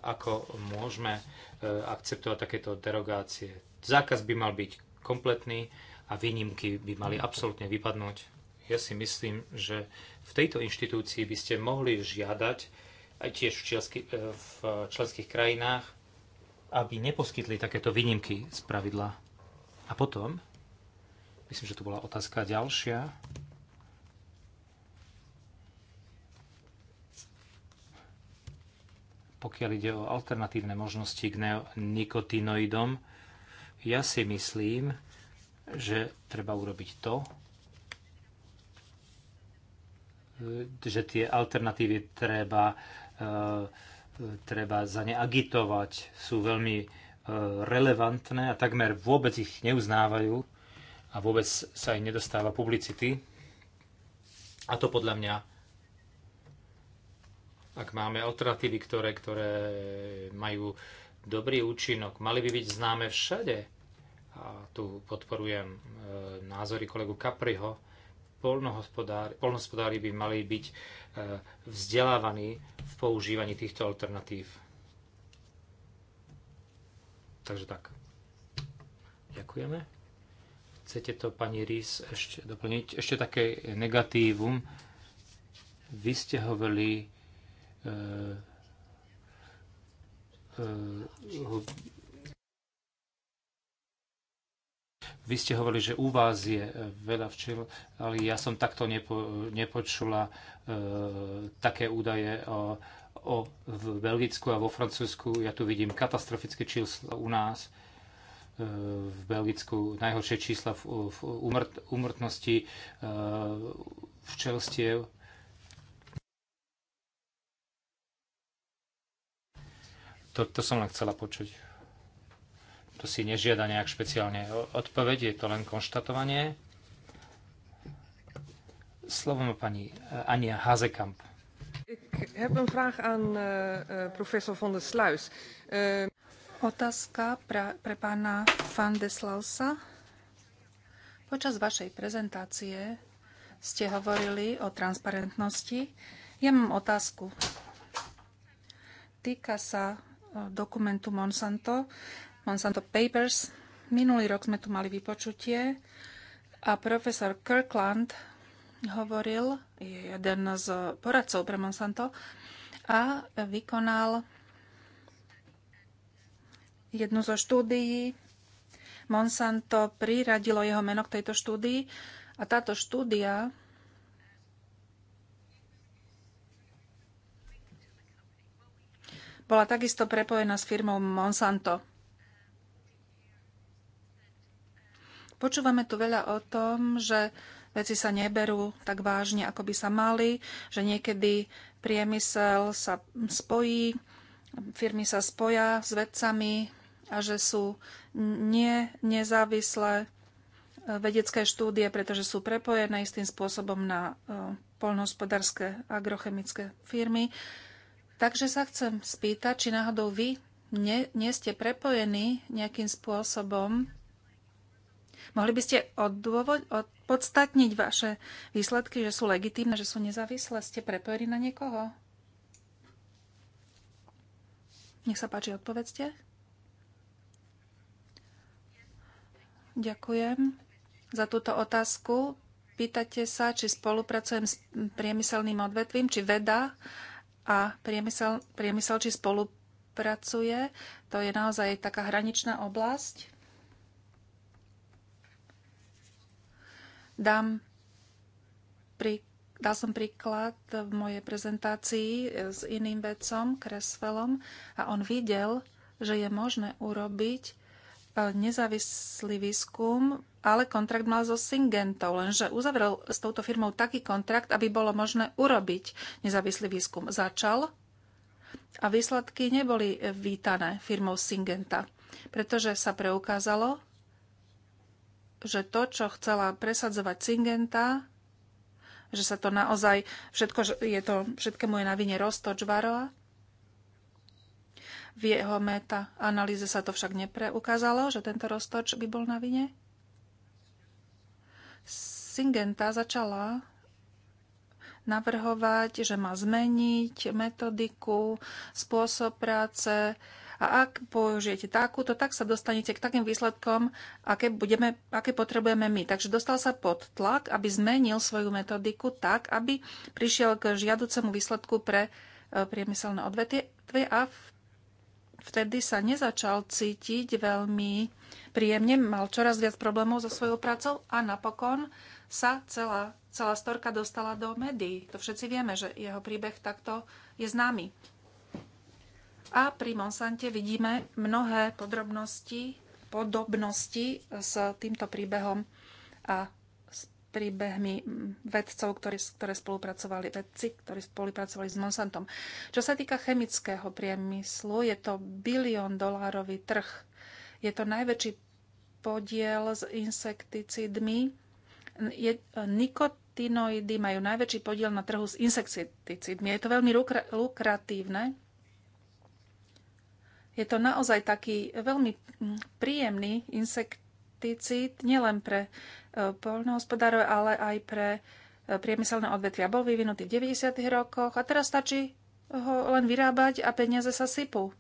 ako môžeme akceptovať takéto derogácie. Zákaz by mal byť kompletný a výnimky by mali absolútne vypadnúť. Ja si myslím, že v tejto inštitúcii by ste mohli žiadať aj tiež v, čielsky, e, v členských krajinách, aby neposkytli takéto výnimky z pravidla. A potom, myslím, že tu bola otázka ďalšia. Pokiaľ ide o alternatívne možnosti k neonikotinoidom, ja si myslím, že treba urobiť to, e, že tie alternatívy treba, e, treba za ne agitovať, sú veľmi e, relevantné a takmer vôbec ich neuznávajú a vôbec sa im nedostáva publicity. A to podľa mňa, ak máme alternatívy, ktoré, ktoré majú dobrý účinok, mali by byť známe všade a tu podporujem e, názory kolegu Kapriho, polnohospodári, by mali byť e, vzdelávaní v používaní týchto alternatív. Takže tak. Ďakujeme. Chcete to, pani Rís, ešte doplniť? Ešte také negatívum. Vy ste hovorili e, e, Vy ste hovorili, že u vás je e, veľa včiel, ale ja som takto nepo, nepočula e, také údaje o, o, v Belgicku a vo Francúzsku. Ja tu vidím katastrofické čísla u nás, e, v Belgicku najhoršie čísla v, v umrt, umrtnosti e, včelstiev. To, to som len chcela počuť. To si nežiada nejak špeciálne odpoveď, je to len konštatovanie. Slovo má pani eh, Ania Hazekamp. Otázka pre, pre pána van de Slausa. Počas vašej prezentácie ste hovorili o transparentnosti. Ja mám otázku. Týka sa eh, dokumentu Monsanto. Monsanto Papers. Minulý rok sme tu mali vypočutie a profesor Kirkland hovoril, je jeden z poradcov pre Monsanto, a vykonal jednu zo štúdií. Monsanto priradilo jeho meno k tejto štúdii a táto štúdia bola takisto prepojená s firmou Monsanto. Počúvame tu veľa o tom, že veci sa neberú tak vážne, ako by sa mali, že niekedy priemysel sa spojí, firmy sa spoja s vedcami a že sú nie nezávislé eh, vedecké štúdie, pretože sú prepojené istým spôsobom na eh, polnohospodárske agrochemické firmy. Takže sa chcem spýtať, či náhodou vy nie, nie ste prepojení nejakým spôsobom Mohli by ste odôvod, podstatniť vaše výsledky, že sú legitímne, že sú nezávislé? Ste prepojení na niekoho? Nech sa páči, odpovedzte. Ďakujem za túto otázku. Pýtate sa, či spolupracujem s priemyselným odvetvím, či veda a priemysel, priemysel či spolupracuje. To je naozaj taká hraničná oblasť. Dám pri, dal som príklad v mojej prezentácii e, s iným vedcom, Kresvelom, a on videl, že je možné urobiť e, nezávislý výskum, ale kontrakt mal so Syngentou, lenže uzavrel s touto firmou taký kontrakt, aby bolo možné urobiť nezávislý výskum. Začal a výsledky neboli vítané firmou Syngenta, pretože sa preukázalo, že to, čo chcela presadzovať Singenta, že sa to naozaj, všetko je to, všetkému je na vine Rosto Varoa. V jeho meta analýze sa to však nepreukázalo, že tento roztoč by bol na vine. Singenta začala navrhovať, že má zmeniť metodiku, spôsob práce, a ak použijete takúto, tak sa dostanete k takým výsledkom, aké, budeme, aké potrebujeme my. Takže dostal sa pod tlak, aby zmenil svoju metodiku tak, aby prišiel k žiaducemu výsledku pre e, priemyselné odvetvie a vtedy sa nezačal cítiť veľmi príjemne, mal čoraz viac problémov so svojou prácou a napokon sa celá, celá storka dostala do médií. To všetci vieme, že jeho príbeh takto je známy. A pri Monsante vidíme mnohé podrobnosti, podobnosti s týmto príbehom a s príbehmi vedcov, ktorí, ktoré spolupracovali, vedci, ktorí spolupracovali s Monsantom. Čo sa týka chemického priemyslu, je to bilión dolárový trh. Je to najväčší podiel s insekticidmi. Je, nikotinoidy majú najväčší podiel na trhu s insekticidmi. Je to veľmi lukratívne je to naozaj taký eh, veľmi mm, príjemný insekticíd, nielen pre eh, poľnohospodárov, ale aj pre eh, priemyselné odvetvia. Bol vyvinutý v 90. rokoch a teraz stačí ho len vyrábať a peniaze sa sypú.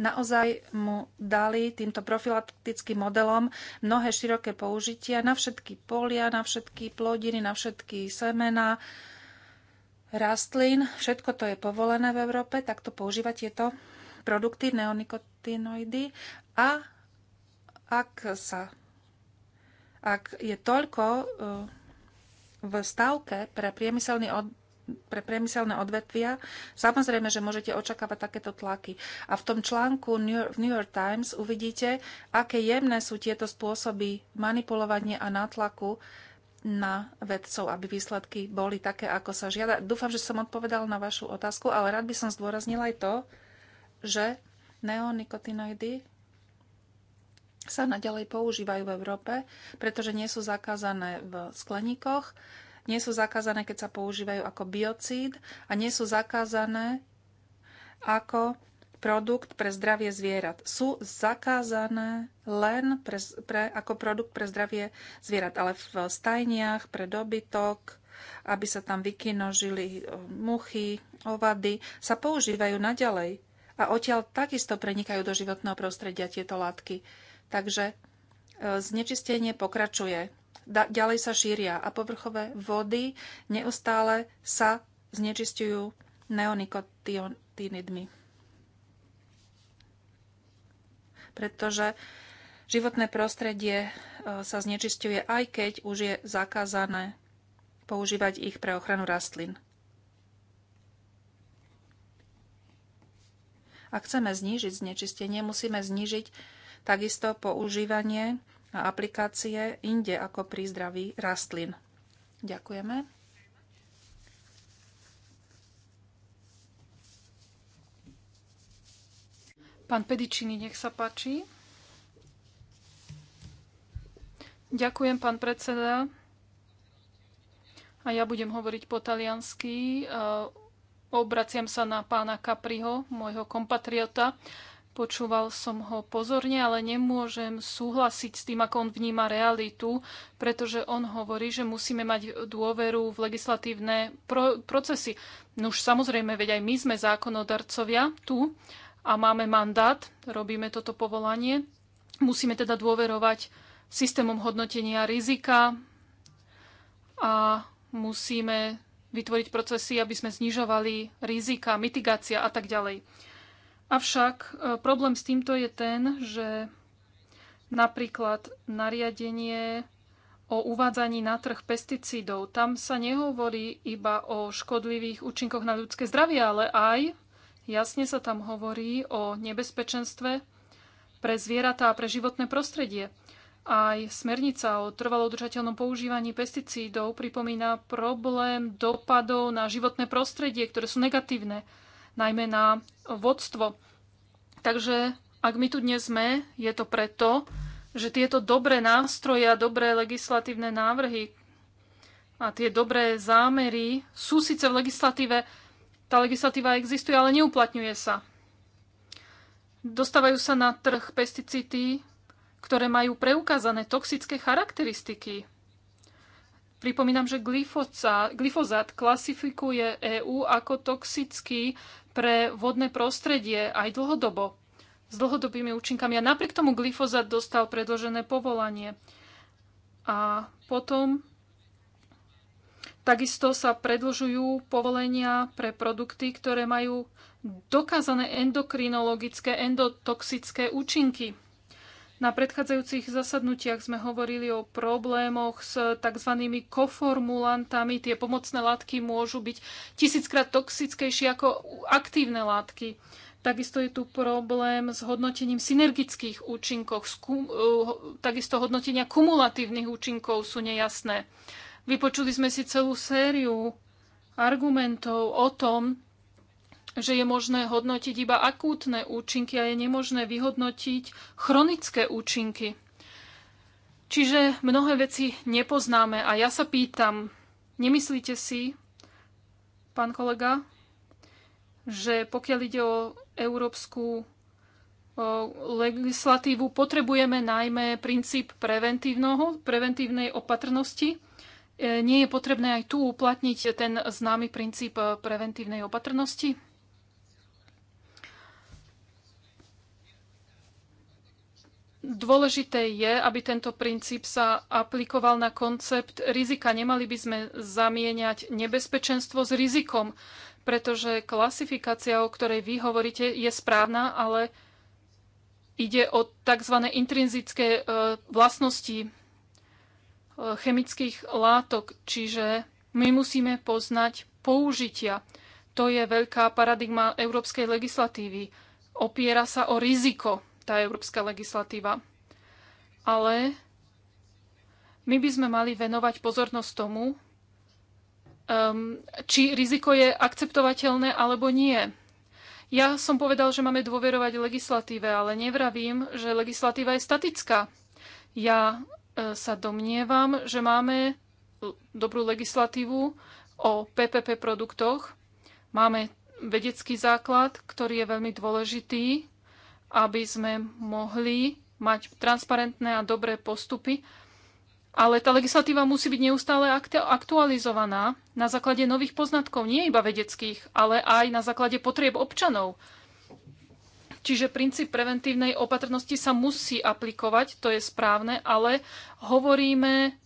Naozaj mu dali týmto profilaktickým modelom mnohé široké použitia na všetky polia, na všetky plodiny, na všetky semena. rastlín. Všetko to je povolené v Európe, tak to tieto produkty neonikotinoidy a ak sa ak je toľko e, v stavke pre, priemyselný od, pre priemyselné odvetvia, samozrejme, že môžete očakávať takéto tlaky. A v tom článku New, v New York Times uvidíte, aké jemné sú tieto spôsoby manipulovania a nátlaku na vedcov, aby výsledky boli také, ako sa žiada. Dúfam, že som odpovedala na vašu otázku, ale rád by som zdôraznila aj to, že neonikotinoidy sa naďalej používajú v Európe, pretože nie sú zakázané v skleníkoch, nie sú zakázané, keď sa používajú ako biocíd a nie sú zakázané ako produkt pre zdravie zvierat. Sú zakázané len pre, pre, ako produkt pre zdravie zvierat, ale v stajniach, pre dobytok, aby sa tam vykinožili eh, muchy, ovady, sa používajú naďalej a odtiaľ takisto prenikajú do životného prostredia tieto látky. Takže e, znečistenie pokračuje. ďalej sa šíria a povrchové vody neustále sa znečistujú neonikotinidmi. Pretože životné prostredie e, sa znečistuje, aj keď už je zakázané používať ich pre ochranu rastlín. Ak chceme znížiť znečistenie, musíme znížiť takisto používanie a aplikácie inde ako pri zdraví rastlín. Ďakujeme. Pán Pedičiny, nech sa páči. Ďakujem, pán predseda. A ja budem hovoriť po taliansky. Obraciam sa na pána Kapriho, môjho kompatriota. Počúval som ho pozorne, ale nemôžem súhlasiť s tým, ako on vníma realitu, pretože on hovorí, že musíme mať dôveru v legislatívne pro- procesy. No už samozrejme, veď aj my sme zákonodarcovia tu a máme mandát, robíme toto povolanie. Musíme teda dôverovať systémom hodnotenia rizika a musíme vytvoriť procesy, aby sme znižovali rizika, mitigácia a tak ďalej. Avšak e, problém s týmto je ten, že napríklad nariadenie o uvádzaní na trh pesticídov, tam sa nehovorí iba o škodlivých účinkoch na ľudské zdravie, ale aj jasne sa tam hovorí o nebezpečenstve pre zvieratá a pre životné prostredie. Aj smernica o trvalo udržateľnom používaní pesticídov pripomína problém dopadov na životné prostredie, ktoré sú negatívne, najmä na vodstvo. Takže ak my tu dnes sme, je to preto, že tieto dobré nástroje a dobré legislatívne návrhy a tie dobré zámery sú síce v legislatíve, tá legislatíva existuje, ale neuplatňuje sa. Dostávajú sa na trh pesticídy, ktoré majú preukázané toxické charakteristiky. Pripomínam, že glyfozát klasifikuje EÚ ako toxický pre vodné prostredie aj dlhodobo s dlhodobými účinkami. A napriek tomu glyfozát dostal predložené povolanie. A potom takisto sa predlžujú povolenia pre produkty, ktoré majú dokázané endokrinologické, endotoxické účinky. Na predchádzajúcich zasadnutiach sme hovorili o problémoch s tzv. koformulantami. Tie pomocné látky môžu byť tisíckrát toxickejšie ako aktívne látky. Takisto je tu problém s hodnotením synergických účinkov, uh, takisto hodnotenia kumulatívnych účinkov sú nejasné. Vypočuli sme si celú sériu argumentov o tom, že je možné hodnotiť iba akútne účinky a je nemožné vyhodnotiť chronické účinky. Čiže mnohé veci nepoznáme a ja sa pýtam, nemyslíte si, pán kolega, že pokiaľ ide o európsku legislatívu, potrebujeme najmä princíp preventívnej opatrnosti. E, nie je potrebné aj tu uplatniť ten známy princíp e, preventívnej opatrnosti? Dôležité je, aby tento princíp sa aplikoval na koncept rizika. Nemali by sme zamieňať nebezpečenstvo s rizikom, pretože klasifikácia, o ktorej vy hovoríte, je správna, ale ide o tzv. intrinzické e, vlastnosti e, chemických látok, čiže my musíme poznať použitia. To je veľká paradigma európskej legislatívy. Opiera sa o riziko tá európska legislatíva. Ale my by sme mali venovať pozornosť tomu, um, či riziko je akceptovateľné alebo nie. Ja som povedal, že máme dôverovať legislatíve, ale nevravím, že legislatíva je statická. Ja e, sa domnievam, že máme dobrú legislatívu o PPP produktoch. Máme vedecký základ, ktorý je veľmi dôležitý aby sme mohli mať transparentné a dobré postupy. Ale tá legislatíva musí byť neustále aktualizovaná na základe nových poznatkov, nie iba vedeckých, ale aj na základe potrieb občanov. Čiže princíp preventívnej opatrnosti sa musí aplikovať, to je správne, ale hovoríme,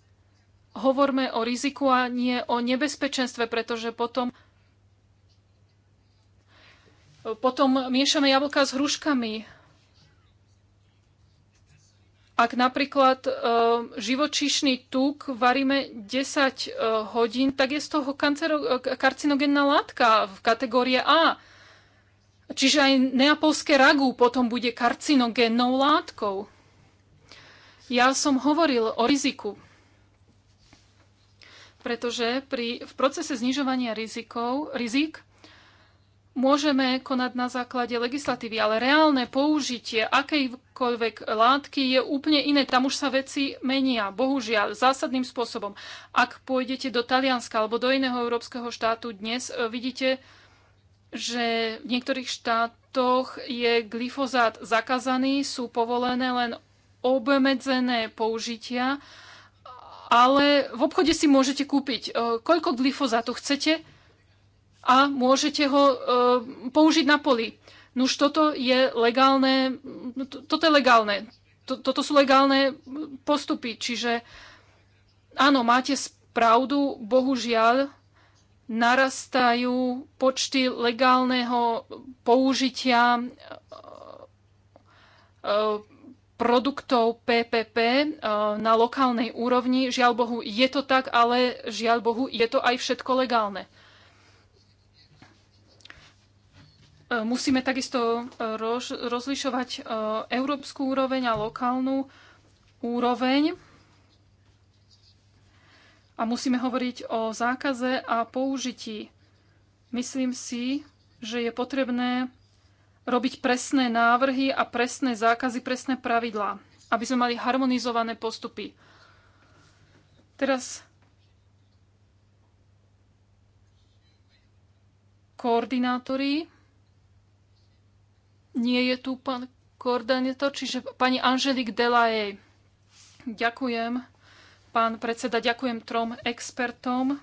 hovorme o riziku a nie o nebezpečenstve, pretože potom potom miešame jablka s hruškami. Ak napríklad e, živočíšny tuk varíme 10 e, hodín, tak je z toho kancero, karcinogenná látka v kategórie A. Čiže aj neapolské ragu potom bude karcinogénnou látkou. Ja som hovoril o riziku, pretože pri, v procese znižovania rizikov, rizik Môžeme konať na základe legislatívy, ale reálne použitie akejkoľvek látky je úplne iné. Tam už sa veci menia, bohužiaľ, zásadným spôsobom. Ak pôjdete do Talianska alebo do iného európskeho štátu dnes, e, vidíte, že v niektorých štátoch je glyfozát zakázaný, sú povolené len obmedzené použitia, ale v obchode si môžete kúpiť e, koľko glyfozátu chcete a môžete ho e, použiť na poli. Nuž toto je legálne, no, to, toto je legálne. To, toto sú legálne postupy, čiže áno, máte pravdu, bohužiaľ narastajú počty legálneho použitia e, produktov PPP e, na lokálnej úrovni. Žiaľ Bohu, je to tak, ale žiaľ Bohu, je to aj všetko legálne. E, musíme takisto e, rozlišovať e, európsku úroveň a lokálnu úroveň. A musíme hovoriť o zákaze a použití. Myslím si, že je potrebné robiť presné návrhy a presné zákazy, presné pravidlá, aby sme mali harmonizované postupy. Teraz koordinátori nie je tu pán koordinátor, čiže pani Anželik Delaje. Ďakujem, pán predseda, ďakujem trom expertom.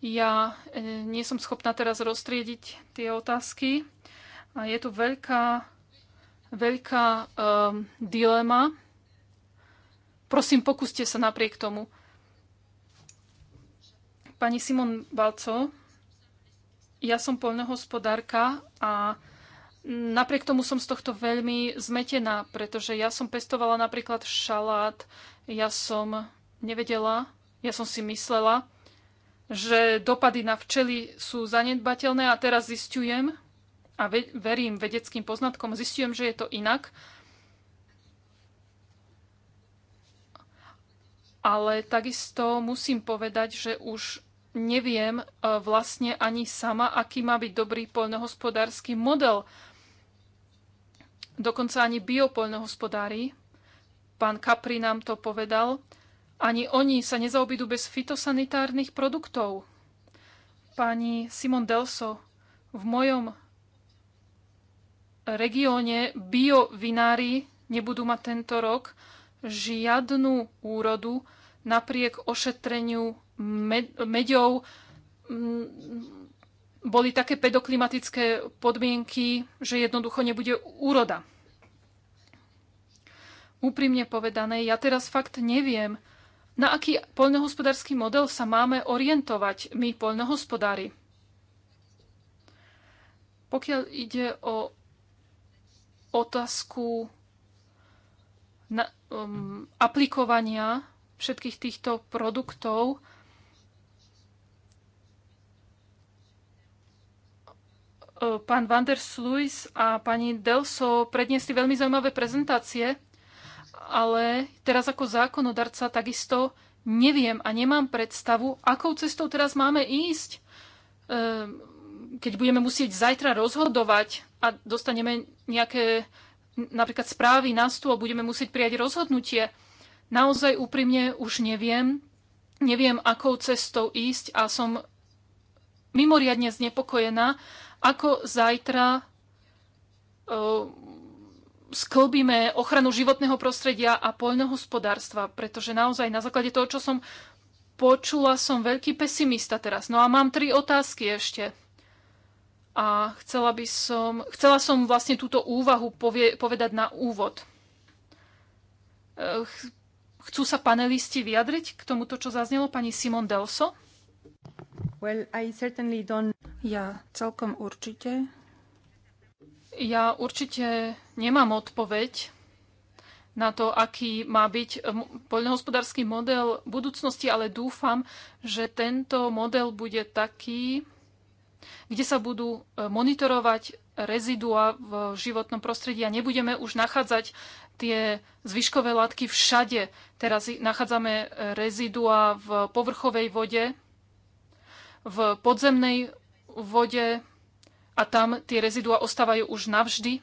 Ja e, nie som schopná teraz rozstriediť tie otázky. A je tu veľká, veľká um, dilema. Prosím, pokúste sa napriek tomu. Pani Simon Balco, ja som poľnohospodárka a napriek tomu som z tohto veľmi zmetená, pretože ja som pestovala napríklad šalát, ja som nevedela, ja som si myslela, že dopady na včely sú zanedbateľné a teraz zistujem, a ve- verím vedeckým poznatkom, zistujem, že je to inak, ale takisto musím povedať, že už neviem e, vlastne ani sama, aký má byť dobrý poľnohospodársky model. Dokonca ani biopoľnohospodári, pán Kapri nám to povedal, ani oni sa nezaobidú bez fitosanitárnych produktov. Pani Simon Delso, v mojom regióne biovinári nebudú mať tento rok žiadnu úrodu napriek ošetreniu med, medov mm, boli také pedoklimatické podmienky, že jednoducho nebude úroda. Úprimne povedané, ja teraz fakt neviem, na aký poľnohospodársky model sa máme orientovať my poľnohospodári. Pokiaľ ide o otázku na, um, aplikovania všetkých týchto produktov, E, pán Van der Sluis a pani Delso predniesli veľmi zaujímavé prezentácie, ale teraz ako zákonodarca takisto neviem a nemám predstavu, akou cestou teraz máme ísť, e, keď budeme musieť zajtra rozhodovať a dostaneme nejaké napríklad správy na stôl, budeme musieť prijať rozhodnutie. Naozaj úprimne už neviem, neviem, akou cestou ísť a som mimoriadne znepokojená ako zajtra e, sklbíme ochranu životného prostredia a poľnohospodárstva, pretože naozaj na základe toho, čo som počula, som veľký pesimista teraz. No a mám tri otázky ešte. A chcela by som, chcela som vlastne túto úvahu povie, povedať na úvod. E, chcú sa panelisti vyjadriť k tomuto, čo zaznelo pani Simon Delso? Well, I certainly don't... Ja celkom určite. Ja určite nemám odpoveď na to, aký má byť poľnohospodársky model budúcnosti, ale dúfam, že tento model bude taký, kde sa budú e, monitorovať rezidua v životnom prostredí a nebudeme už nachádzať tie zvyškové látky všade. Teraz nachádzame rezidua v povrchovej vode, v podzemnej vode a tam tie rezidua ostávajú už navždy.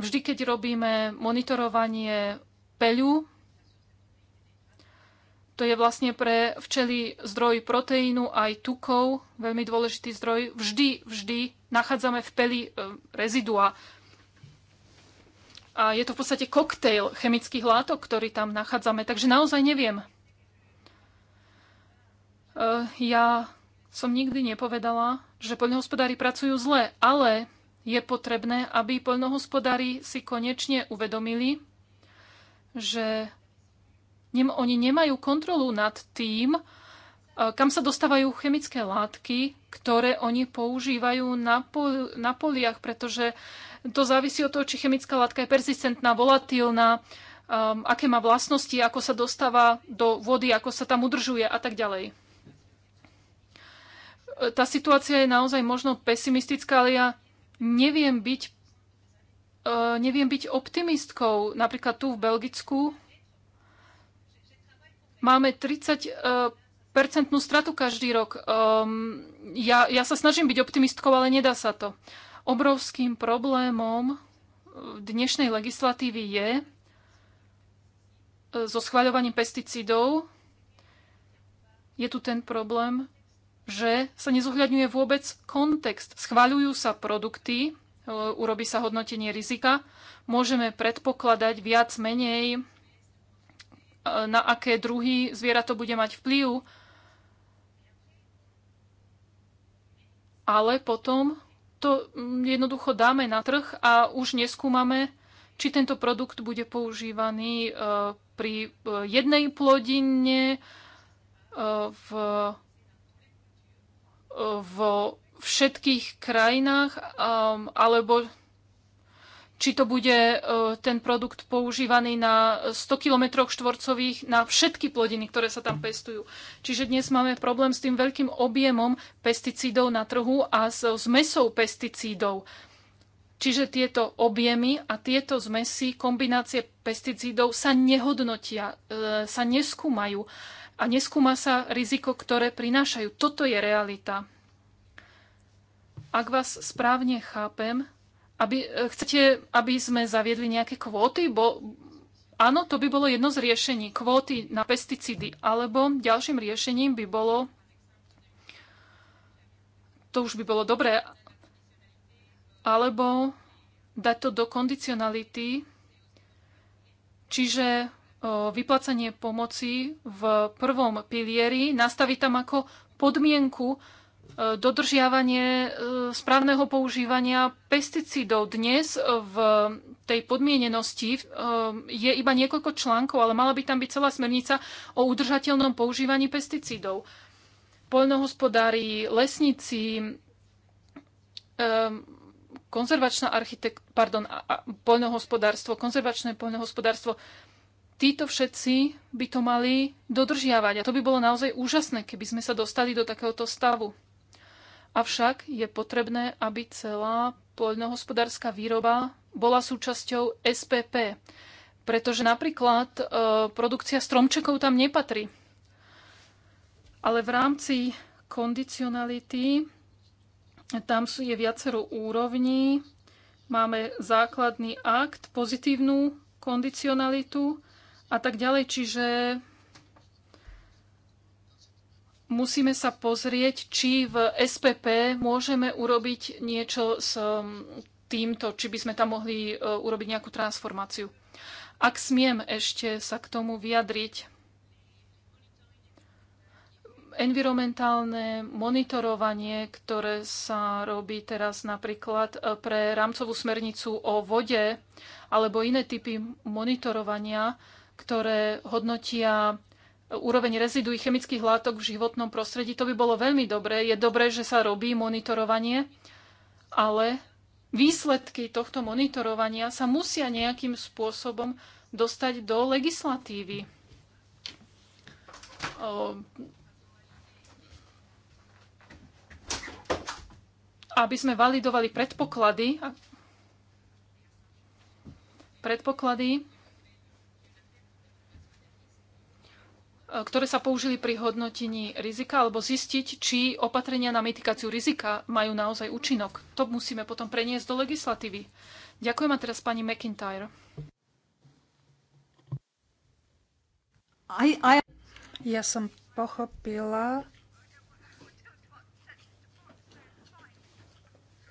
Vždy, keď robíme monitorovanie peľu, to je vlastne pre včely zdroj proteínu aj tukov, veľmi dôležitý zdroj. Vždy, vždy nachádzame v peli e, rezidua. A je to v podstate koktejl chemických látok, ktorý tam nachádzame, takže naozaj neviem. E, ja som nikdy nepovedala, že poľnohospodári pracujú zle, ale je potrebné, aby poľnohospodári si konečne uvedomili, že oni nemajú kontrolu nad tým, E, kam sa dostávajú chemické látky, ktoré oni používajú na, pol, na poliach, pretože to závisí od toho, či chemická látka je persistentná, volatilná, um, aké má vlastnosti, ako sa dostáva do vody, ako sa tam udržuje a tak ďalej. E, tá situácia je naozaj možno pesimistická, ale ja neviem byť, uh, neviem byť optimistkou. Napríklad tu v Belgicku máme 30 percentnú stratu každý rok. Um, ja, ja sa snažím byť optimistkou, ale nedá sa to. Obrovským problémom eh, dnešnej legislatívy je eh, so schváľovaním pesticídov je tu ten problém, že sa nezohľadňuje vôbec kontext. Schváľujú sa produkty, eh, urobí sa hodnotenie rizika, môžeme predpokladať viac menej, na aké druhy zviera to bude mať vplyv, ale potom to jednoducho dáme na trh a už neskúmame, či tento produkt bude používaný e, pri e, jednej plodine, e, v, vo všetkých krajinách, alebo či to bude e, ten produkt používaný na 100 km štvorcových na všetky plodiny, ktoré sa tam pestujú. Čiže dnes máme problém s tým veľkým objemom pesticídov na trhu a s zmesou pesticídov. Čiže tieto objemy a tieto zmesy, kombinácie pesticídov sa nehodnotia, e, sa neskúmajú a neskúma sa riziko, ktoré prinášajú. Toto je realita. Ak vás správne chápem, aby, e, chcete, aby sme zaviedli nejaké kvóty? Bo, áno, to by bolo jedno z riešení. Kvóty na pesticídy. Alebo ďalším riešením by bolo, to už by bolo dobré, alebo dať to do kondicionality, čiže e, vyplacanie pomoci v prvom pilieri, nastaviť tam ako podmienku, E, dodržiavanie e, správneho používania pesticídov. Dnes v tej podmienenosti e, je iba niekoľko článkov, ale mala by tam byť celá smernica o udržateľnom používaní pesticídov. Poľnohospodári, lesníci, konzervačná architekt, pardon, poľnohospodárstvo, konzervačné poľnohospodárstvo, títo všetci by to mali dodržiavať. A to by bolo naozaj úžasné, keby sme sa dostali do takéhoto stavu. Avšak je potrebné, aby celá poľnohospodárska výroba bola súčasťou SPP, pretože napríklad e, produkcia stromčekov tam nepatrí. Ale v rámci kondicionality tam sú je viacero úrovní. Máme základný akt, pozitívnu kondicionalitu a tak ďalej. Čiže musíme sa pozrieť, či v SPP môžeme urobiť niečo s um, týmto, či by sme tam mohli uh, urobiť nejakú transformáciu. Ak smiem ešte sa k tomu vyjadriť, environmentálne monitorovanie, ktoré sa robí teraz napríklad uh, pre rámcovú smernicu o vode alebo iné typy monitorovania, ktoré hodnotia úroveň reziduí chemických látok v životnom prostredí. To by bolo veľmi dobré. Je dobré, že sa robí monitorovanie, ale výsledky tohto monitorovania sa musia nejakým spôsobom dostať do legislatívy. Aby sme validovali predpoklady, predpoklady ktoré sa použili pri hodnotení rizika, alebo zistiť, či opatrenia na mitikáciu rizika majú naozaj účinok. To musíme potom preniesť do legislatívy. Ďakujem a teraz pani McIntyre. Ja som pochopila,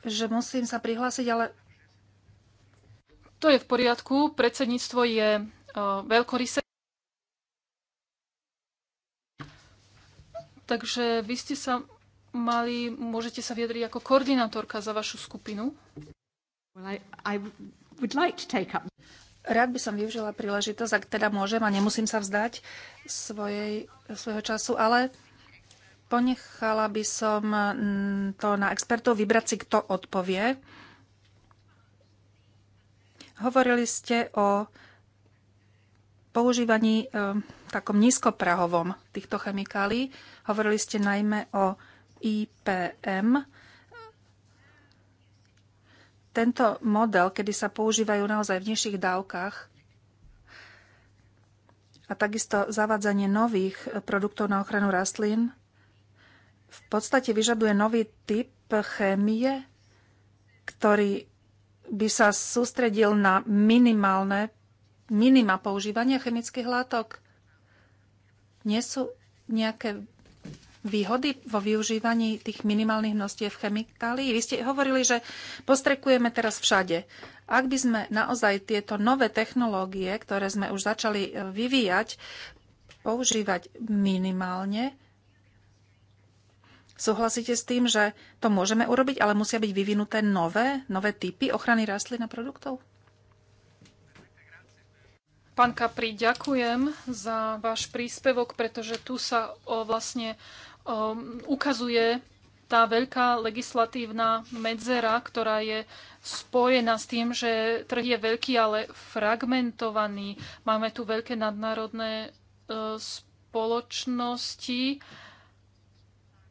že musím sa prihlásiť, ale... To je v poriadku. Predsedníctvo je eh, veľkorysé. Takže vy ste sa mali, môžete sa vyjadriť ako koordinátorka za vašu skupinu. Well, I, I would like to take up... Rád by som využila príležitosť, ak teda môžem a nemusím sa vzdať svojej, svojho času, ale ponechala by som mm, to na expertov vybrať si, kto odpovie. Hovorili ste o používaní e, takom nízkoprahovom týchto chemikálií. Hovorili ste najmä o IPM. Tento model, kedy sa používajú naozaj v nižších dávkach a takisto zavádzanie nových produktov na ochranu rastlín, v podstate vyžaduje nový typ chémie, ktorý by sa sústredil na minimálne minima používania chemických látok. Nie sú nejaké výhody vo využívaní tých minimálnych množstiev chemikálií? Vy ste hovorili, že postrekujeme teraz všade. Ak by sme naozaj tieto nové technológie, ktoré sme už začali e, vyvíjať, používať minimálne, Súhlasíte s tým, že to môžeme urobiť, ale musia byť vyvinuté nové, nové typy ochrany rastlín a produktov? Pán Kapri, ďakujem za váš príspevok, pretože tu sa o vlastne Ehm, ukazuje tá veľká legislatívna medzera, ktorá je spojená s tým, že trh je veľký, ale fragmentovaný. Máme tu veľké nadnárodné e, spoločnosti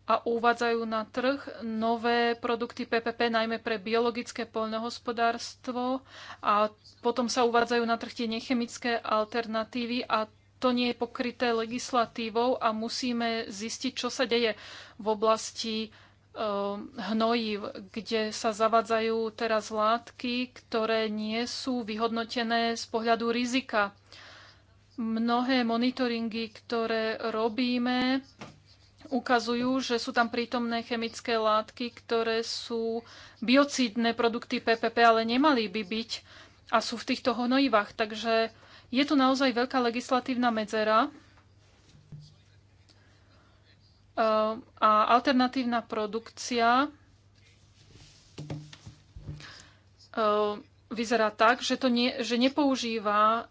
a uvádzajú na trh nové produkty PPP, najmä pre biologické poľnohospodárstvo a potom sa uvádzajú na trh tie nechemické alternatívy a to nie je pokryté legislatívou a musíme zistiť, čo sa deje v oblasti ehm, hnojiv, kde sa zavadzajú teraz látky, ktoré nie sú vyhodnotené z pohľadu rizika. Mnohé monitoringy, ktoré robíme, ukazujú, že sú tam prítomné chemické látky, ktoré sú biocídne produkty PPP, ale nemali by byť a sú v týchto hnojivách. Takže je tu naozaj veľká legislatívna medzera e, a alternatívna produkcia e, vyzerá tak, že, to nie, že nepoužíva e,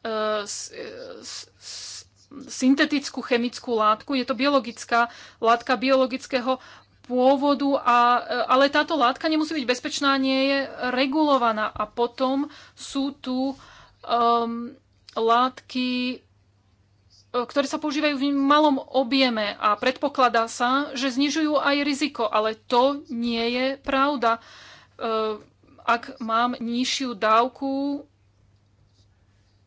syntetickú chemickú látku. Je to biologická látka biologického pôvodu, a, ale táto látka nemusí byť bezpečná, nie je regulovaná. A potom sú tu um, látky, e, ktoré sa používajú v malom objeme a predpokladá sa, že znižujú aj riziko, ale to nie je pravda. E, ak mám nižšiu dávku,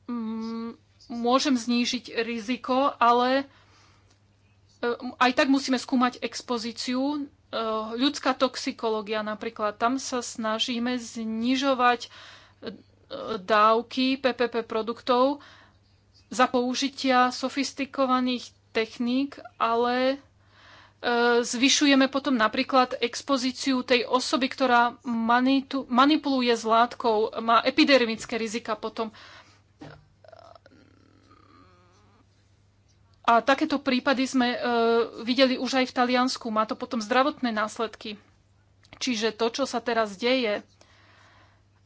mm, môžem znížiť riziko, ale e, aj tak musíme skúmať expozíciu. Ľudská toxikológia napríklad, tam sa snažíme znižovať dávky PPP produktov za použitia sofistikovaných techník, ale e, zvyšujeme potom napríklad expozíciu tej osoby, ktorá manipuluje s látkou, má epidermické rizika potom. A takéto prípady sme e, videli už aj v Taliansku. Má to potom zdravotné následky. Čiže to, čo sa teraz deje,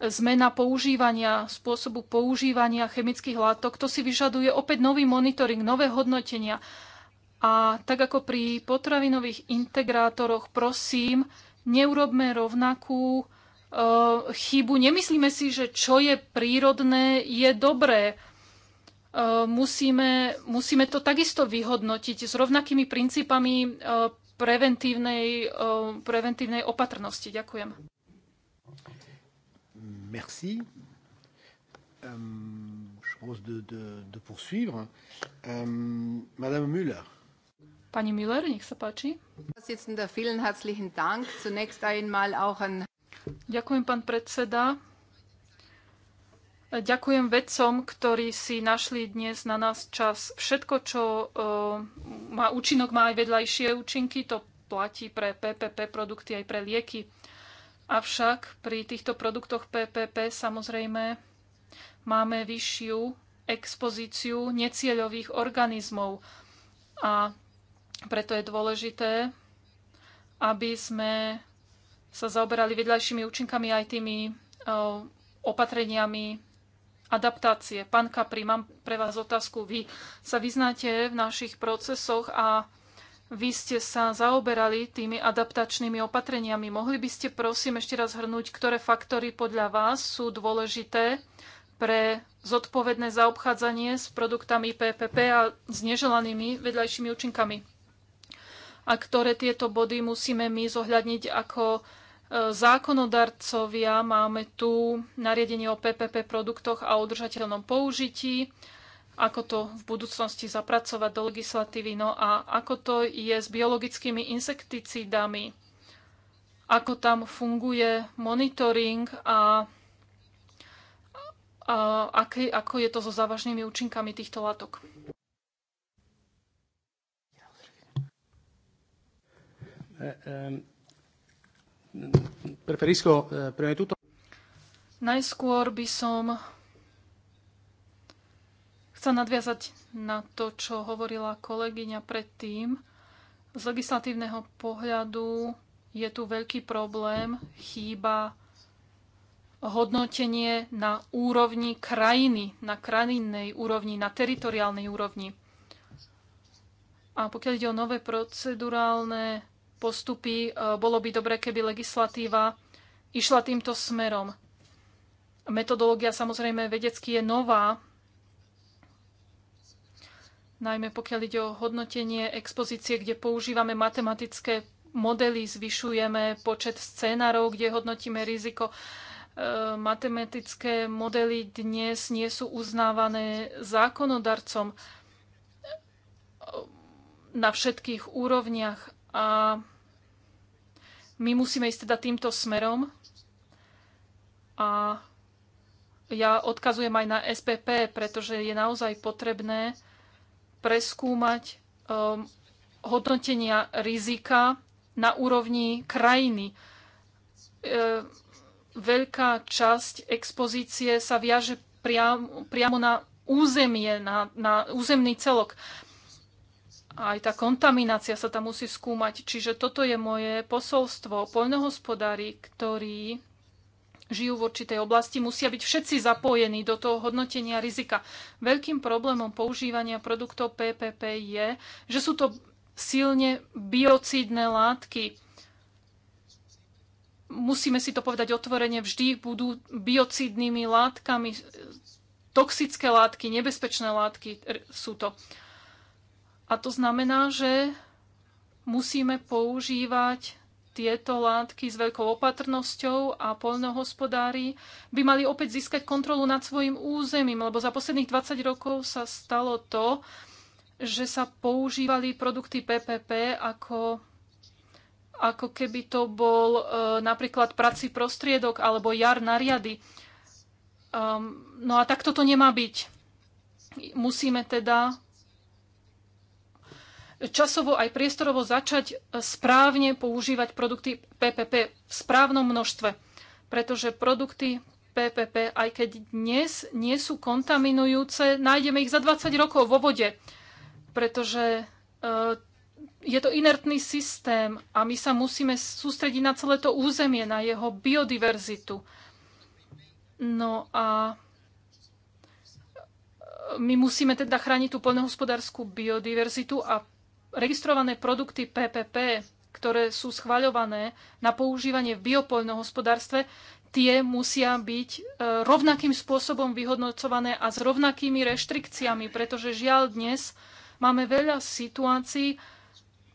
zmena používania, spôsobu používania chemických látok, to si vyžaduje opäť nový monitoring, nové hodnotenia. A tak ako pri potravinových integrátoroch, prosím, neurobme rovnakú e, chybu. Nemyslíme si, že čo je prírodné, je dobré. E, musíme, musíme to takisto vyhodnotiť s rovnakými princípami e, preventívnej, e, preventívnej opatrnosti. Ďakujem. Merci. Euh, je propose de, de, de poursuivre. Euh, Madame Müller. Pani Müller, nech sa páči. Ďakujem, pán predseda. Ďakujem vedcom, ktorí si našli dnes na nás čas. Všetko, čo uh, má účinok, má aj vedľajšie účinky. To platí pre PPP produkty aj pre lieky. Uh, Avšak pri týchto produktoch PPP samozrejme máme vyššiu expozíciu necieľových organizmov a preto je dôležité, aby sme sa zaoberali vedľajšími účinkami aj tými e, opatreniami adaptácie. Pán Kapri, mám pre vás otázku. Vy sa vyznáte v našich procesoch a vy ste sa zaoberali tými adaptačnými opatreniami. Mohli by ste prosím ešte raz hrnúť, ktoré faktory podľa vás sú dôležité pre zodpovedné zaobchádzanie s produktami PPP a s neželanými vedľajšími účinkami. A ktoré tieto body musíme my zohľadniť ako e, zákonodarcovia. Máme tu nariadenie o PPP produktoch a udržateľnom použití, ako to v budúcnosti zapracovať do legislatívy, no a ako to je s biologickými insekticídami, ako tam funguje monitoring a, a aký, ako je to so závažnými účinkami týchto látok. Eh, ehm, eh, Najskôr by som chcem nadviazať na to, čo hovorila kolegyňa predtým. Z legislatívneho pohľadu je tu veľký problém, chýba hodnotenie na úrovni krajiny, na krajinnej úrovni, na teritoriálnej úrovni. A pokiaľ ide o nové procedurálne postupy, e, bolo by dobre, keby legislatíva išla týmto smerom. Metodológia samozrejme vedecky je nová, najmä pokiaľ ide o hodnotenie expozície, kde používame matematické modely, zvyšujeme počet scénarov, kde hodnotíme riziko. E, matematické modely dnes nie sú uznávané zákonodarcom e, na všetkých úrovniach a my musíme ísť teda týmto smerom a ja odkazujem aj na SPP, pretože je naozaj potrebné preskúmať um, hodnotenia rizika na úrovni krajiny. E, veľká časť expozície sa viaže priam, priamo na územie, na, na územný celok. Aj tá kontaminácia sa tam musí skúmať. Čiže toto je moje posolstvo. Poľnohospodári, ktorí žijú v určitej oblasti, musia byť všetci zapojení do toho hodnotenia rizika. Veľkým problémom používania produktov PPP je, že sú to silne biocídne látky. Musíme si to povedať otvorene, vždy budú biocídnymi látkami, toxické látky, nebezpečné látky sú to. A to znamená, že musíme používať tieto látky s veľkou opatrnosťou a poľnohospodári by mali opäť získať kontrolu nad svojim územím, lebo za posledných 20 rokov sa stalo to, že sa používali produkty PPP ako, ako keby to bol e, napríklad prací prostriedok alebo jar nariady. Um, ehm, no a takto to nemá byť. Musíme teda časovo aj priestorovo začať e, správne používať produkty PPP v správnom množstve. Pretože produkty PPP, aj keď dnes nie sú kontaminujúce, nájdeme ich za 20 rokov vo vode, pretože e, je to inertný systém a my sa musíme sústrediť na celé to územie, na jeho biodiverzitu. No a e, my musíme teda chrániť tú poľnohospodárskú biodiverzitu a registrované produkty PPP, ktoré sú schvaľované na používanie v biopoľnohospodárstve, tie musia byť e, rovnakým spôsobom vyhodnocované a s rovnakými reštrikciami, pretože žiaľ dnes máme veľa situácií,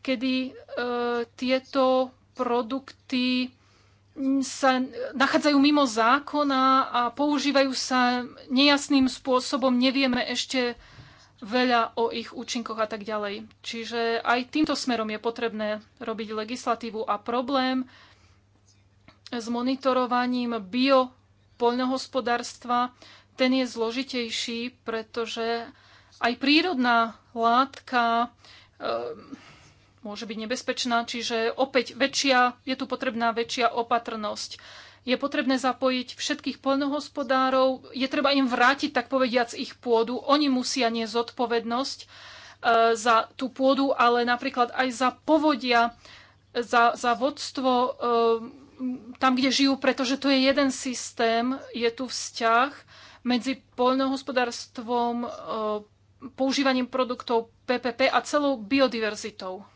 kedy e, tieto produkty sa nachádzajú mimo zákona a používajú sa nejasným spôsobom. Nevieme ešte veľa o ich účinkoch a tak ďalej. Čiže aj týmto smerom je potrebné robiť legislatívu a problém s monitorovaním bio poľnohospodárstva, ten je zložitejší, pretože aj prírodná látka e, môže byť nebezpečná, čiže opäť väčšia, je tu potrebná väčšia opatrnosť je potrebné zapojiť všetkých poľnohospodárov, je treba im vrátiť, tak povediac, ich pôdu. Oni musia nie zodpovednosť e, za tú pôdu, ale napríklad aj za povodia, za, za vodstvo e, tam, kde žijú, pretože to je jeden systém, je tu vzťah medzi poľnohospodárstvom, e, používaním produktov PPP a celou biodiverzitou.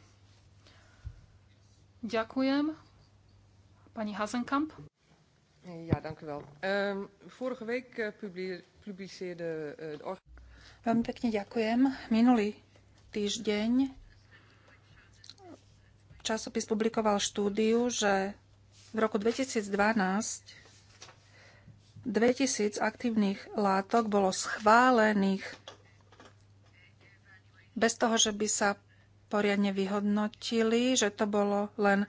Ďakujem. Pani Hazenkamp. Ja, dank u wel. Um, vorige week eh, publiceerde... Eh, Veľmi pekne ďakujem. Minulý týždeň časopis publikoval štúdiu, že v roku 2012 2000 aktívnych látok bolo schválených bez toho, že by sa poriadne vyhodnotili, že to bolo len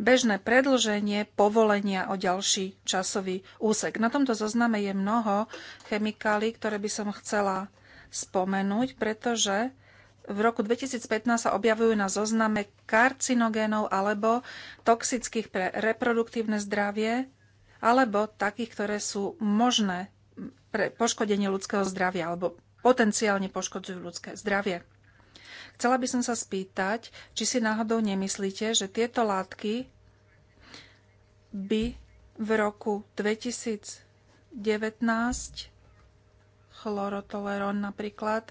bežné predlženie povolenia o ďalší časový úsek. Na tomto zozname je mnoho chemikálií, ktoré by som chcela spomenúť, pretože v roku 2015 sa objavujú na zozname karcinogénov alebo toxických pre reproduktívne zdravie alebo takých, ktoré sú možné pre poškodenie ľudského zdravia alebo potenciálne poškodzujú ľudské zdravie. Chcela by som sa spýtať, či si náhodou nemyslíte, že tieto látky by v roku 2019 chlorotolerón napríklad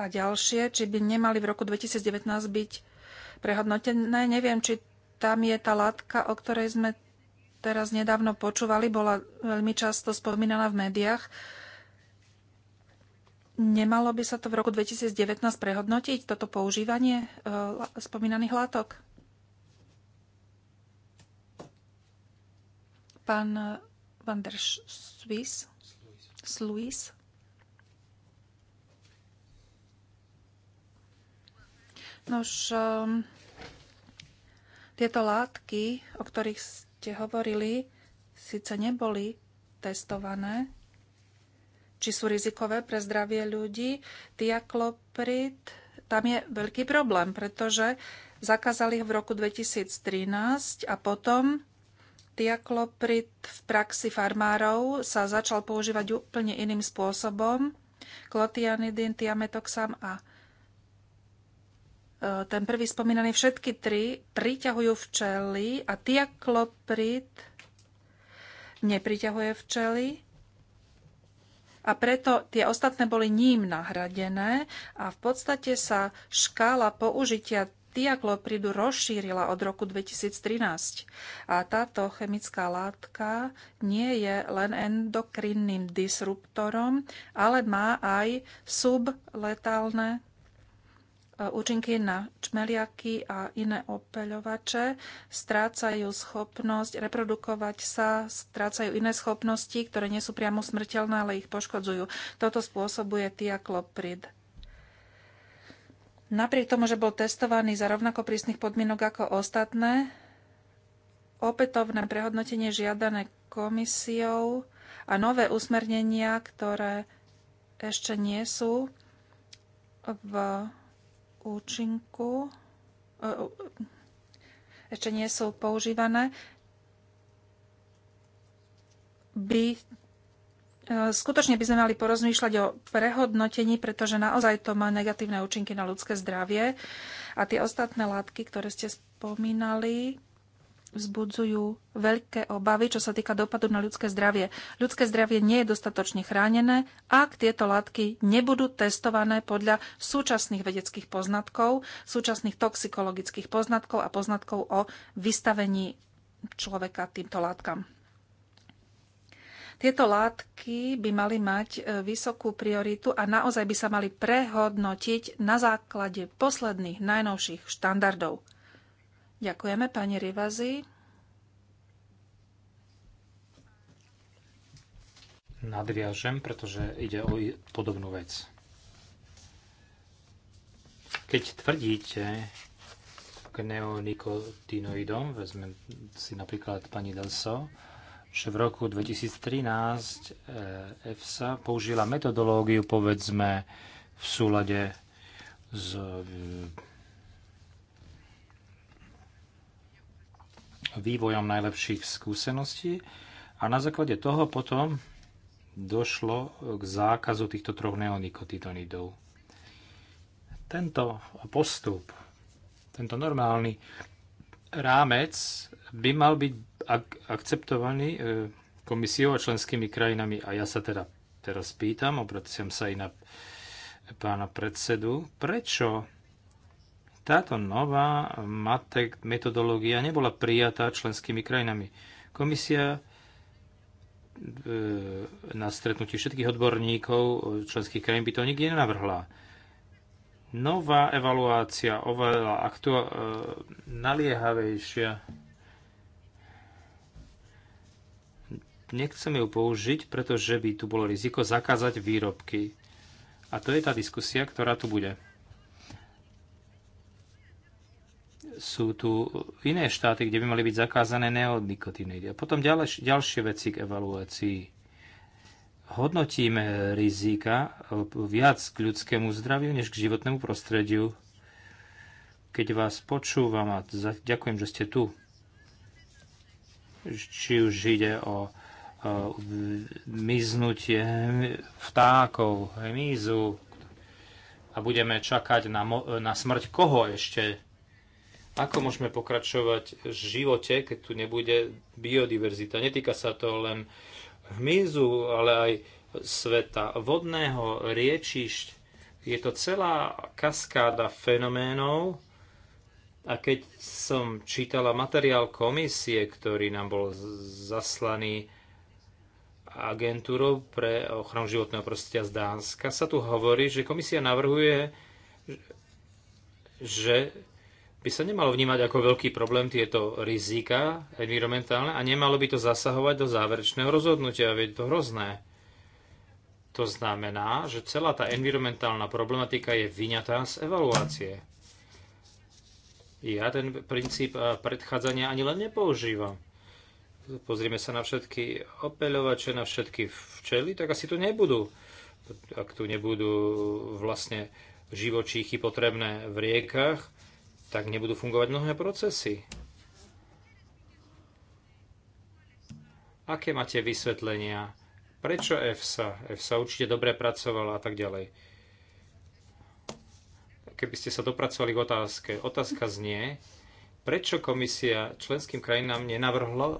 a ďalšie, či by nemali v roku 2019 byť prehodnotené. Neviem, či tam je tá látka, o ktorej sme teraz nedávno počúvali, bola veľmi často spomínaná v médiách Nemalo by sa to v roku 2019 prehodnotiť, toto používanie e, spomínaných látok? Pán Van der Swiss? Sluis? Nož, um, tieto látky, o ktorých ste hovorili, síce neboli testované, či sú rizikové pre zdravie ľudí. Tiakloprid, tam je veľký problém, pretože zakázali ich v roku 2013 a potom tiakloprid v praxi farmárov sa začal používať úplne iným spôsobom. Klotianidin, tiametoxam a e, ten prvý spomínaný, všetky tri priťahujú včely a tiakloprid nepriťahuje včely a preto tie ostatné boli ním nahradené a v podstate sa škála použitia tiaklopridu rozšírila od roku 2013. A táto chemická látka nie je len endokrinným disruptorom, ale má aj subletálne účinky na čmeliaky a iné opeľovače, strácajú schopnosť reprodukovať sa, strácajú iné schopnosti, ktoré nie sú priamo smrteľné, ale ich poškodzujú. Toto spôsobuje tiakloprid. Napriek tomu, že bol testovaný za rovnako prísnych podmienok ako ostatné, opätovné prehodnotenie žiadané komisiou a nové usmernenia, ktoré ešte nie sú v účinku e, e, ešte nie sú používané, by e, skutočne by sme mali porozmýšľať o prehodnotení, pretože naozaj to má negatívne účinky na ľudské zdravie. A tie ostatné látky, ktoré ste spomínali, vzbudzujú veľké obavy, čo sa týka dopadu na ľudské zdravie. Ľudské zdravie nie je dostatočne chránené, ak tieto látky nebudú testované podľa súčasných vedeckých poznatkov, súčasných toxikologických poznatkov a poznatkov o vystavení človeka týmto látkam. Tieto látky by mali mať e, vysokú prioritu a naozaj by sa mali prehodnotiť na základe posledných najnovších štandardov. Ďakujeme pani Rivazi. Nadviažem, pretože ide o podobnú vec. Keď tvrdíte k neonikotinoidom, vezmem si napríklad pani Delso, že v roku 2013 eh, EFSA použila metodológiu, povedzme, v súlade s vývojom najlepších skúseností a na základe toho potom došlo k zákazu týchto troch neonikotitonidov. Tento postup, tento normálny rámec by mal byť ak- akceptovaný e, komisiou a členskými krajinami. A ja sa teda teraz pýtam, obraciam sa i na pána predsedu, prečo táto nová matek metodológia nebola prijatá členskými krajinami. Komisia e, na stretnutí všetkých odborníkov členských krajín by to nikdy nenavrhla. Nová evaluácia, oveľa aktu- e, naliehavejšia. Nechcem ju použiť, pretože by tu bolo riziko zakázať výrobky. A to je tá diskusia, ktorá tu bude. sú tu iné štáty, kde by mali byť zakázané neonikotinoidy. A potom ďalej, ďalšie veci k evaluácii hodnotíme rizika viac k ľudskému zdraviu než k životnému prostrediu. Keď vás počúvam a za ďakujem, že ste tu, či už ide o, o miznutie vtákov, mízu a budeme čakať na, na smrť koho ešte ako môžeme pokračovať v živote, keď tu nebude biodiverzita? Netýka sa to len hmyzu, ale aj sveta vodného, riečišť. Je to celá kaskáda fenoménov. A keď som čítala materiál komisie, ktorý nám bol zaslaný agentúrou pre ochranu životného prostredia z Dánska, sa tu hovorí, že komisia navrhuje, že by sa nemalo vnímať ako veľký problém tieto rizika environmentálne a nemalo by to zasahovať do záverečného rozhodnutia, veď to hrozné. To znamená, že celá tá environmentálna problematika je vyňatá z evaluácie. Ja ten princíp eh, predchádzania ani len nepoužívam. Pozrieme sa na všetky opeľovače, na všetky včely, tak asi tu nebudú. Ak tu nebudú vlastne živočíchy potrebné v riekach, tak nebudú fungovať mnohé procesy. Aké máte vysvetlenia? Prečo EFSA? EFSA určite dobre pracovala a tak ďalej. Keby ste sa dopracovali k otázke. Otázka znie, prečo komisia členským krajinám nenavrhla e,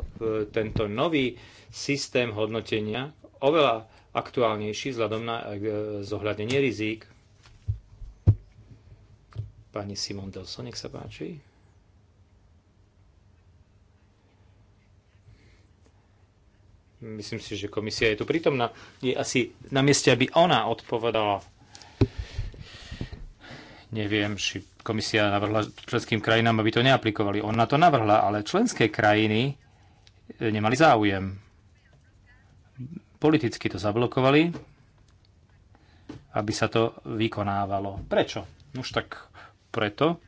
tento nový systém hodnotenia, oveľa aktuálnejší vzhľadom na e, zohľadenie rizík. Pani Simon Delson, nech sa páči. Myslím si, že komisia je tu prítomná. Je asi na mieste, aby ona odpovedala. Neviem, či komisia navrhla členským krajinám, aby to neaplikovali. Ona to navrhla, ale členské krajiny e, nemali záujem. Politicky to zablokovali, aby sa to vykonávalo. Prečo? Už tak preto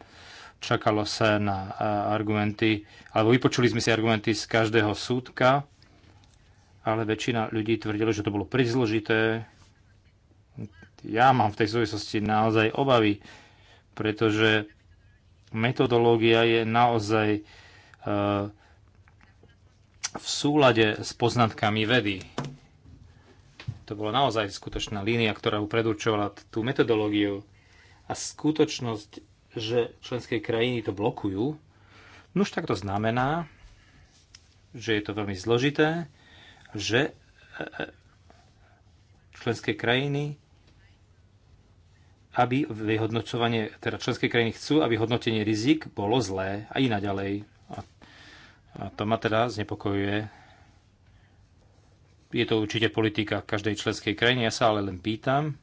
čakalo sa na eh, argumenty, alebo vypočuli sme si argumenty z každého súdka, ale väčšina ľudí tvrdila, že to bolo príliš zložité. Ja mám v tej súvislosti naozaj obavy, pretože metodológia je naozaj eh, v súlade s poznatkami vedy. To bola naozaj skutočná línia, ktorá upredurčovala tú metodológiu. A skutočnosť, že členské krajiny to blokujú. Nuž no tak to znamená, že je to veľmi zložité, že e, e, členské krajiny aby vyhodnocovanie, teda členské krajiny chcú, aby hodnotenie rizik bolo zlé a i naďalej. A, a to ma teda znepokojuje. Je to určite politika každej členskej krajiny, ja sa ale len pýtam,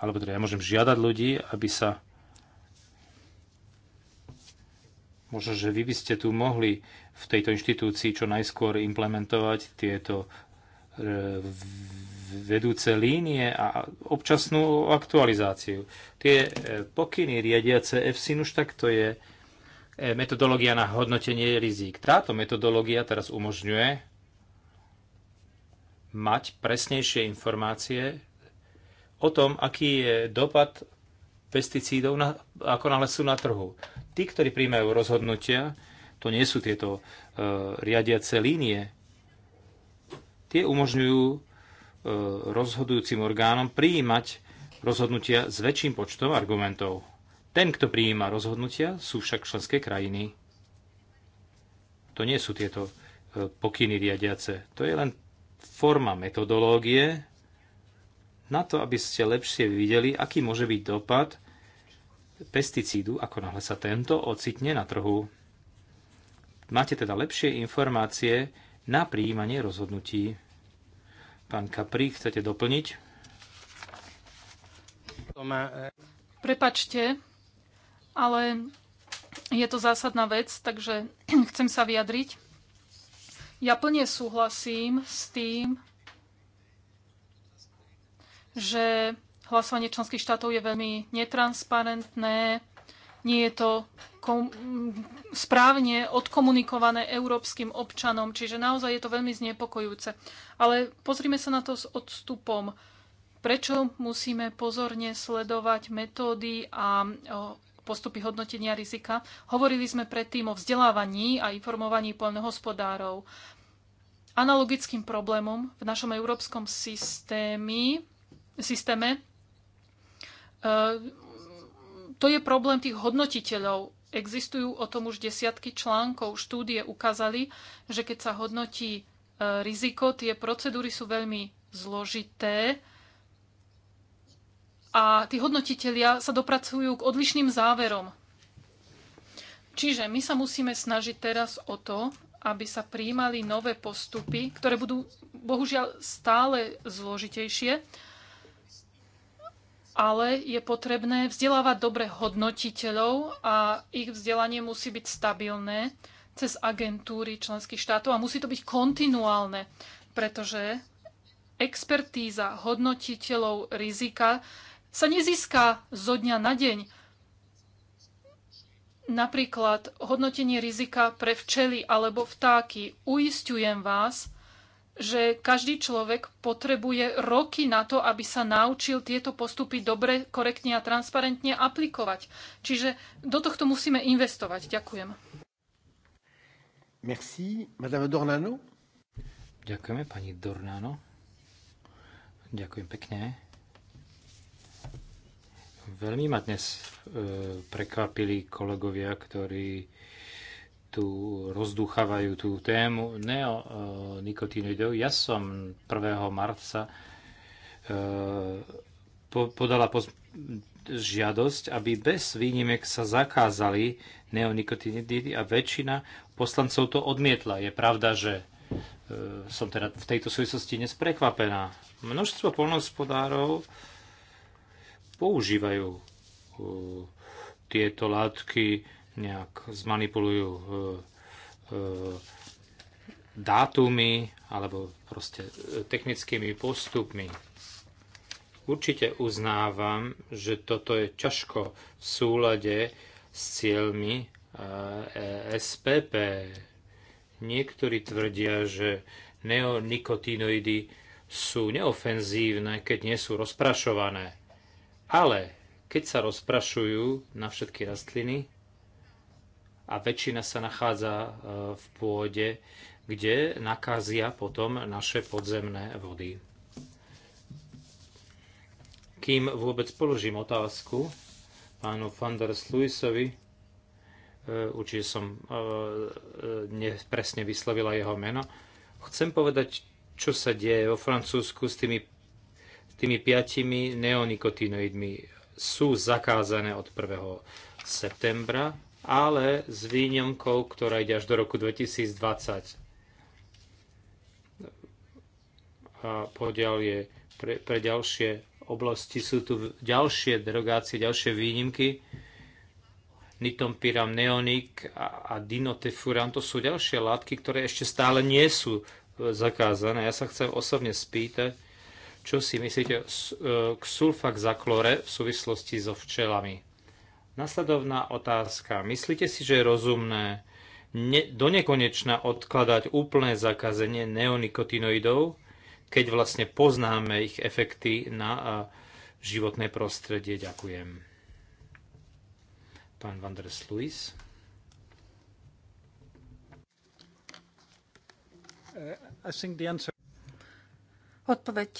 alebo teda ja môžem žiadať ľudí, aby sa Možno, že vy by ste tu mohli v tejto inštitúcii čo najskôr implementovať tieto e, vedúce línie a občasnú aktualizáciu. Tie e, pokyny riadiace EFSIN už takto je e, metodológia na hodnotenie rizík. Táto metodológia teraz umožňuje mať presnejšie informácie o tom, aký je dopad pesticídov, na, ako náhle sú na trhu. Tí, ktorí príjmajú rozhodnutia, to nie sú tieto e, riadiace línie. Tie umožňujú e, rozhodujúcim orgánom prijímať rozhodnutia s väčším počtom argumentov. Ten, kto prijíma rozhodnutia, sú však členské krajiny. To nie sú tieto e, pokyny riadiace. To je len forma metodológie, na to, aby ste lepšie videli, aký môže byť dopad pesticídu, ako náhle sa tento ocitne na trhu. Máte teda lepšie informácie na prijímanie rozhodnutí. Pán Kapri, chcete doplniť? Prepačte, ale je to zásadná vec, takže chcem sa vyjadriť. Ja plne súhlasím s tým, že hlasovanie členských štátov je veľmi netransparentné, nie je to správne odkomunikované európskym občanom, čiže naozaj je to veľmi znepokojúce. Ale pozrime sa na to s odstupom. Prečo musíme pozorne sledovať metódy a postupy hodnotenia rizika? Hovorili sme predtým o vzdelávaní a informovaní poľnohospodárov. Analogickým problémom v našom európskom systéme systéme, e, to je problém tých hodnotiteľov. Existujú o tom už desiatky článkov. Štúdie ukázali, že keď sa hodnotí e, riziko, tie procedúry sú veľmi zložité a tí hodnotitelia sa dopracujú k odlišným záverom. Čiže my sa musíme snažiť teraz o to, aby sa prijímali nové postupy, ktoré budú bohužiaľ stále zložitejšie, ale je potrebné vzdelávať dobre hodnotiteľov a ich vzdelanie musí byť stabilné cez agentúry členských štátov a musí to byť kontinuálne, pretože expertíza hodnotiteľov rizika sa nezíska zo dňa na deň. Napríklad hodnotenie rizika pre včely alebo vtáky. Uistujem vás, že každý človek potrebuje roky na to, aby sa naučil tieto postupy dobre, korektne a transparentne aplikovať. Čiže do tohto musíme investovať. Ďakujem. Merci. Madame Dornano. Ďakujeme, pani Dornano. Ďakujem pekne. Veľmi ma dnes e, prekvapili kolegovia, ktorí tu rozduchávajú tú tému neonikotinoidov. Ja som 1. marca e, podala žiadosť, aby bez výnimek sa zakázali neonikotinoidy a väčšina poslancov to odmietla. Je pravda, že e, som teda v tejto súvislosti nesprekvapená. Množstvo polnohospodárov používajú e, tieto látky nejak zmanipulujú e, e, dátumy alebo proste e, technickými postupmi. Určite uznávam, že toto je ťažko v súlade s cieľmi e, e, SPP. Niektorí tvrdia, že neonikotinoidy sú neofenzívne, keď nie sú rozprašované. Ale keď sa rozprašujú na všetky rastliny, a väčšina sa nachádza e, v pôde, kde nakazia potom naše podzemné vody. Kým vôbec položím otázku pánu van der Sluisovi, e, určite som e, nepresne vyslovila jeho meno, chcem povedať, čo sa deje vo Francúzsku s tými, tými piatimi neonikotinoidmi. Sú zakázané od 1. septembra ale s výnimkou, ktorá ide až do roku 2020. A podiaľ je pre, pre ďalšie oblasti, sú tu ďalšie derogácie, ďalšie výnimky. Nitompiram, neonik a, a dinotefuran, to sú ďalšie látky, ktoré ešte stále nie sú e, zakázané. Ja sa chcem osobne spýtať, čo si myslíte e, k sulfak zaklore v súvislosti so včelami? Nasledovná otázka. Myslíte si, že je rozumné ne, do nekonečna odkladať úplné zakazenie neonikotinoidov, keď vlastne poznáme ich efekty na životné prostredie? Ďakujem. Pán Vandres Luis. Uh, Odpoveď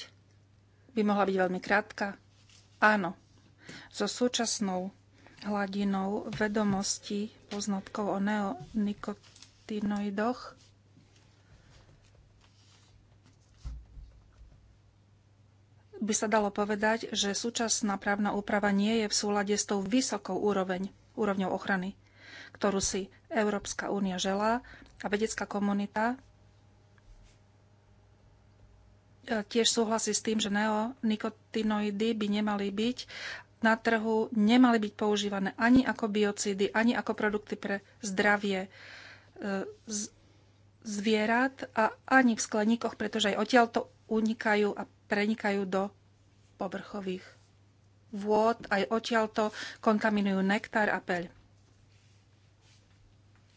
by mohla byť veľmi krátka. Áno. So súčasnou hladinou vedomostí poznatkov o neonikotinoidoch. by sa dalo povedať, že súčasná právna úprava nie je v súlade s tou vysokou úroveň, úrovňou ochrany, ktorú si Európska únia želá a vedecká komunita e, tiež súhlasí s tým, že neonikotinoidy by nemali byť na trhu nemali byť používané ani ako biocídy, ani ako produkty pre zdravie e, zvierat a ani v skleníkoch, pretože aj odtiaľ to unikajú a prenikajú do povrchových vôd, aj odtiaľ to kontaminujú nektár a peľ.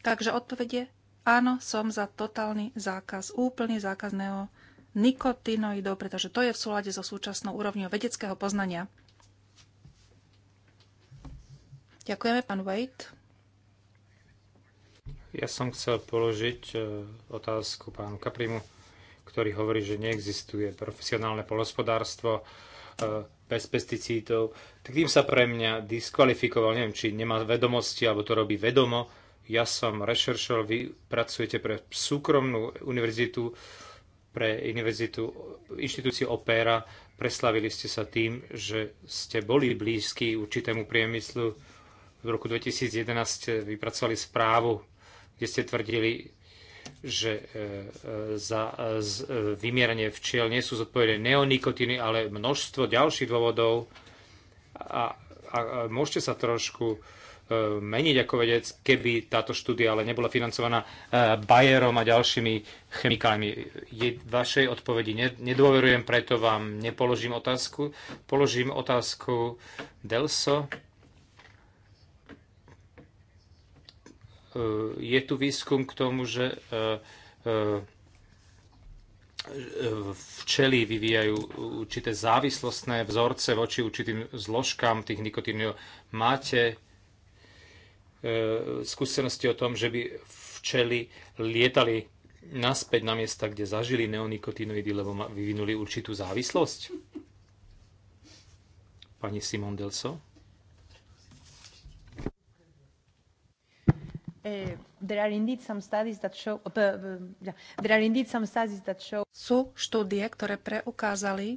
Takže odpovedie áno, som za totálny zákaz, úplný zákaz neonikotinoidov, pretože to je v súlade so súčasnou úrovňou vedeckého poznania. Ďakujeme, pán Wade. Ja som chcel položiť e, otázku pánu Kaprimu, ktorý hovorí, že neexistuje profesionálne polospodárstvo e, bez pesticídov. Tak tým sa pre mňa diskvalifikoval, neviem, či nemá vedomosti, alebo to robí vedomo. Ja som rešeršol, vy pracujete pre súkromnú univerzitu, pre univerzitu, inštitúciu Opera. Preslavili ste sa tým, že ste boli blízki určitému priemyslu, v roku 2011 eh, vypracovali správu, kde ste tvrdili, že eh, eh, za vymieranie včiel nie sú zodpovedné neonikotiny, ale množstvo ďalších dôvodov. A, a, a môžete sa trošku meniť ako vedec, keby táto štúdia ale nebola financovaná Bayerom a ďalšími chemikálmi. Je vašej odpovedi nedôverujem, preto vám nepoložím otázku. Položím otázku Delso. Eh, je tu výskum k tomu, že eh, eh, včely vyvíjajú určité závislostné vzorce voči určitým zložkám tých nikotínov. Máte skúsenosti o tom, že by včely lietali naspäť na miesta, kde zažili neonikotinoidy, lebo vyvinuli určitú závislosť? Pani Simon Delso? Eh, eh, eh, Sú štúdie, ktoré preukázali,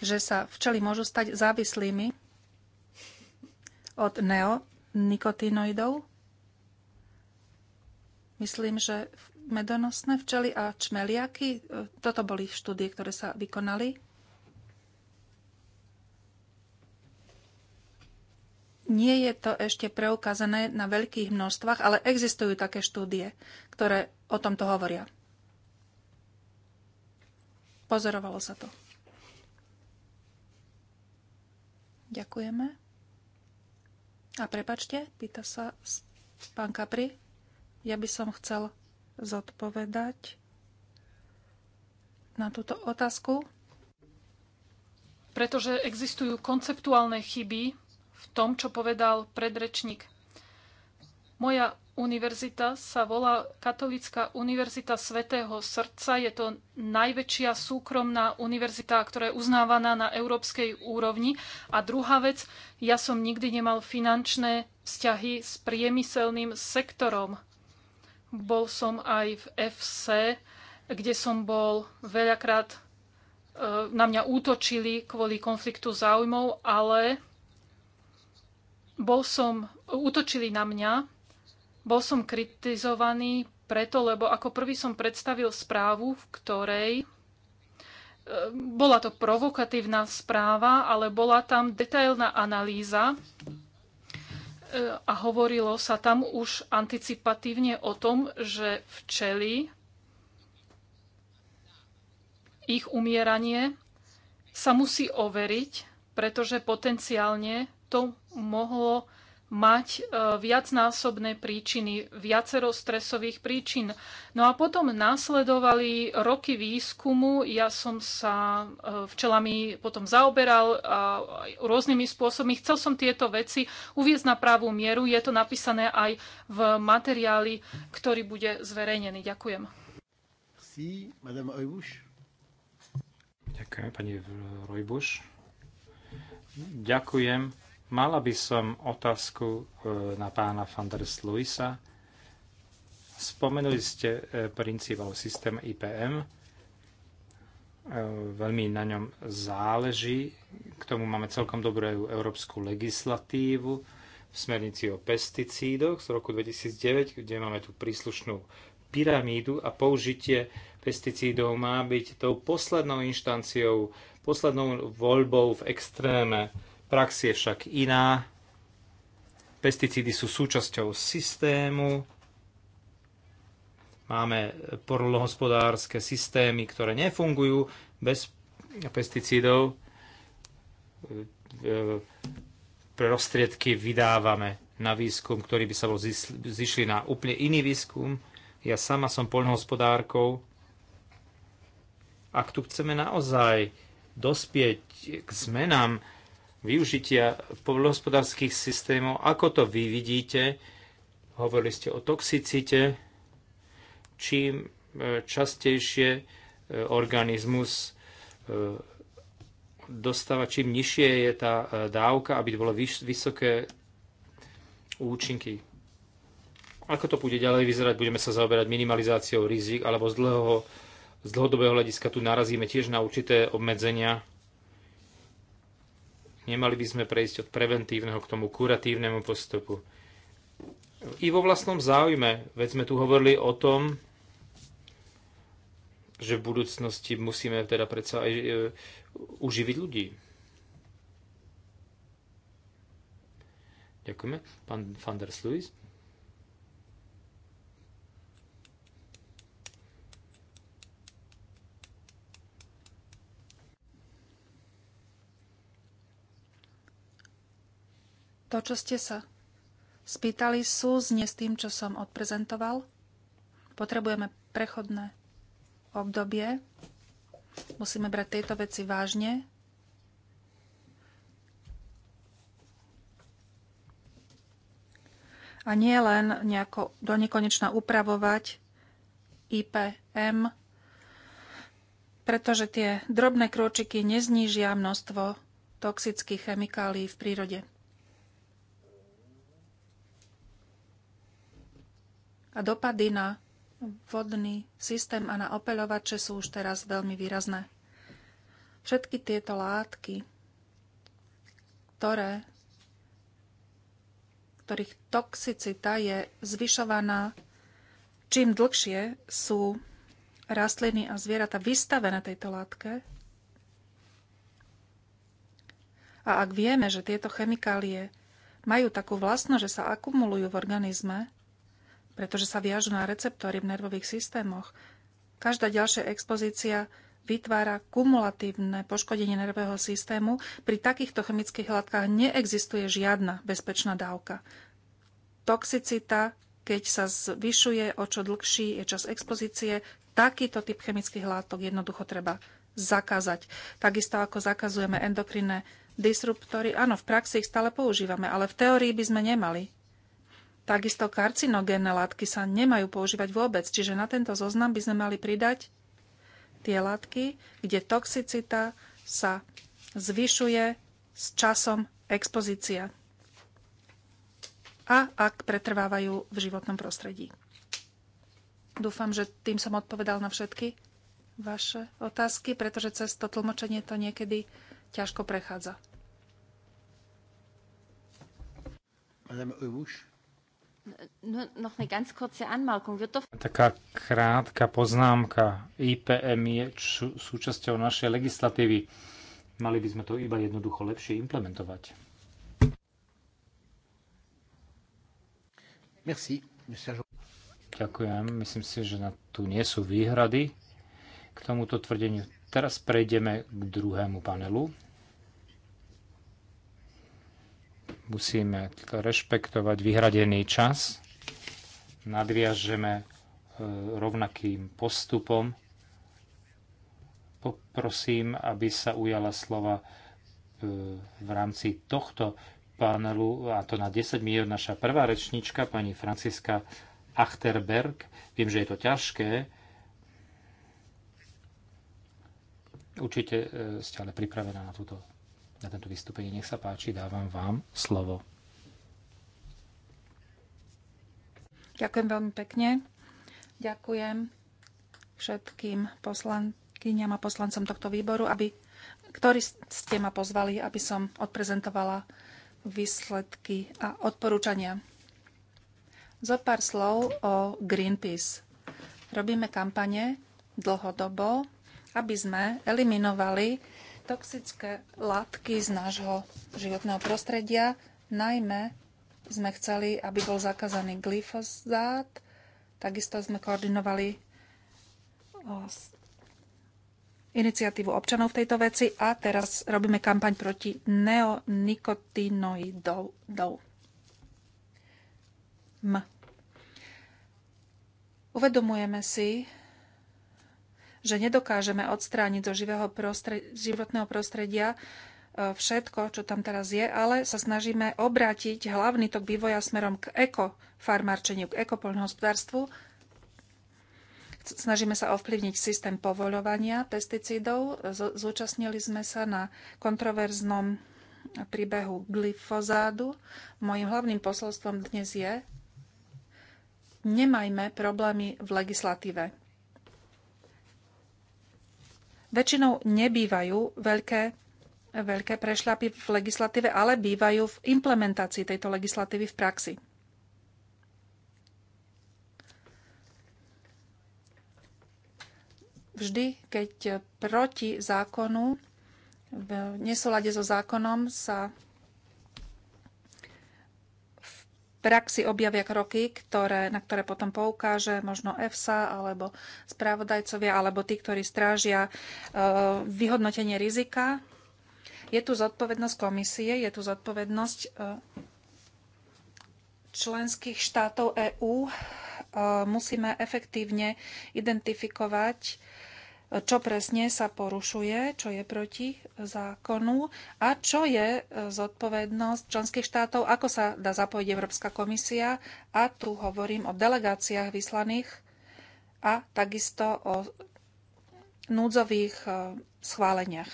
že sa včely môžu stať závislými od neonikotinoidov. Myslím, že medonosné včely a čmeliaky, toto boli štúdie, ktoré sa vykonali. Nie je to ešte preukázané na veľkých množstvách, ale existujú také štúdie, ktoré o tomto hovoria. Pozorovalo sa to. Ďakujeme. A prepačte, pýta sa pán Kapri. Ja by som chcel zodpovedať na túto otázku. Pretože existujú konceptuálne chyby v tom, čo povedal predrečník. Moja univerzita sa volá Katolická univerzita Svetého srdca. Je to najväčšia súkromná univerzita, ktorá je uznávaná na európskej úrovni. A druhá vec, ja som nikdy nemal finančné vzťahy s priemyselným sektorom. Bol som aj v FC, kde som bol veľakrát e, na mňa útočili kvôli konfliktu záujmov, ale bol som, útočili na mňa, bol som kritizovaný preto, lebo ako prvý som predstavil správu, v ktorej e, bola to provokatívna správa, ale bola tam detailná analýza e, a hovorilo sa tam už anticipatívne o tom, že včeli ich umieranie sa musí overiť, pretože potenciálne to mohlo mať e, viacnásobné príčiny, viacero stresových príčin. No a potom následovali roky výskumu. Ja som sa e, včelami potom zaoberal a rôznymi spôsobmi. Chcel som tieto veci uviezť na pravú mieru. Je to napísané aj v materiáli, ktorý bude zverejnený. Ďakujem. Merci, Madame Ďakujem, pani Rojbuš. Ďakujem Mala by som otázku e, na pána van der Sluisa. Spomenuli ste e, princíp alebo systém IPM. E, veľmi na ňom záleží. K tomu máme celkom dobrú európsku legislatívu v smernici o pesticídoch z roku 2009, kde máme tú príslušnú pyramídu a použitie pesticídov má byť tou poslednou inštanciou, poslednou voľbou v extréme Prax je však iná. Pesticídy sú súčasťou systému. Máme porlohospodárske systémy, ktoré nefungujú bez pesticídov. E, prostriedky vydávame na výskum, ktorý by sa bol zišli na úplne iný výskum. Ja sama som poľnohospodárkou. Ak tu chceme naozaj dospieť k zmenám využitia poľnohospodárských systémov. Ako to vy vidíte? Hovorili ste o toxicite. Čím e, častejšie e, organizmus e, dostáva, čím nižšie je tá dávka, aby bolo vysoké účinky. Ako to bude ďalej vyzerať? Budeme sa zaoberať minimalizáciou rizik, alebo z, z dlhodobého hľadiska tu narazíme tiež na určité obmedzenia Nemali by sme prejsť od preventívneho k tomu kuratívnemu postupu. I vo vlastnom záujme, veď sme tu hovorili o tom, že v budúcnosti musíme teda predsa aj e, uživiť ľudí. Ďakujeme. Pán van der Sluis. to, čo ste sa spýtali, sú s tým, čo som odprezentoval. Potrebujeme prechodné obdobie. Musíme brať tieto veci vážne. A nie len nejako do nekonečna upravovať IPM, pretože tie drobné krôčiky neznížia množstvo toxických chemikálií v prírode. a dopady na vodný systém a na opeľovače sú už teraz veľmi výrazné. Všetky tieto látky, ktoré, ktorých toxicita je zvyšovaná čím dlhšie, sú rastliny a zvieratá vystavené tejto látke. A ak vieme, že tieto chemikálie majú takú vlastnosť, že sa akumulujú v organizme, pretože sa viažú na receptory v nervových systémoch. Každá ďalšia expozícia vytvára kumulatívne poškodenie nervového systému. Pri takýchto chemických látkach neexistuje žiadna bezpečná dávka. Toxicita, keď sa zvyšuje, o čo dlhší je čas expozície, takýto typ chemických látok jednoducho treba zakázať. Takisto ako zakazujeme endokrinné disruptory, áno, v praxi ich stále používame, ale v teórii by sme nemali. Takisto karcinogénne látky sa nemajú používať vôbec, čiže na tento zoznam by sme mali pridať tie látky, kde toxicita sa zvyšuje s časom expozícia a ak pretrvávajú v životnom prostredí. Dúfam, že tým som odpovedal na všetky vaše otázky, pretože cez to tlmočenie to niekedy ťažko prechádza. Madame Eubuš. Taká krátka poznámka. IPM je súčasťou našej legislatívy. Mali by sme to iba jednoducho lepšie implementovať. Merci. Ďakujem. Myslím si, že na, tu nie sú výhrady k tomuto tvrdeniu. Teraz prejdeme k druhému panelu. Musíme rešpektovať vyhradený čas. Nadviažeme e, rovnakým postupom. Poprosím, aby sa ujala slova e, v rámci tohto panelu, a to na 10 minút naša prvá rečnička, pani Franciska Achterberg. Viem, že je to ťažké. Určite e, ste ale pripravená na túto na tento vystúpenie. Nech sa páči, dávam vám slovo. Ďakujem veľmi pekne. Ďakujem všetkým poslankyňam a poslancom tohto výboru, aby, ktorí ste ma pozvali, aby som odprezentovala výsledky a odporúčania. Zo pár slov o Greenpeace. Robíme kampane dlhodobo, aby sme eliminovali toxické látky z nášho životného prostredia. Najmä sme chceli, aby bol zakázaný glyfosát. Takisto sme koordinovali iniciatívu občanov v tejto veci a teraz robíme kampaň proti neonikotinoidov. M. Uvedomujeme si, že nedokážeme odstrániť zo živého prostred- životného prostredia e, všetko, čo tam teraz je, ale sa snažíme obrátiť hlavný tok vývoja smerom k ekofarmárčeniu, k ekopolnohospodárstvu. Snažíme sa ovplyvniť systém povoľovania pesticídov. Zúčastnili sme sa na kontroverznom príbehu glyfozádu. Mojím hlavným posolstvom dnes je, nemajme problémy v legislatíve väčšinou nebývajú veľké, veľké prešľapy v legislatíve, ale bývajú v implementácii tejto legislatívy v praxi. Vždy, keď proti zákonu, v nesúlade so zákonom sa praxi objavia kroky, ktoré, na ktoré potom poukáže možno EFSA alebo správodajcovia alebo tí, ktorí strážia e, vyhodnotenie rizika. Je tu zodpovednosť komisie, je tu zodpovednosť e, členských štátov EÚ. E, musíme efektívne identifikovať čo presne sa porušuje, čo je proti zákonu a čo je e, zodpovednosť členských štátov, ako sa dá zapojiť Európska komisia. A tu hovorím o delegáciách vyslaných a takisto o núdzových e, schváleniach.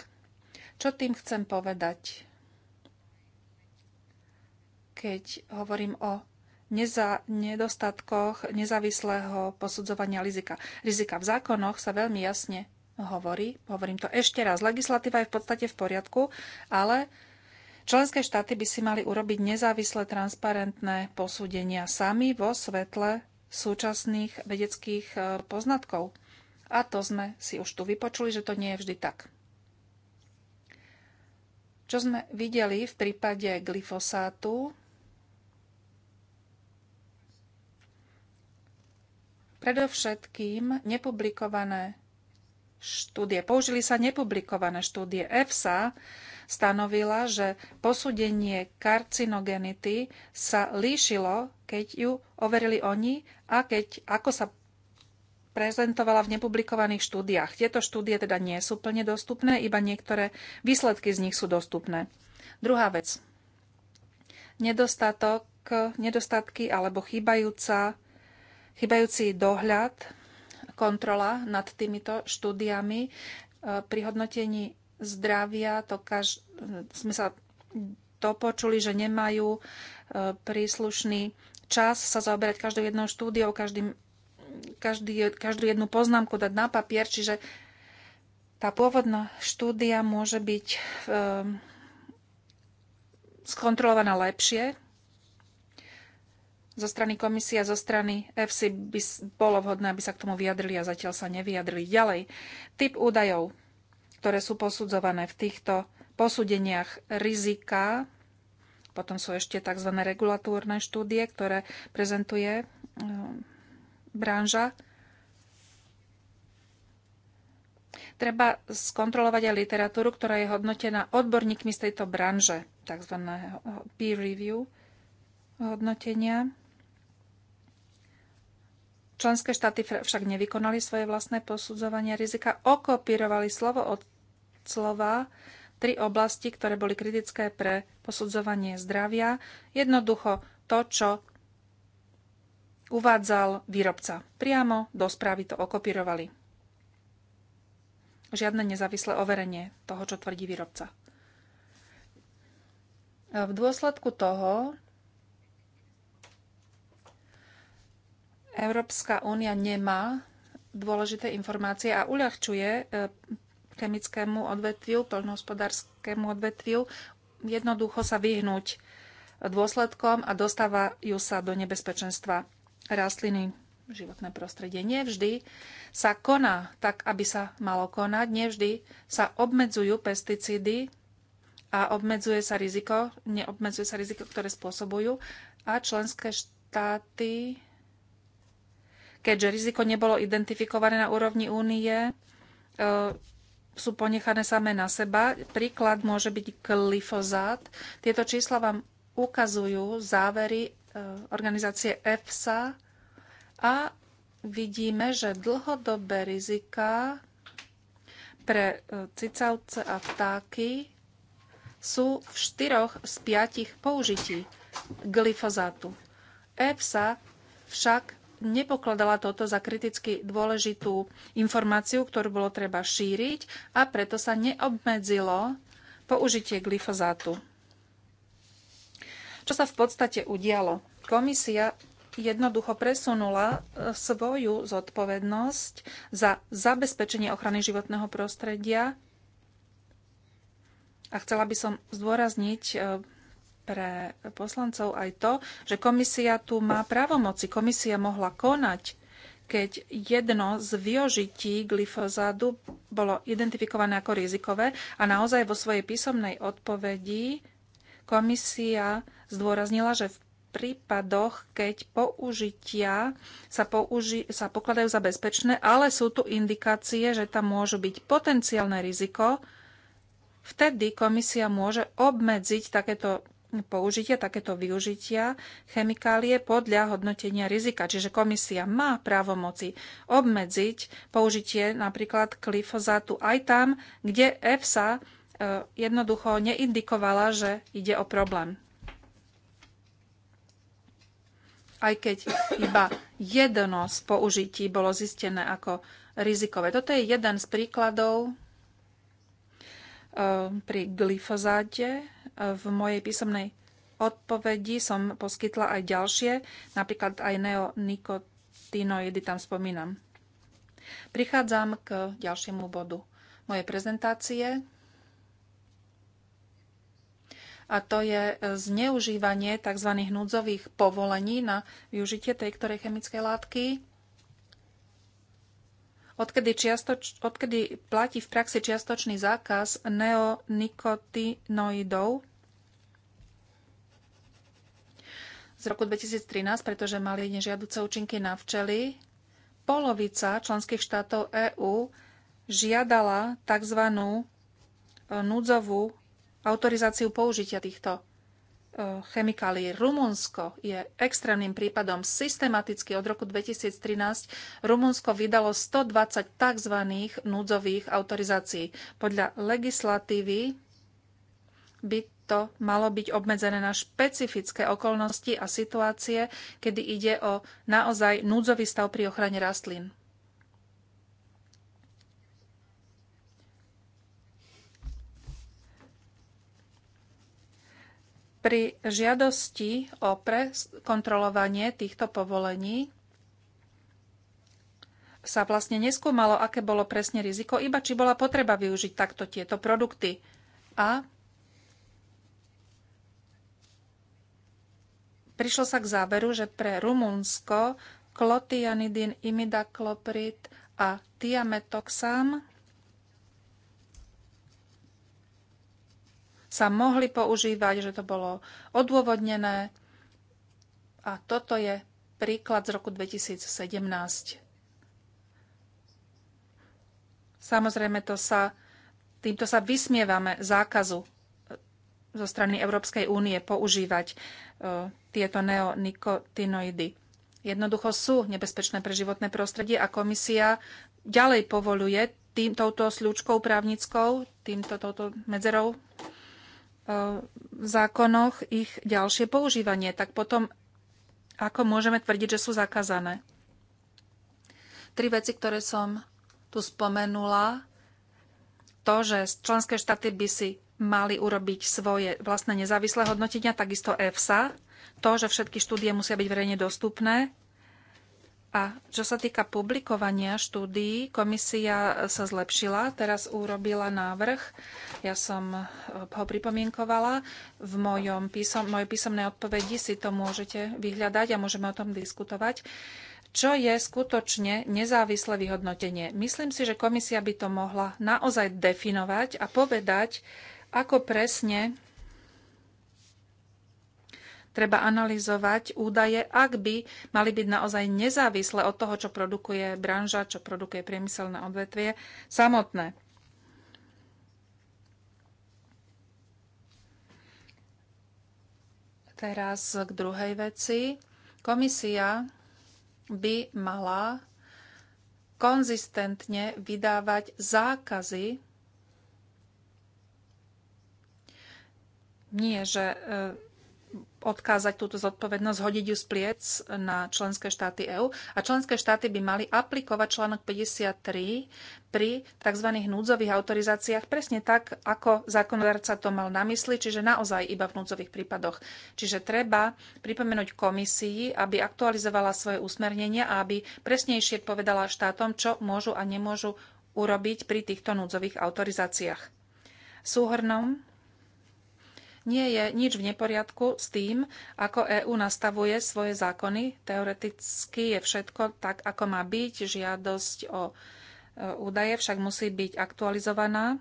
Čo tým chcem povedať? Keď hovorím o neza, nedostatkoch nezávislého posudzovania rizika. Rizika v zákonoch sa veľmi jasne hovorí. Hovorím to ešte raz. Legislatíva je v podstate v poriadku, ale členské štáty by si mali urobiť nezávislé transparentné posúdenia sami vo svetle súčasných vedeckých e, poznatkov. A to sme si už tu vypočuli, že to nie je vždy tak. Čo sme videli v prípade glyfosátu, Predovšetkým nepublikované štúdie. Použili sa nepublikované štúdie. EFSA stanovila, že posúdenie karcinogenity sa líšilo, keď ju overili oni a keď, ako sa prezentovala v nepublikovaných štúdiách. Tieto štúdie teda nie sú plne dostupné, iba niektoré výsledky z nich sú dostupné. Druhá vec. Nedostatok, nedostatky alebo chýbajúca Chybajúci dohľad, kontrola nad týmito štúdiami e, pri hodnotení zdravia to kaž... sme sa dopočuli, že nemajú e, príslušný čas sa zaoberať každou jednou štúdiou, každým, každý, každú jednu poznámku dať na papier, čiže tá pôvodná štúdia môže byť e, skontrolovaná lepšie, zo strany komisie a zo strany EFSI by bolo vhodné, aby sa k tomu vyjadrili a zatiaľ sa nevyjadrili. Ďalej, typ údajov, ktoré sú posudzované v týchto posúdeniach rizika, potom sú ešte tzv. regulatórne štúdie, ktoré prezentuje um, branža. Treba skontrolovať aj literatúru, ktorá je hodnotená odborníkmi z tejto branže, tzv. peer review hodnotenia. Členské štáty však nevykonali svoje vlastné posudzovanie rizika, okopírovali slovo od slova tri oblasti, ktoré boli kritické pre posudzovanie zdravia. Jednoducho to, čo uvádzal výrobca. Priamo do správy to okopírovali. Žiadne nezávislé overenie toho, čo tvrdí výrobca. V dôsledku toho Európska únia nemá dôležité informácie a uľahčuje e, chemickému odvetviu, poľnohospodárskému odvetviu jednoducho sa vyhnúť dôsledkom a dostávajú sa do nebezpečenstva rastliny životné prostredie. Nevždy sa koná tak, aby sa malo konať, nevždy sa obmedzujú pesticídy a obmedzuje sa riziko, neobmedzuje sa riziko, ktoré spôsobujú a členské štáty keďže riziko nebolo identifikované na úrovni únie, e, sú ponechané samé na seba. Príklad môže byť glyfozát. Tieto čísla vám ukazujú závery e, organizácie EFSA a vidíme, že dlhodobé rizika pre e, cicavce a vtáky sú v štyroch z piatich použití glyfozátu. EFSA však nepokladala toto za kriticky dôležitú informáciu, ktorú bolo treba šíriť a preto sa neobmedzilo použitie glyfozátu. Čo sa v podstate udialo? Komisia jednoducho presunula e, svoju zodpovednosť za zabezpečenie ochrany životného prostredia a chcela by som zdôrazniť e, pre poslancov aj to, že komisia tu má právomoci. Komisia mohla konať, keď jedno z využití glyfozádu bolo identifikované ako rizikové a naozaj vo svojej písomnej odpovedi komisia zdôraznila, že v prípadoch, keď použitia sa, použi- sa pokladajú za bezpečné, ale sú tu indikácie, že tam môžu byť potenciálne riziko, vtedy komisia môže obmedziť takéto použitia, takéto využitia chemikálie podľa hodnotenia rizika. Čiže komisia má právomoci obmedziť použitie napríklad glyfozátu aj tam, kde EFSA e, jednoducho neindikovala, že ide o problém. Aj keď iba jedno z použití bolo zistené ako rizikové. Toto je jeden z príkladov e, pri glyfozáte, v mojej písomnej odpovedi som poskytla aj ďalšie, napríklad aj neonikotinoidy tam spomínam. Prichádzam k ďalšiemu bodu mojej prezentácie a to je zneužívanie tzv. núdzových povolení na využitie tej ktorej chemickej látky odkedy, čiastoč, odkedy platí v praxi čiastočný zákaz neonikotinoidov z roku 2013, pretože mali nežiaduce účinky na včely, polovica členských štátov EÚ žiadala tzv. Eh, núdzovú autorizáciu použitia týchto E, chemikálií. Rumunsko je extrémnym prípadom. Systematicky od roku 2013 Rumunsko vydalo 120 tzv. núdzových autorizácií. Podľa legislatívy by to malo byť obmedzené na špecifické okolnosti a situácie, kedy ide o naozaj núdzový stav pri ochrane rastlín. Pri žiadosti o prekontrolovanie týchto povolení sa vlastne neskúmalo, aké bolo presne riziko, iba či bola potreba využiť takto tieto produkty. A prišlo sa k záveru, že pre Rumunsko klotianidin, imidakloprid a tiametoxam sa mohli používať, že to bolo odôvodnené. A toto je príklad z roku 2017. Samozrejme, to sa, týmto sa vysmievame zákazu zo strany Európskej únie používať e, tieto neonikotinoidy. Jednoducho sú nebezpečné pre životné prostredie a komisia ďalej povoluje tým, touto sľúčkou právnickou, týmto touto medzerou E, v zákonoch ich ďalšie používanie, tak potom ako môžeme tvrdiť, že sú zakázané? Tri veci, ktoré som tu spomenula, to, že členské štáty by si mali urobiť svoje vlastné nezávislé hodnotenia, takisto EFSA, to, že všetky štúdie musia byť verejne dostupné, a čo sa týka publikovania štúdií, komisia sa zlepšila, teraz urobila návrh, ja som eh, ho pripomienkovala, v mojom písom, mojej písomnej odpovedi si to môžete vyhľadať a môžeme o tom diskutovať. Čo je skutočne nezávislé vyhodnotenie? Myslím si, že komisia by to mohla naozaj definovať a povedať, ako presne treba analyzovať údaje, ak by mali byť naozaj nezávislé od toho, čo produkuje branža, čo produkuje priemyselné odvetvie samotné. Teraz k druhej veci. Komisia by mala konzistentne vydávať zákazy. Nie, že e, odkázať túto zodpovednosť, hodiť ju z pliec na členské štáty EÚ a členské štáty by mali aplikovať článok 53 pri tzv. núdzových autorizáciách presne tak, ako zákonodárca to mal na mysli, čiže naozaj iba v núdzových prípadoch. Čiže treba pripomenúť komisii, aby aktualizovala svoje usmernenia a aby presnejšie povedala štátom, čo môžu a nemôžu urobiť pri týchto núdzových autorizáciách. Súhrnom nie je nič v neporiadku s tým, ako EÚ nastavuje svoje zákony. Teoreticky je všetko tak, ako má byť. Žiadosť o e, údaje však musí byť aktualizovaná. E,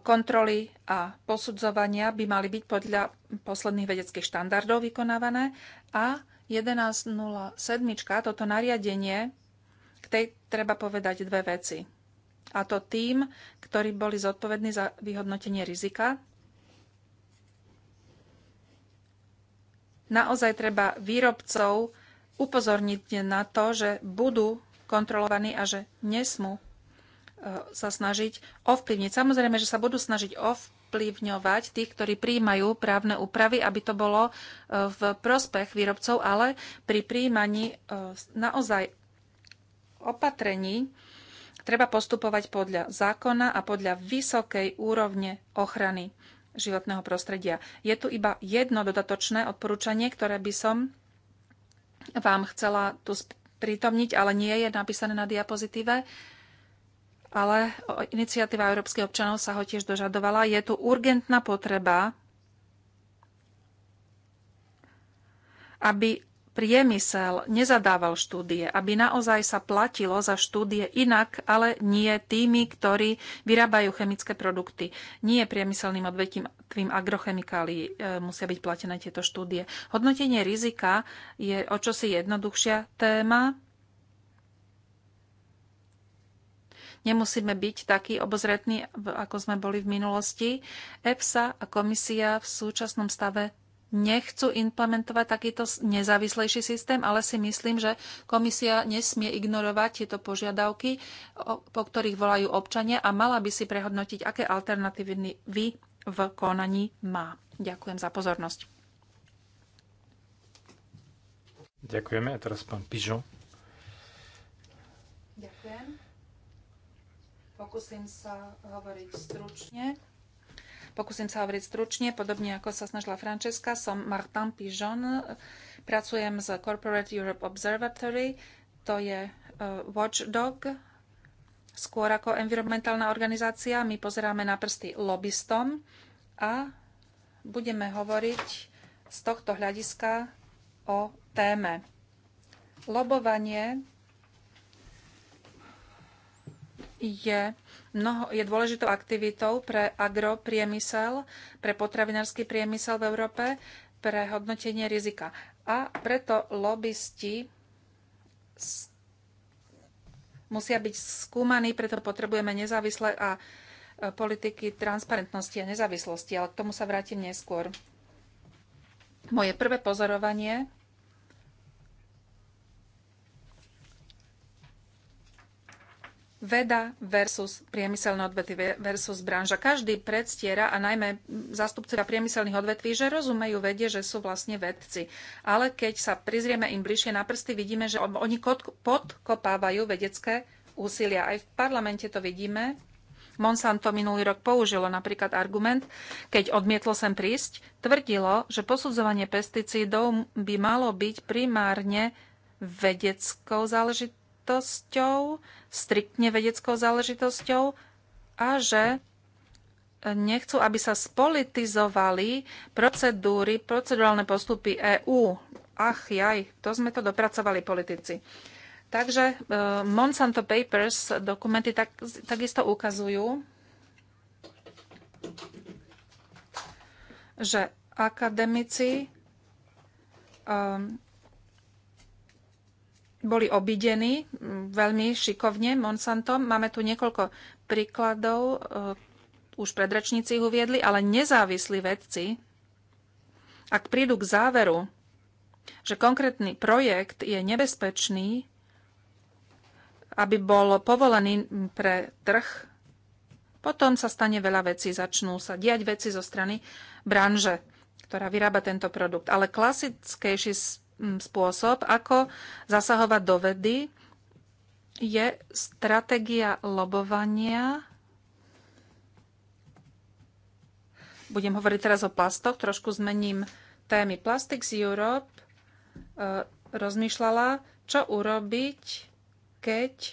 kontroly a posudzovania by mali byť podľa posledných vedeckých štandardov vykonávané a 11.07. toto nariadenie, k tej treba povedať dve veci. A to tým, ktorí boli zodpovední za vyhodnotenie rizika naozaj treba výrobcov upozorniť na to, že budú kontrolovaní a že nesmú e, sa snažiť ovplyvniť. Samozrejme, že sa budú snažiť ovplyvňovať tých, ktorí príjmajú právne úpravy, aby to bolo e, v prospech výrobcov, ale pri príjmaní e, naozaj opatrení treba postupovať podľa zákona a podľa vysokej úrovne ochrany životného prostredia. Je tu iba jedno dodatočné odporúčanie, ktoré by som vám chcela tu prítomniť, ale nie je napísané na diapozitíve. Ale iniciatíva európskych občanov sa ho tiež dožadovala. Je tu urgentná potreba, aby priemysel nezadával štúdie, aby naozaj sa platilo za štúdie inak, ale nie tými, ktorí vyrábajú chemické produkty. Nie priemyselným odvetím agrochemikálií e, musia byť platené tieto štúdie. Hodnotenie rizika je o čosi jednoduchšia téma. Nemusíme byť takí obozretní, ako sme boli v minulosti. EFSA a komisia v súčasnom stave nechcú implementovať takýto nezávislejší systém, ale si myslím, že komisia nesmie ignorovať tieto požiadavky, po ktorých volajú občania a mala by si prehodnotiť, aké alternatívy vy v konaní má. Ďakujem za pozornosť. Ďakujeme. A teraz pán Pižo. Ďakujem. Pokúsim sa hovoriť stručne. Pokúsim sa hovoriť stručne, podobne ako sa snažila Francesca. Som Martin Pijon, pracujem z Corporate Europe Observatory, to je e, watchdog, skôr ako environmentálna organizácia. My pozeráme na prsty lobbystom a budeme hovoriť z tohto hľadiska o téme. Lobovanie je mnoho, je dôležitou aktivitou pre agropriemysel, pre potravinársky priemysel v Európe, pre hodnotenie rizika. A preto lobbysti musia byť skúmaní, preto potrebujeme nezávislé a e, politiky transparentnosti a nezávislosti, ale k tomu sa vrátim neskôr. Moje prvé pozorovanie veda versus priemyselné odvetvy versus branža. Každý predstiera a najmä zástupcovia priemyselných odvetví, že rozumejú vede, že sú vlastne vedci. Ale keď sa prizrieme im bližšie na prsty, vidíme, že oni podkopávajú vedecké úsilia. Aj v parlamente to vidíme. Monsanto minulý rok použilo napríklad argument, keď odmietlo sem prísť, tvrdilo, že posudzovanie pesticídov by malo byť primárne vedeckou záležitosťou záležitosťou, striktne vedeckou záležitosťou a že nechcú, aby sa spolitizovali procedúry, procedurálne postupy EÚ. Ach jaj, to sme to dopracovali politici. Takže e, Monsanto Papers dokumenty tak, takisto ukazujú, že akademici um, boli obidení veľmi šikovne Monsantom. Máme tu niekoľko príkladov, e, už predrečníci ich uviedli, ale nezávislí vedci, ak prídu k záveru, že konkrétny projekt je nebezpečný, aby bol povolený pre trh, potom sa stane veľa vecí, začnú sa diať veci zo strany branže, ktorá vyrába tento produkt. Ale klasickejší Mm, spôsob, ako zasahovať do vedy, je stratégia lobovania. Budem hovoriť teraz o plastoch, trošku zmením témy. Plastics Europe e, rozmýšľala, čo urobiť, keď e,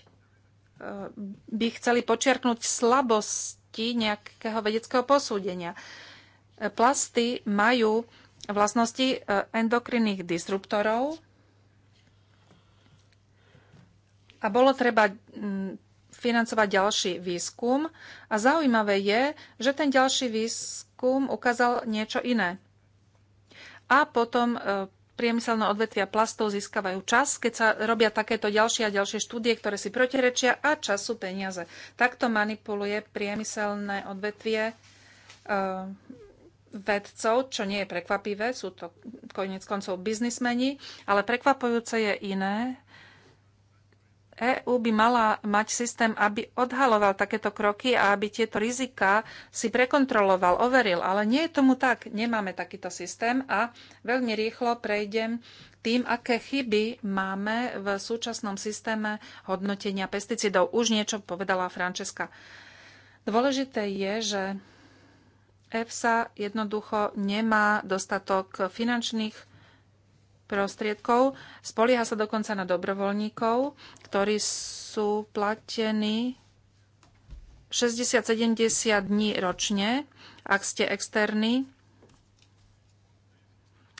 by chceli počiarknúť slabosti nejakého vedeckého posúdenia. E, plasty majú vlastnosti e, endokrinných disruptorov a bolo treba financovať ďalší výskum a zaujímavé je, že ten ďalší výskum ukázal niečo iné. A potom e, priemyselné odvetvia plastov získavajú čas, keď sa robia takéto ďalšie a ďalšie štúdie, ktoré si protirečia a čas sú peniaze. Takto manipuluje priemyselné odvetvie e, vedcov, čo nie je prekvapivé, sú to konec koncov biznismeni, ale prekvapujúce je iné. EÚ by mala mať systém, aby odhaloval takéto kroky a aby tieto rizika si prekontroloval, overil. Ale nie je tomu tak. Nemáme takýto systém a veľmi rýchlo prejdem tým, aké chyby máme v súčasnom systéme hodnotenia pesticidov. Už niečo povedala Frančeska. Dôležité je, že EFSA jednoducho nemá dostatok finančných prostriedkov. Spolieha sa dokonca na dobrovoľníkov, ktorí sú platení 60-70 dní ročne, ak ste externí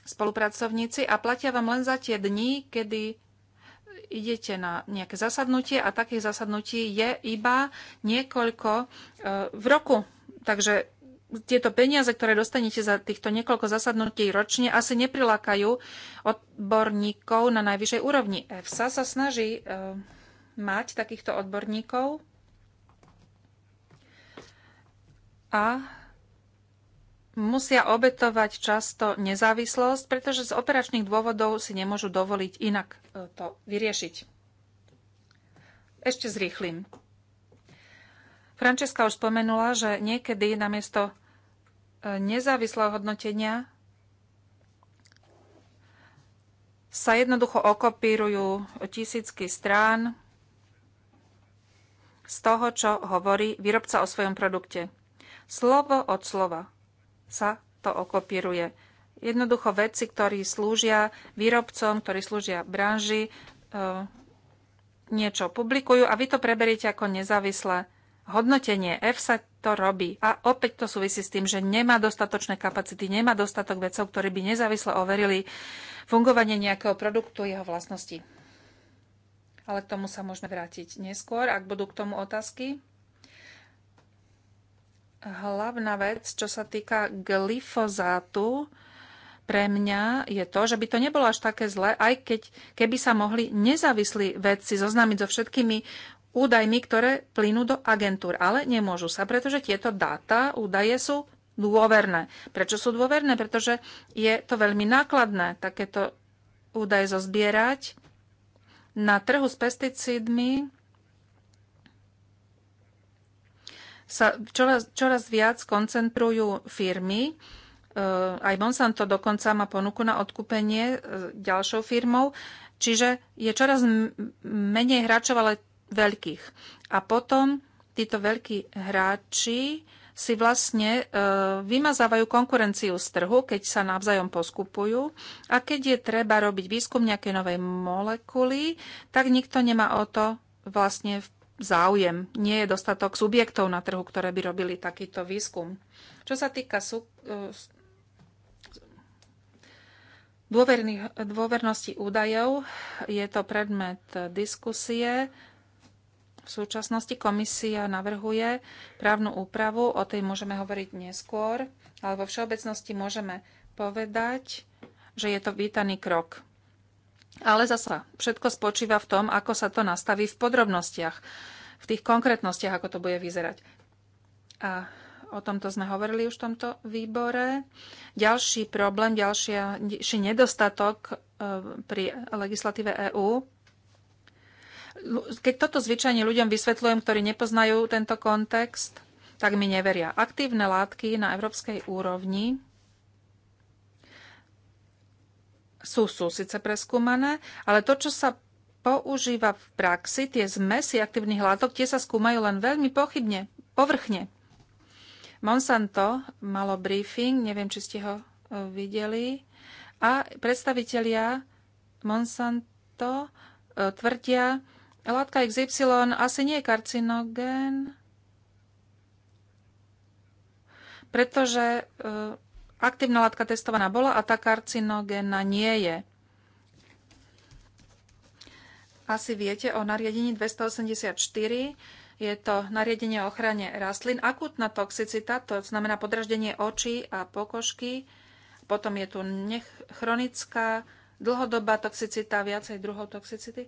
spolupracovníci a platia vám len za tie dni, kedy idete na nejaké zasadnutie a takých zasadnutí je iba niekoľko e, v roku. Takže tieto peniaze, ktoré dostanete za týchto niekoľko zasadnutí ročne, asi neprilákajú odborníkov na najvyššej úrovni. EFSA sa snaží e, mať takýchto odborníkov a musia obetovať často nezávislosť, pretože z operačných dôvodov si nemôžu dovoliť inak e, to vyriešiť. Ešte zrýchlim. Francesca už spomenula, že niekedy namiesto nezávislého hodnotenia sa jednoducho okopírujú tisícky strán z toho, čo hovorí výrobca o svojom produkte. Slovo od slova sa to okopíruje. Jednoducho veci, ktorí slúžia výrobcom, ktorí slúžia branži, e, niečo publikujú a vy to preberiete ako nezávislé hodnotenie. EFSA to robí. A opäť to súvisí s tým, že nemá dostatočné kapacity, nemá dostatok vedcov, ktorí by nezávisle overili fungovanie nejakého produktu, jeho vlastnosti. Ale k tomu sa môžeme vrátiť neskôr, ak budú k tomu otázky. Hlavná vec, čo sa týka glyfozátu, pre mňa je to, že by to nebolo až také zlé, aj keď keby sa mohli nezávislí vedci zoznámiť so všetkými údajmi, ktoré plynú do agentúr, ale nemôžu sa, pretože tieto dáta, údaje sú dôverné. Prečo sú dôverné? Pretože je to veľmi nákladné takéto údaje zozbierať. Na trhu s pesticídmi sa čoraz, čoraz viac koncentrujú firmy. Eh, aj Monsanto dokonca má ponuku na odkúpenie eh, ďalšou firmou. Čiže je čoraz menej hráčov, ale veľkých. A potom títo veľkí hráči si vlastne e, vymazávajú konkurenciu z trhu, keď sa navzájom poskupujú. A keď je treba robiť výskum nejakej novej molekuly, tak nikto nemá o to vlastne záujem. Nie je dostatok subjektov na trhu, ktoré by robili takýto výskum. Čo sa týka sú, e, dôvernosti údajov, je to predmet diskusie v súčasnosti komisia navrhuje právnu úpravu, o tej môžeme hovoriť neskôr, ale vo všeobecnosti môžeme povedať, že je to vítaný krok. Ale zasa, všetko spočíva v tom, ako sa to nastaví v podrobnostiach, v tých konkrétnostiach, ako to bude vyzerať. A o tomto sme hovorili už v tomto výbore. Ďalší problém, ďalší nedostatok eh, pri legislatíve EÚ keď toto zvyčajne ľuďom vysvetľujem, ktorí nepoznajú tento kontext, tak mi neveria. Aktívne látky na európskej úrovni sú, sú síce preskúmané, ale to, čo sa používa v praxi, tie zmesy aktívnych látok, tie sa skúmajú len veľmi pochybne, povrchne. Monsanto malo briefing, neviem, či ste ho e, videli, a predstavitelia Monsanto e, tvrdia, Látka XY asi nie je karcinogén, pretože eh, aktívna látka testovaná bola a tá karcinogénna nie je. Asi viete o nariadení 284, je to nariadenie o ochrane rastlín. Akutná toxicita, to znamená podraždenie očí a pokožky. Potom je tu chronická, dlhodobá toxicita, viacej druhov toxicity.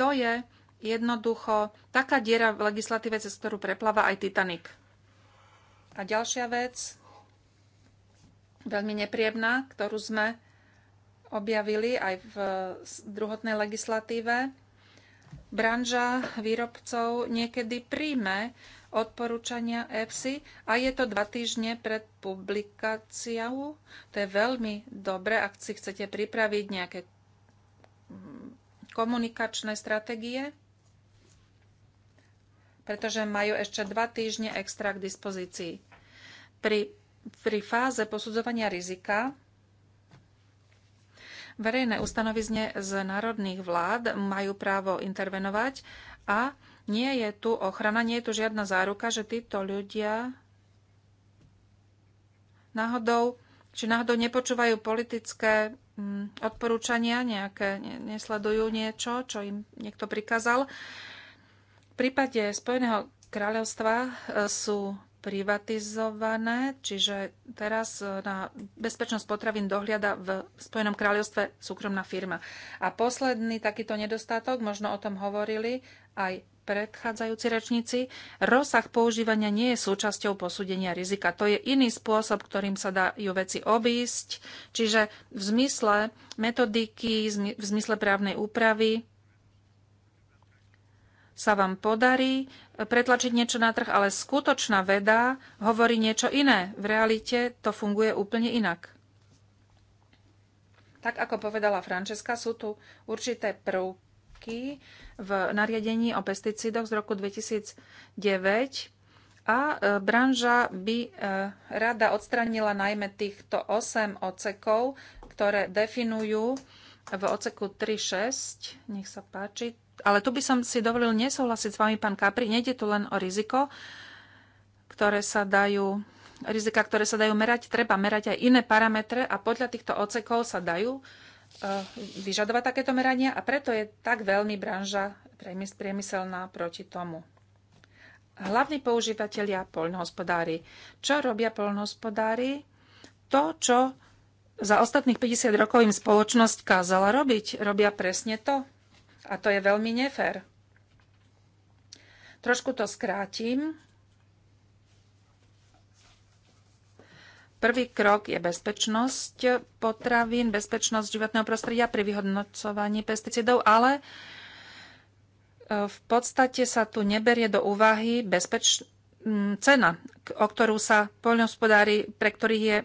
To je jednoducho taká diera v legislatíve, cez ktorú prepláva aj Titanic. A ďalšia vec, veľmi nepriebná, ktorú sme objavili aj v druhotnej legislatíve. Branža výrobcov niekedy príjme odporúčania EFSI a je to dva týždne pred publikáciou. To je veľmi dobre, ak si chcete pripraviť nejaké komunikačné stratégie, pretože majú ešte dva týždne extra k dispozícii. Pri, pri fáze posudzovania rizika verejné ustanovizne z národných vlád majú právo intervenovať a nie je tu ochrana, nie je tu žiadna záruka, že títo ľudia náhodou, či náhodou nepočúvajú politické Mm, odporúčania, nejaké nesledujú niečo, čo im niekto prikázal. V prípade Spojeného kráľovstva e, sú privatizované, čiže teraz e, na bezpečnosť potravín dohliada v Spojenom kráľovstve súkromná firma. A posledný takýto nedostatok, možno o tom hovorili aj predchádzajúci rečníci, rozsah používania nie je súčasťou posúdenia rizika. To je iný spôsob, ktorým sa dajú veci obísť, čiže v zmysle metodiky, v zmysle právnej úpravy sa vám podarí pretlačiť niečo na trh, ale skutočná veda hovorí niečo iné. V realite to funguje úplne inak. Tak ako povedala Frančeska, sú tu určité prvky, prvky v nariadení o pesticidoch z roku 2009 a e, branža by e, rada odstranila najmä týchto 8 ocekov, ktoré definujú v oceku 3.6. Nech sa páči. Ale tu by som si dovolil nesúhlasiť s vami, pán Kapri. Nejde tu len o riziko, ktoré sa dajú rizika, ktoré sa dajú merať, treba merať aj iné parametre a podľa týchto ocekov sa dajú Eh, vyžadovať takéto merania a preto je tak veľmi branža priemyselná proti tomu. Hlavní používateľia poľnohospodári. Čo robia poľnohospodári? To, čo za ostatných 50 rokov im spoločnosť kázala robiť, robia presne to. A to je veľmi nefér. Trošku to skrátim. Prvý krok je bezpečnosť potravín, bezpečnosť životného prostredia pri vyhodnocovaní pesticidov, ale e, v podstate sa tu neberie do úvahy bezpeč... cena, o ktorú sa poľnohospodári, pre ktorých je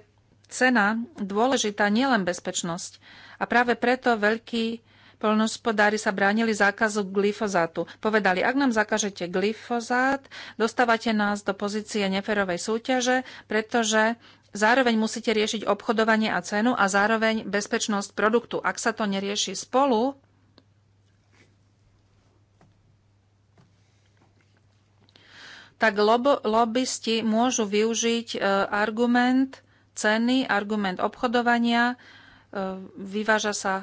cena dôležitá, nielen bezpečnosť. A práve preto veľkí poľnohospodári sa bránili zákazu glyfozátu. Povedali, ak nám zakažete glyfozát, dostávate nás do pozície neferovej súťaže, pretože Zároveň musíte riešiť obchodovanie a cenu a zároveň bezpečnosť produktu. Ak sa to nerieši spolu, tak lob- lobbysti môžu využiť e, argument ceny, argument obchodovania. E, vyváža sa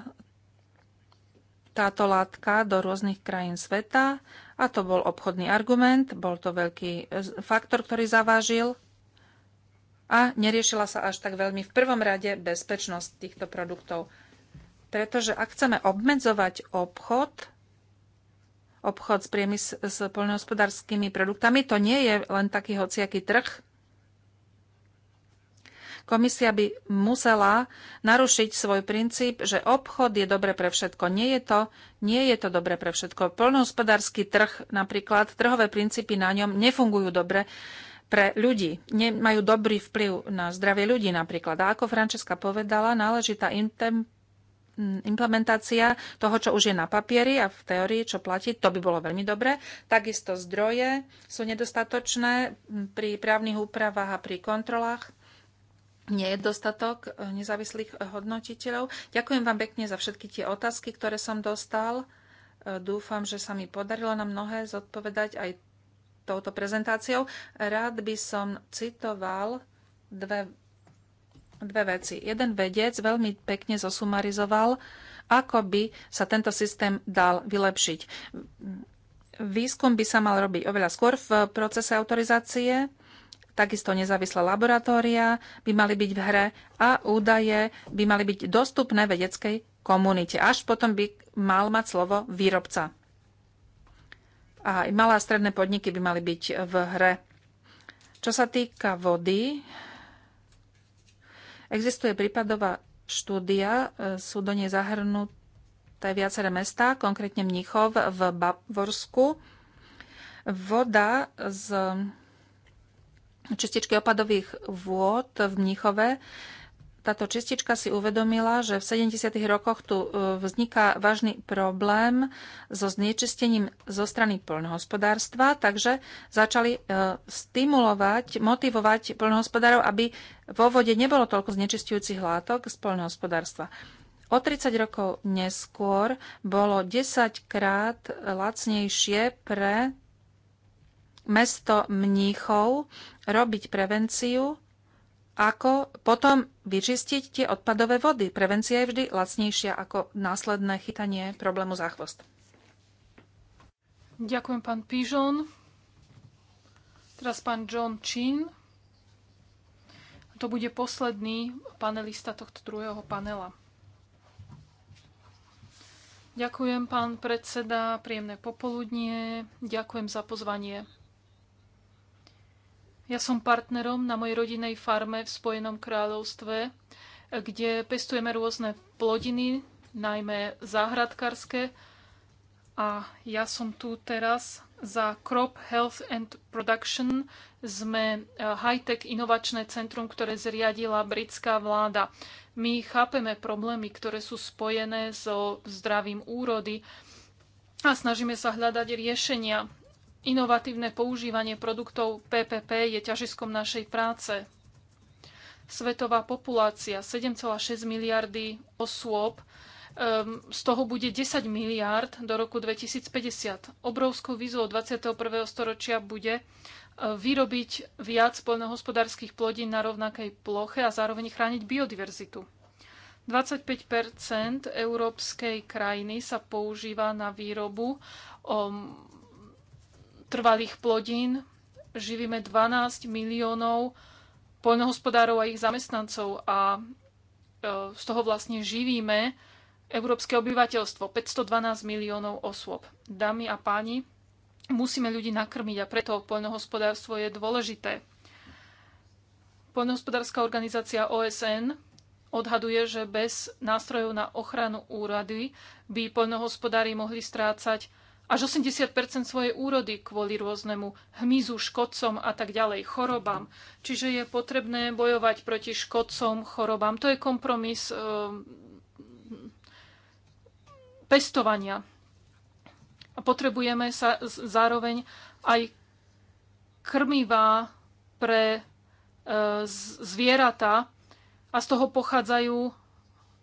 táto látka do rôznych krajín sveta a to bol obchodný argument, bol to veľký e, faktor, ktorý zavážil a neriešila sa až tak veľmi v prvom rade bezpečnosť týchto produktov. Pretože ak chceme obmedzovať obchod, obchod s, priemys- s poľnohospodárskymi produktami, to nie je len taký hociaký trh. Komisia by musela narušiť svoj princíp, že obchod je dobre pre všetko. Nie je to, nie je to dobre pre všetko. Poľnohospodársky trh, napríklad trhové princípy na ňom nefungujú dobre pre ľudí. Nemajú dobrý vplyv na zdravie ľudí napríklad. A ako Francesca povedala, náležitá implementácia toho, čo už je na papieri a v teórii, čo platí, to by bolo veľmi dobré. Takisto zdroje sú nedostatočné pri právnych úpravách a pri kontrolách. Nie je dostatok eh, nezávislých eh, hodnotiteľov. Ďakujem vám pekne za všetky tie otázky, ktoré som dostal. Eh, dúfam, že sa mi podarilo na mnohé zodpovedať aj touto prezentáciou. Rád by som citoval dve, dve veci. Jeden vedec veľmi pekne zosumarizoval, ako by sa tento systém dal vylepšiť. Výskum by sa mal robiť oveľa skôr v procese autorizácie, takisto nezávislá laboratória by mali byť v hre a údaje by mali byť dostupné vedeckej komunite. Až potom by mal mať slovo výrobca a malé a stredné podniky by mali byť v hre. Čo sa týka vody, existuje prípadová štúdia, e, sú do nej zahrnuté viaceré mestá, konkrétne Mnichov v Bavorsku. Voda z čističky opadových vôd v Mnichove táto čistička si uvedomila, že v 70. rokoch tu e, vzniká vážny problém so znečistením zo strany poľnohospodárstva, takže začali e, stimulovať, motivovať poľnohospodárov, aby vo vode nebolo toľko znečistujúcich látok z poľnohospodárstva. O 30 rokov neskôr bolo 10 krát lacnejšie pre mesto mníchov robiť prevenciu ako potom vyčistiť tie odpadové vody. Prevencia je vždy lacnejšia ako následné chytanie problému za chvost. Ďakujem, pán pížon. Teraz pán John Chin. To bude posledný panelista tohto druhého panela. Ďakujem, pán predseda, príjemné popoludnie. Ďakujem za pozvanie ja som partnerom na mojej rodinnej farme v Spojenom kráľovstve, kde pestujeme rôzne plodiny, najmä záhradkárske. A ja som tu teraz za Crop Health and Production. Sme e, high-tech inovačné centrum, ktoré zriadila britská vláda. My chápeme problémy, ktoré sú spojené so zdravím úrody a snažíme sa hľadať riešenia Inovatívne používanie produktov PPP je ťažiskom našej práce. Svetová populácia 7,6 miliardy osôb, ehm, z toho bude 10 miliard do roku 2050. Obrovskou výzvou 21. storočia bude e, vyrobiť viac poľnohospodárskych plodín na rovnakej ploche a zároveň chrániť biodiverzitu. 25 európskej krajiny sa používa na výrobu ehm, trvalých plodín. Živíme 12 miliónov poľnohospodárov a ich zamestnancov a e, z toho vlastne živíme európske obyvateľstvo, 512 miliónov osôb. Dámy a páni, musíme ľudí nakrmiť a preto poľnohospodárstvo je dôležité. Poľnohospodárska organizácia OSN odhaduje, že bez nástrojov na ochranu úrady by poľnohospodári mohli strácať až 80 svojej úrody kvôli rôznemu hmyzu, škodcom a tak ďalej, chorobám. Čiže je potrebné bojovať proti škodcom, chorobám. To je kompromis e, pestovania. A potrebujeme sa zároveň aj krmivá pre e, zvieratá a z toho pochádzajú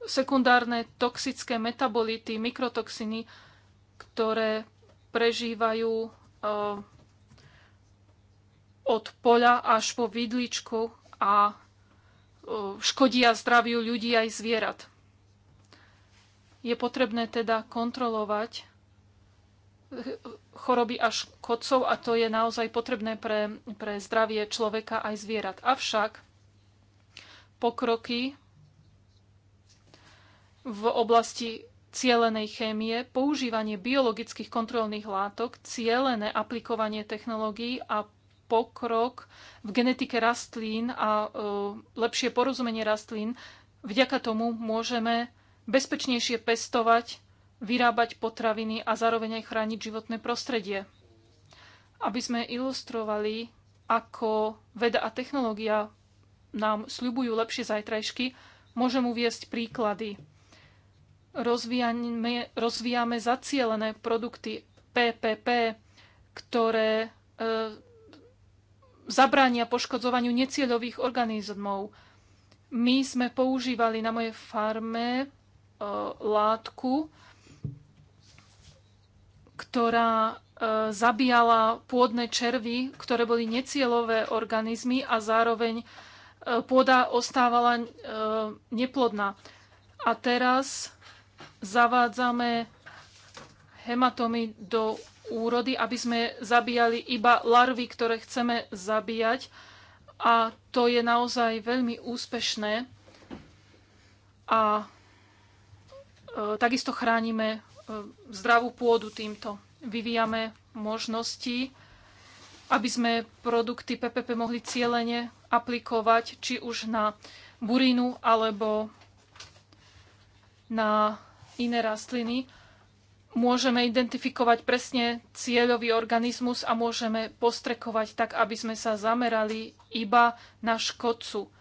sekundárne toxické metabolity, mikrotoxiny, ktoré prežívajú eh, od poľa až po vidličku a eh, škodia zdraviu ľudí aj zvierat. Je potrebné teda kontrolovať eh, choroby a škodcov a to je naozaj potrebné pre, pre zdravie človeka aj zvierat. Avšak pokroky v oblasti cielenej chémie, používanie biologických kontrolných látok, cielené aplikovanie technológií a pokrok v genetike rastlín a e, lepšie porozumenie rastlín. Vďaka tomu môžeme bezpečnejšie pestovať, vyrábať potraviny a zároveň aj chrániť životné prostredie. Aby sme ilustrovali, ako veda a technológia nám sľubujú lepšie zajtrajšky, môžem uviesť príklady rozvíjame, rozvíjame zacielené produkty PPP, ktoré e, zabránia poškodzovaniu necieľových organizmov. My sme používali na mojej farme e, látku, ktorá e, zabíjala pôdne červy, ktoré boli necieľové organizmy a zároveň e, pôda ostávala e, neplodná. A teraz zavádzame hematomy do úrody, aby sme zabíjali iba larvy, ktoré chceme zabíjať. A to je naozaj veľmi úspešné. A e, takisto chránime e, zdravú pôdu týmto. Vyvíjame možnosti, aby sme produkty PPP mohli cieľene aplikovať či už na burinu alebo na iné rastliny, môžeme identifikovať presne cieľový organizmus a môžeme postrekovať tak, aby sme sa zamerali iba na škodcu.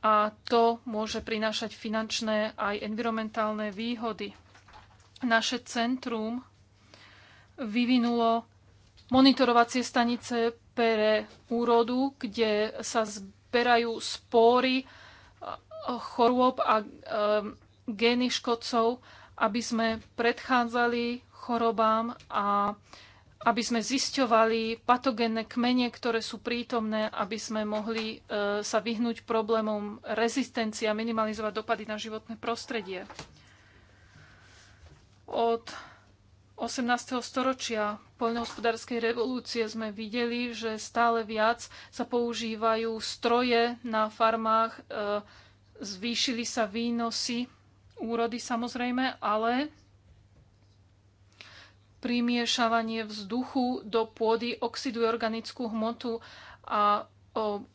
A to môže prinášať finančné aj environmentálne výhody. Naše centrum vyvinulo monitorovacie stanice pre úrodu, kde sa zberajú spóry chorôb a gény škodcov, aby sme predchádzali chorobám a aby sme zisťovali patogénne kmene, ktoré sú prítomné, aby sme mohli e, sa vyhnúť problémom rezistencie a minimalizovať dopady na životné prostredie. Od 18. storočia poľnohospodárskej revolúcie sme videli, že stále viac sa používajú stroje na farmách, e, zvýšili sa výnosy úrody samozrejme, ale primiešavanie vzduchu do pôdy oxiduje organickú hmotu a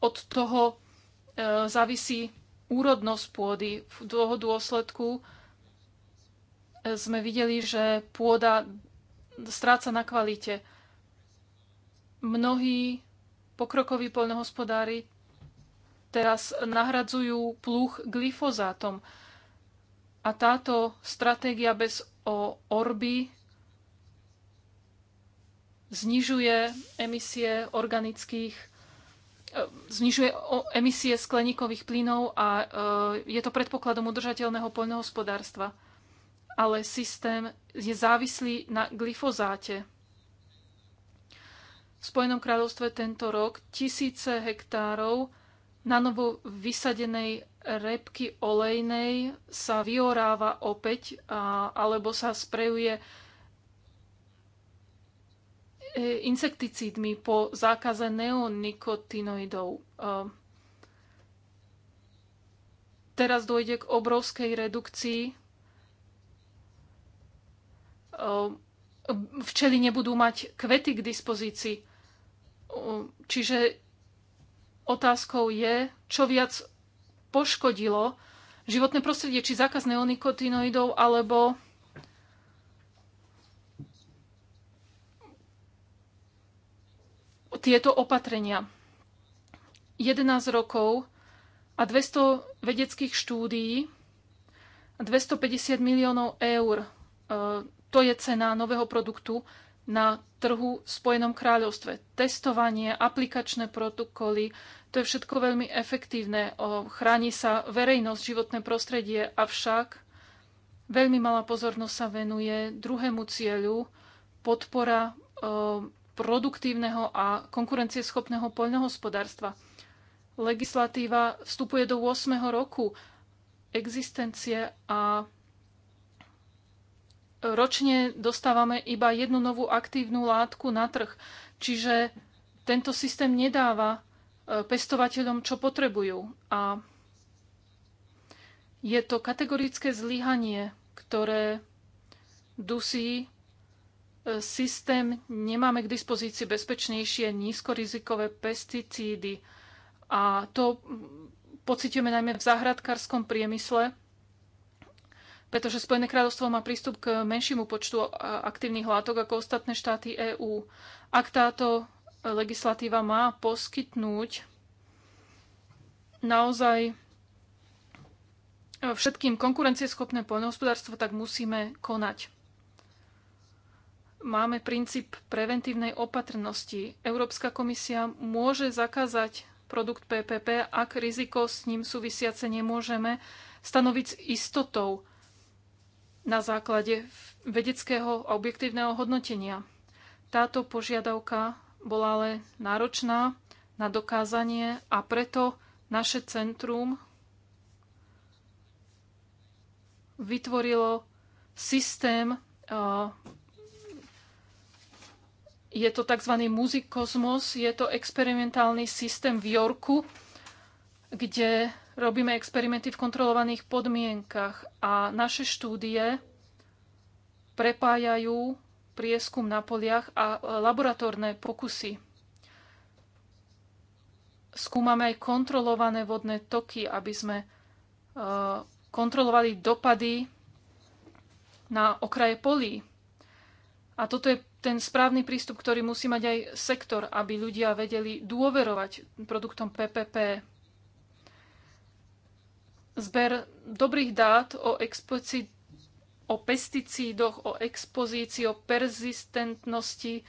od toho e, závisí úrodnosť pôdy. V dôho dôsledku e, sme videli, že pôda stráca na kvalite. Mnohí pokrokoví poľnohospodári teraz nahradzujú pluch glyfozátom a táto stratégia bez o orby znižuje emisie organických e, znižuje emisie skleníkových plynov a e, je to predpokladom udržateľného poľnohospodárstva. Ale systém je závislý na glyfozáte. V Spojenom kráľovstve tento rok tisíce hektárov na novo vysadenej repky olejnej sa vyoráva opäť a, alebo sa sprejuje e, insekticídmi po zákaze neonikotinoidov. E, teraz dojde k obrovskej redukcii. E, včely nebudú mať kvety k dispozícii. Čiže otázkou je, čo viac poškodilo životné prostredie, či zákaz neonikotinoidov alebo tieto opatrenia. 11 rokov a 200 vedeckých štúdií a 250 miliónov eur. E, to je cena nového produktu na trhu v Spojenom kráľovstve. Testovanie, aplikačné protokoly, to je všetko veľmi efektívne. Chráni sa verejnosť, životné prostredie, avšak veľmi malá pozornosť sa venuje druhému cieľu podpora produktívneho a konkurencieschopného poľnohospodárstva. Legislatíva vstupuje do 8. roku existencie a ročne dostávame iba jednu novú aktívnu látku na trh. Čiže tento systém nedáva E, pestovateľom, čo potrebujú. A je to kategorické zlyhanie, ktoré dusí e, systém. Nemáme k dispozícii bezpečnejšie nízkorizikové pesticídy. A to pocitujeme najmä v záhradkárskom priemysle, pretože Spojené kráľovstvo má prístup k menšiemu počtu aktívnych látok ako ostatné štáty EÚ. Ak táto legislatíva má poskytnúť naozaj všetkým konkurencieschopné poľnohospodárstvo, tak musíme konať. Máme princíp preventívnej opatrnosti. Európska komisia môže zakázať produkt PPP, ak riziko s ním súvisiace nemôžeme stanoviť s istotou na základe vedeckého a objektívneho hodnotenia. Táto požiadavka bola ale náročná na dokázanie a preto naše centrum vytvorilo systém, je to tzv. muzikozmos, je to experimentálny systém v Yorku, kde robíme experimenty v kontrolovaných podmienkach a naše štúdie prepájajú prieskum na poliach a e, laboratórne pokusy. Skúmame aj kontrolované vodné toky, aby sme e, kontrolovali dopady na okraje polí. A toto je ten správny prístup, ktorý musí mať aj sektor, aby ľudia vedeli dôverovať produktom PPP. Zber dobrých dát o explicit o pesticídoch, o expozícii, o persistentnosti.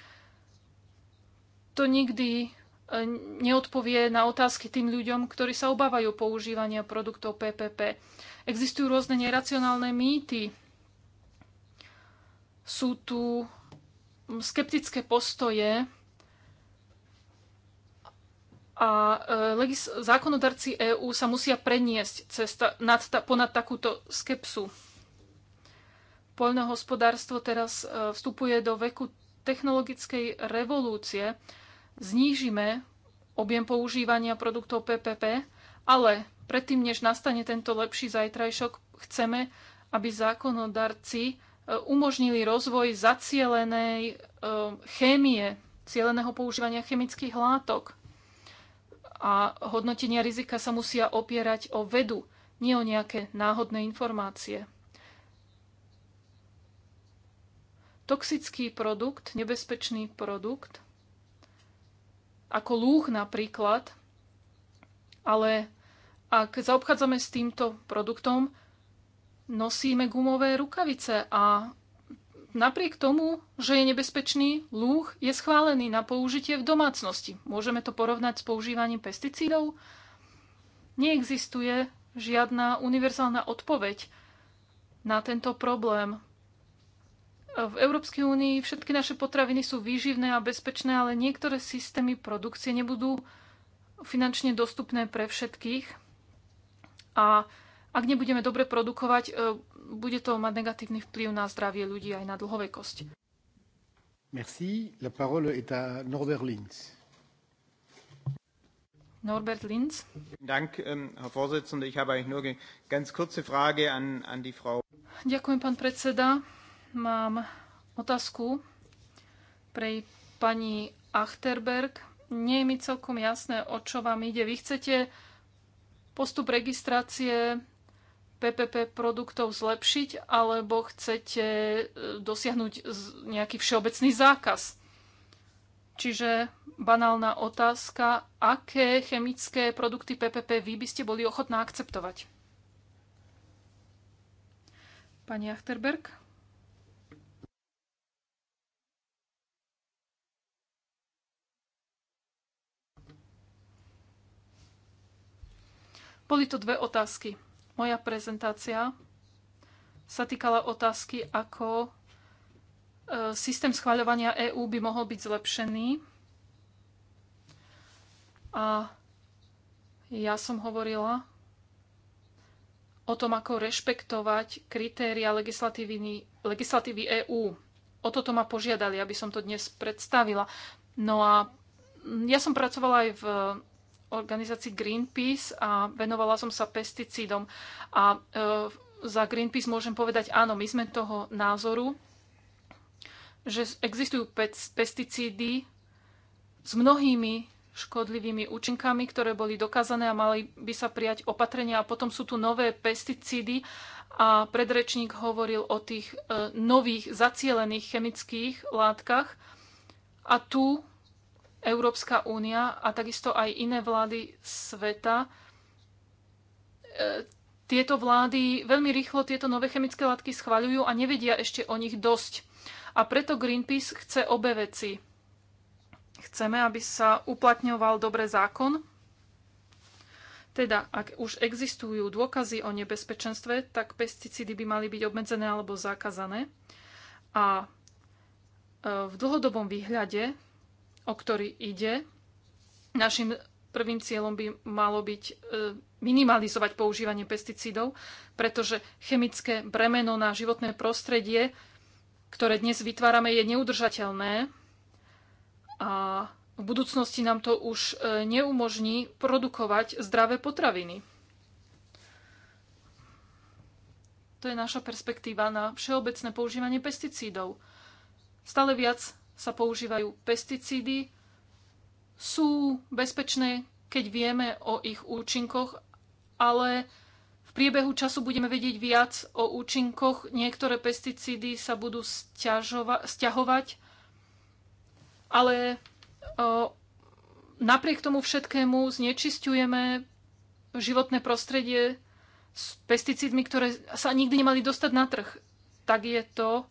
To nikdy e, neodpovie na otázky tým ľuďom, ktorí sa obávajú používania produktov PPP. Existujú rôzne neracionálne mýty. Sú tu skeptické postoje a e, legis- zákonodarci EÚ sa musia preniesť cesta nad ta- ponad takúto skepsu. Poľnohospodárstvo teraz e, vstupuje do veku technologickej revolúcie. Znížime objem používania produktov PPP, ale predtým, než nastane tento lepší zajtrajšok, chceme, aby zákonodarci e, umožnili rozvoj zacielenej e, chémie, cieleného používania chemických látok. A hodnotenia rizika sa musia opierať o vedu, nie o nejaké náhodné informácie. toxický produkt, nebezpečný produkt, ako lúh napríklad, ale ak zaobchádzame s týmto produktom, nosíme gumové rukavice a napriek tomu, že je nebezpečný, lúh je schválený na použitie v domácnosti. Môžeme to porovnať s používaním pesticídov? Neexistuje žiadna univerzálna odpoveď na tento problém v Európskej únii všetky naše potraviny sú výživné a bezpečné, ale niektoré systémy produkcie nebudú finančne dostupné pre všetkých. A ak nebudeme dobre produkovať, e, bude to mať negatívny vplyv na zdravie ľudí aj na dlhovekosť. Merci. La parole est à Norbert Linz. Norbert Linz. Dank, ähm, Herr Vorsitzender. Ich habe eigentlich nur eine ganz kurze Frage an, an die Frau. Ďakujem, pán predseda. Mám otázku pre pani Achterberg. Nie je mi celkom jasné, o čo vám ide. Vy chcete postup registrácie PPP produktov zlepšiť, alebo chcete e, dosiahnuť nejaký všeobecný zákaz? Čiže banálna otázka, aké chemické produkty PPP vy by ste boli ochotná akceptovať? Pani Achterberg? Boli to dve otázky. Moja prezentácia sa týkala otázky, ako e, systém schváľovania EÚ by mohol byť zlepšený. A ja som hovorila o tom, ako rešpektovať kritéria legislatívy, EÚ. E o toto ma požiadali, aby som to dnes predstavila. No a ja som pracovala aj v organizácii Greenpeace a venovala som sa pesticídom. A e, za Greenpeace môžem povedať, áno, my sme toho názoru, že existujú pesticídy s mnohými škodlivými účinkami, ktoré boli dokázané a mali by sa prijať opatrenia. A potom sú tu nové pesticídy a predrečník hovoril o tých e, nových zacielených chemických látkach. A tu Európska únia a takisto aj iné vlády sveta. E, tieto vlády veľmi rýchlo tieto nové chemické látky schvaľujú a nevedia ešte o nich dosť. A preto Greenpeace chce obe veci. Chceme, aby sa uplatňoval dobre zákon, teda, ak už existujú dôkazy o nebezpečenstve, tak pesticídy by mali byť obmedzené alebo zakázané. A e, v dlhodobom výhľade o ktorý ide. Našim prvým cieľom by malo byť e, minimalizovať používanie pesticídov, pretože chemické bremeno na životné prostredie, ktoré dnes vytvárame, je neudržateľné a v budúcnosti nám to už e, neumožní produkovať zdravé potraviny. To je naša perspektíva na všeobecné používanie pesticídov. Stále viac sa používajú pesticídy, sú bezpečné, keď vieme o ich účinkoch, ale v priebehu času budeme vedieť viac o účinkoch. Niektoré pesticídy sa budú stiahovať, ale o, napriek tomu všetkému znečisťujeme životné prostredie s pesticídmi, ktoré sa nikdy nemali dostať na trh. Tak je to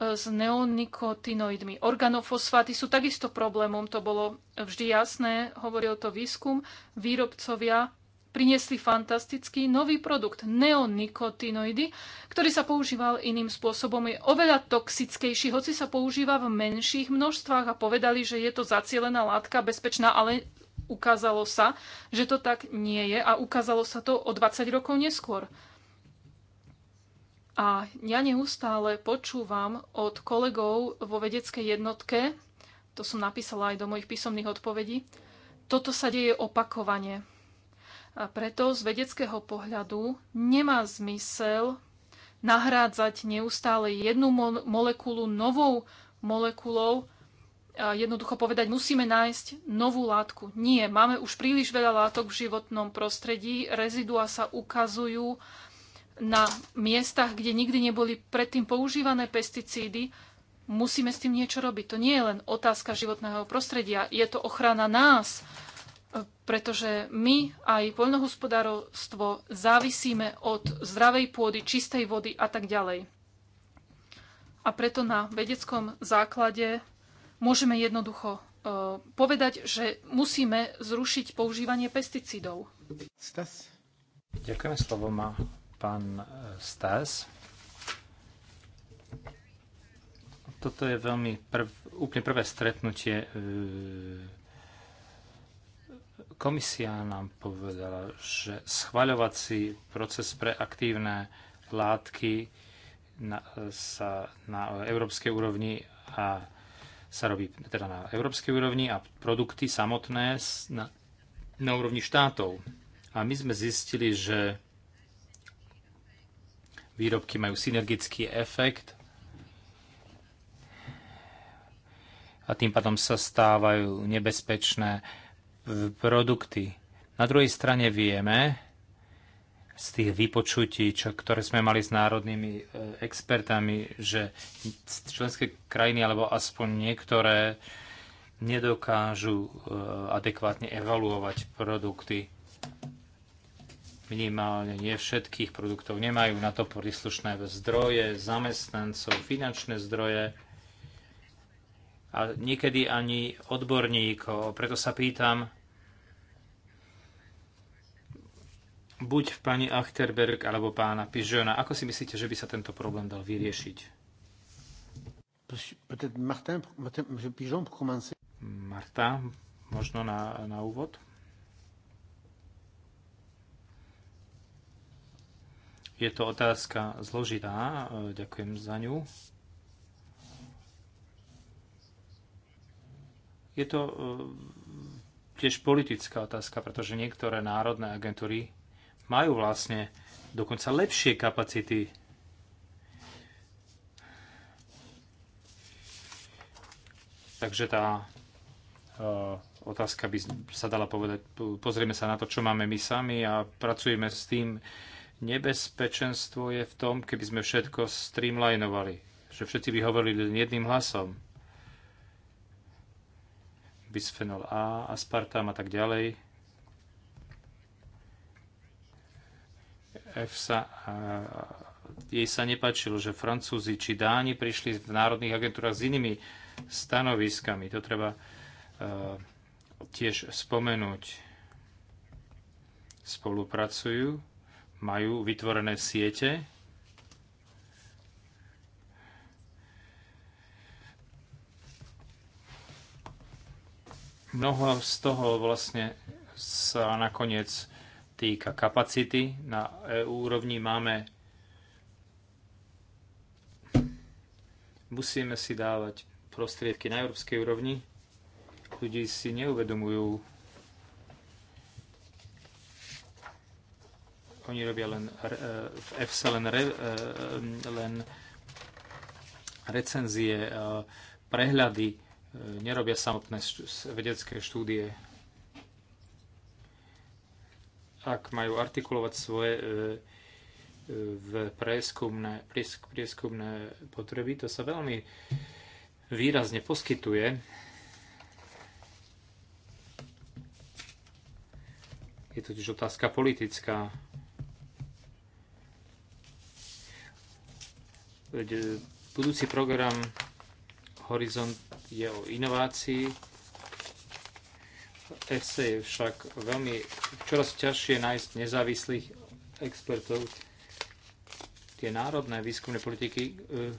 s neonikotinoidmi. Organofosfáty sú takisto problémom, to bolo vždy jasné, hovoril to výskum. Výrobcovia priniesli fantastický nový produkt, neonikotinoidy, ktorý sa používal iným spôsobom. Je oveľa toxickejší, hoci sa používa v menších množstvách a povedali, že je to zacielená látka, bezpečná, ale ukázalo sa, že to tak nie je a ukázalo sa to o 20 rokov neskôr. A ja neustále počúvam od kolegov vo vedeckej jednotke, to som napísala aj do mojich písomných odpovedí, toto sa deje opakovane. A preto z vedeckého pohľadu nemá zmysel nahrádzať neustále jednu mo- molekulu novou molekulou. A jednoducho povedať, musíme nájsť novú látku. Nie, máme už príliš veľa látok v životnom prostredí, rezidua sa ukazujú na miestach, kde nikdy neboli predtým používané pesticídy, musíme s tým niečo robiť. To nie je len otázka životného prostredia, je to ochrana nás, pretože my aj poľnohospodárstvo závisíme od zdravej pôdy, čistej vody a tak ďalej. A preto na vedeckom základe môžeme jednoducho e, povedať, že musíme zrušiť používanie pesticídov. slovo má pán e, Stas. Toto je veľmi prv, úplne prvé stretnutie. E, komisia nám povedala, že schvaľovací proces pre aktívne látky na, sa na európskej úrovni a sa robí teda na európskej úrovni a produkty samotné na, na úrovni štátov. A my sme zistili, že Výrobky majú synergický efekt a tým pádom sa stávajú nebezpečné produkty. Na druhej strane vieme z tých vypočutí, čo, ktoré sme mali s národnými e, expertami, že členské krajiny alebo aspoň niektoré nedokážu e, adekvátne evaluovať produkty minimálne nie všetkých produktov nemajú na to príslušné zdroje, zamestnancov, finančné zdroje a niekedy ani odborníkov. Preto sa pýtam, buď v pani Achterberg alebo pána Pižona. Ako si myslíte, že by sa tento problém dal vyriešiť? Marta, možno na, na úvod. Je to otázka zložitá, e, ďakujem za ňu. Je to e, tiež politická otázka, pretože niektoré národné agentúry majú vlastne dokonca lepšie kapacity Takže tá e, otázka by sa dala povedať, pozrieme sa na to, čo máme my sami a pracujeme s tým, Nebezpečenstvo je v tom, keby sme všetko streamlinovali, že všetci by hovorili len jedným hlasom. Bisphenol A, aspartam a tak ďalej. EFSA, a, jej sa nepačilo, že Francúzi či Dáni prišli v národných agentúrach s inými stanoviskami. To treba uh, tiež spomenúť. Spolupracujú majú vytvorené siete. Mnoho z toho vlastne sa nakoniec týka kapacity. Na EU úrovni máme musíme si dávať prostriedky na európskej úrovni. Ľudí si neuvedomujú Oni robia len, e, v EFSA len, re, e, e, len recenzie, prehľady, nerobia samotné vedecké štúdie. Ak majú artikulovať svoje v prieskumné, prieskumné potreby, to sa veľmi výrazne poskytuje. Je totiž otázka politická. Budúci program Horizont je o inovácii. FC je však veľmi čoraz ťažšie nájsť nezávislých expertov. Tie národné výskumné politiky e,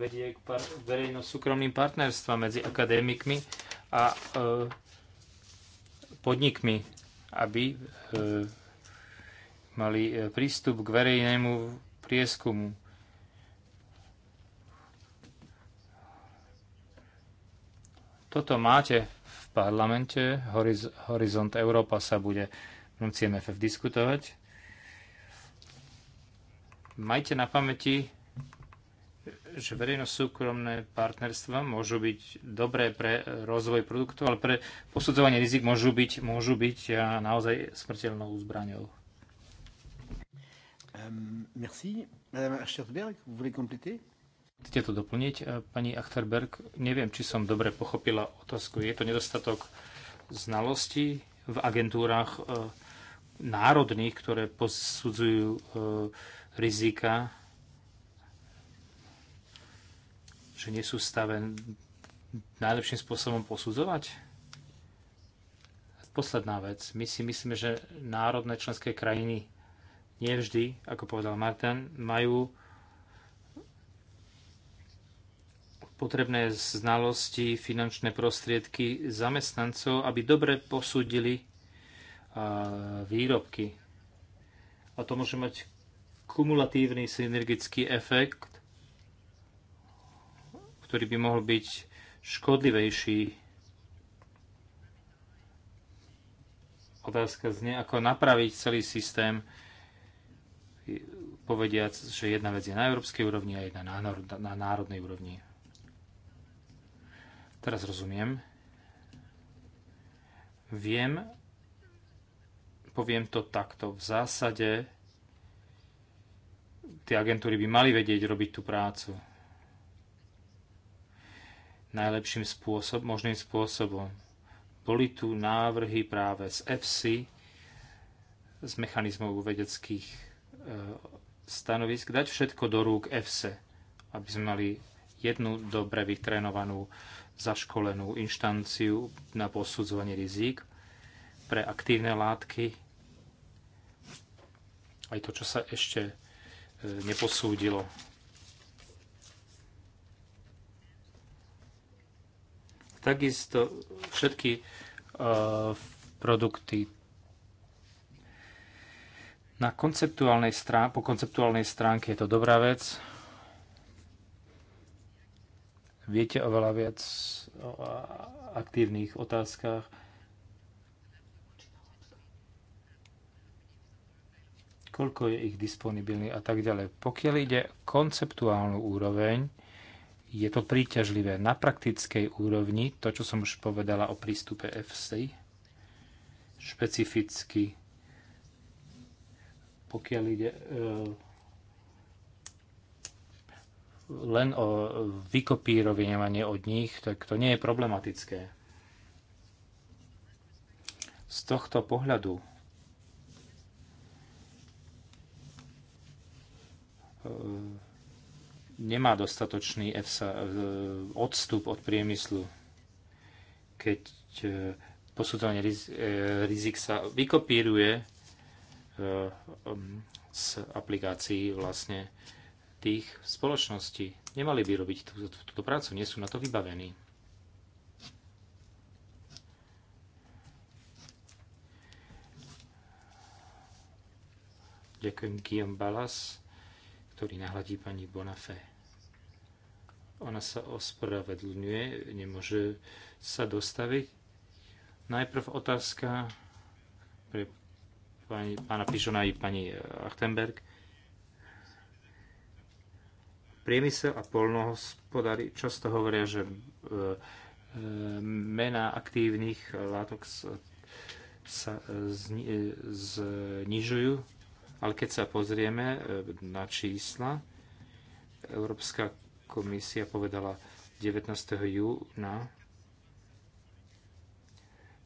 vedie k par- verejno-súkromným partnerstvom medzi akadémikmi a e, podnikmi, aby e, mali prístup k verejnému prieskumu. Toto máte v parlamente, Horiz- Horizont Európa sa bude v rámci MFF diskutovať. Majte na pamäti, že verejno-súkromné partnerstva môžu byť dobré pre rozvoj produktov, ale pre posudzovanie rizik môžu byť, môžu byť naozaj smrteľnou zbraňou. Um, merci. Madame Achterberg, vous voulez compléter Chcete to doplniť, e, pani Achterberg? Neviem, či som dobre pochopila otázku. Je to nedostatok znalostí v agentúrach e, národných, ktoré posudzujú e, rizika, že nie sú stave najlepším spôsobom posudzovať? Posledná vec. My si myslíme, že národné členské krajiny nie vždy, ako povedal Martin, majú potrebné znalosti, finančné prostriedky zamestnancov, aby dobre posúdili výrobky. A to môže mať kumulatívny synergický efekt, ktorý by mohol byť škodlivejší. Otázka znie, ako napraviť celý systém, povediac, že jedna vec je na európskej úrovni a jedna na národnej úrovni. Teraz rozumiem. Viem, poviem to takto, v zásade tie agentúry by mali vedieť robiť tú prácu. Najlepším spôsob, možným spôsobom. Boli tu návrhy práve z EFSI, z mechanizmov vedeckých e, stanovisk, dať všetko do rúk EFSE, aby sme mali jednu dobre vytrénovanú zaškolenú inštanciu na posudzovanie rizík pre aktívne látky. Aj to, čo sa ešte e, neposúdilo. Takisto všetky e, produkty na konceptuálnej strán- po konceptuálnej stránke je to dobrá vec, viete oveľa viac o aktívnych otázkach. koľko je ich disponibilný a tak ďalej. Pokiaľ ide konceptuálnu úroveň, je to príťažlivé. Na praktickej úrovni, to, čo som už povedala o prístupe FC, špecificky, pokiaľ ide e, len o vykopírovanie od nich, tak to nie je problematické. Z tohto pohľadu e, nemá dostatočný e, odstup od priemyslu, keď e, posudzovanie rizik sa vykopíruje z aplikácií vlastne tých spoločností. Nemali by robiť túto, tú prácu, nie sú na to vybavení. Ďakujem Guillaume Balas, ktorý nahladí pani Bonafé. Ona sa ospravedlňuje, nemôže sa dostaviť. Najprv otázka pre pani, pána Pižona i pani Achtenberg. Priemysel a polnohospodári často hovoria, že e, e, mena aktívnych látok sa e, znižujú, ale keď sa pozrieme na čísla, Európska komisia povedala 19. júna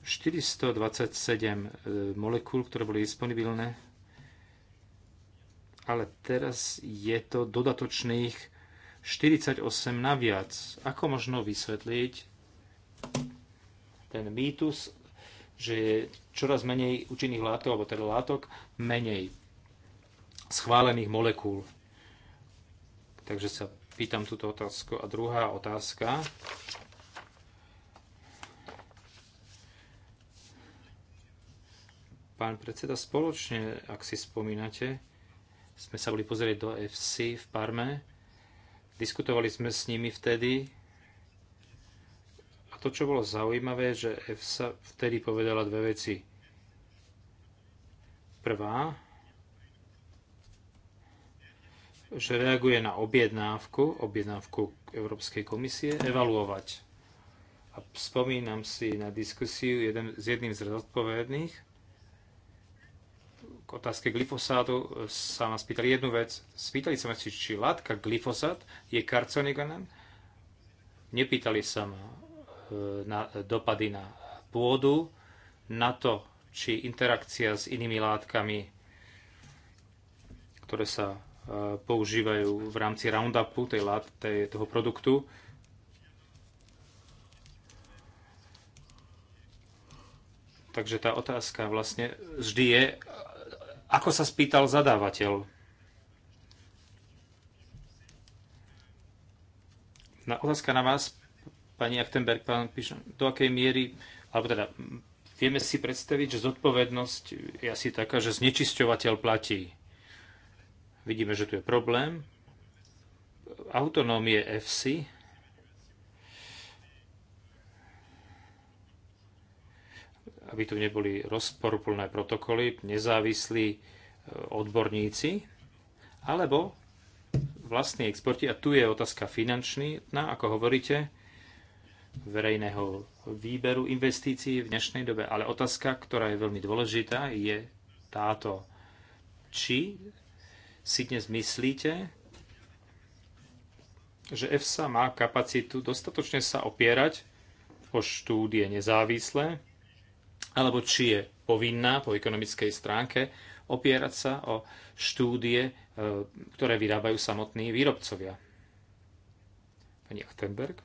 427 molekúl, ktoré boli disponibilné ale teraz je to dodatočných 48 naviac. Ako možno vysvetliť ten mýtus, že je čoraz menej účinných látok, alebo teda látok, menej schválených molekúl. Takže sa pýtam túto otázku. A druhá otázka. Pán predseda, spoločne, ak si spomínate, sme sa boli pozrieť do FC v Parme. Diskutovali sme s nimi vtedy. A to, čo bolo zaujímavé, že FC vtedy povedala dve veci. Prvá, že reaguje na objednávku, objednávku Európskej komisie, evaluovať. A spomínam si na diskusiu jeden, s jedným z zodpovedných, k otázke glyfosátu e, sa ma spýtali jednu vec. Spýtali sa ma, či, či látka glyfosát je karcinogenem. Nepýtali sa ma e, na dopady na pôdu, na to, či interakcia s inými látkami, ktoré sa e, používajú v rámci Roundupu, tej lát, tej, toho produktu, Takže tá otázka vlastne vždy je, ako sa spýtal zadávateľ? Na otázka na vás, pani Achtenberg, pán Píšan, do akej miery, alebo teda vieme si predstaviť, že zodpovednosť je asi taká, že znečisťovateľ platí. Vidíme, že tu je problém. Autonómie FC aby tu neboli rozporuplné protokoly, nezávislí e, odborníci, alebo vlastní exporti, a tu je otázka finančná, ako hovoríte, verejného výberu investícií v dnešnej dobe. Ale otázka, ktorá je veľmi dôležitá, je táto. Či si dnes myslíte, že EFSA má kapacitu dostatočne sa opierať o štúdie nezávislé, alebo či je povinná po ekonomickej stránke opierať sa o štúdie, e, ktoré vyrábajú samotní výrobcovia. Pani Achtenberg.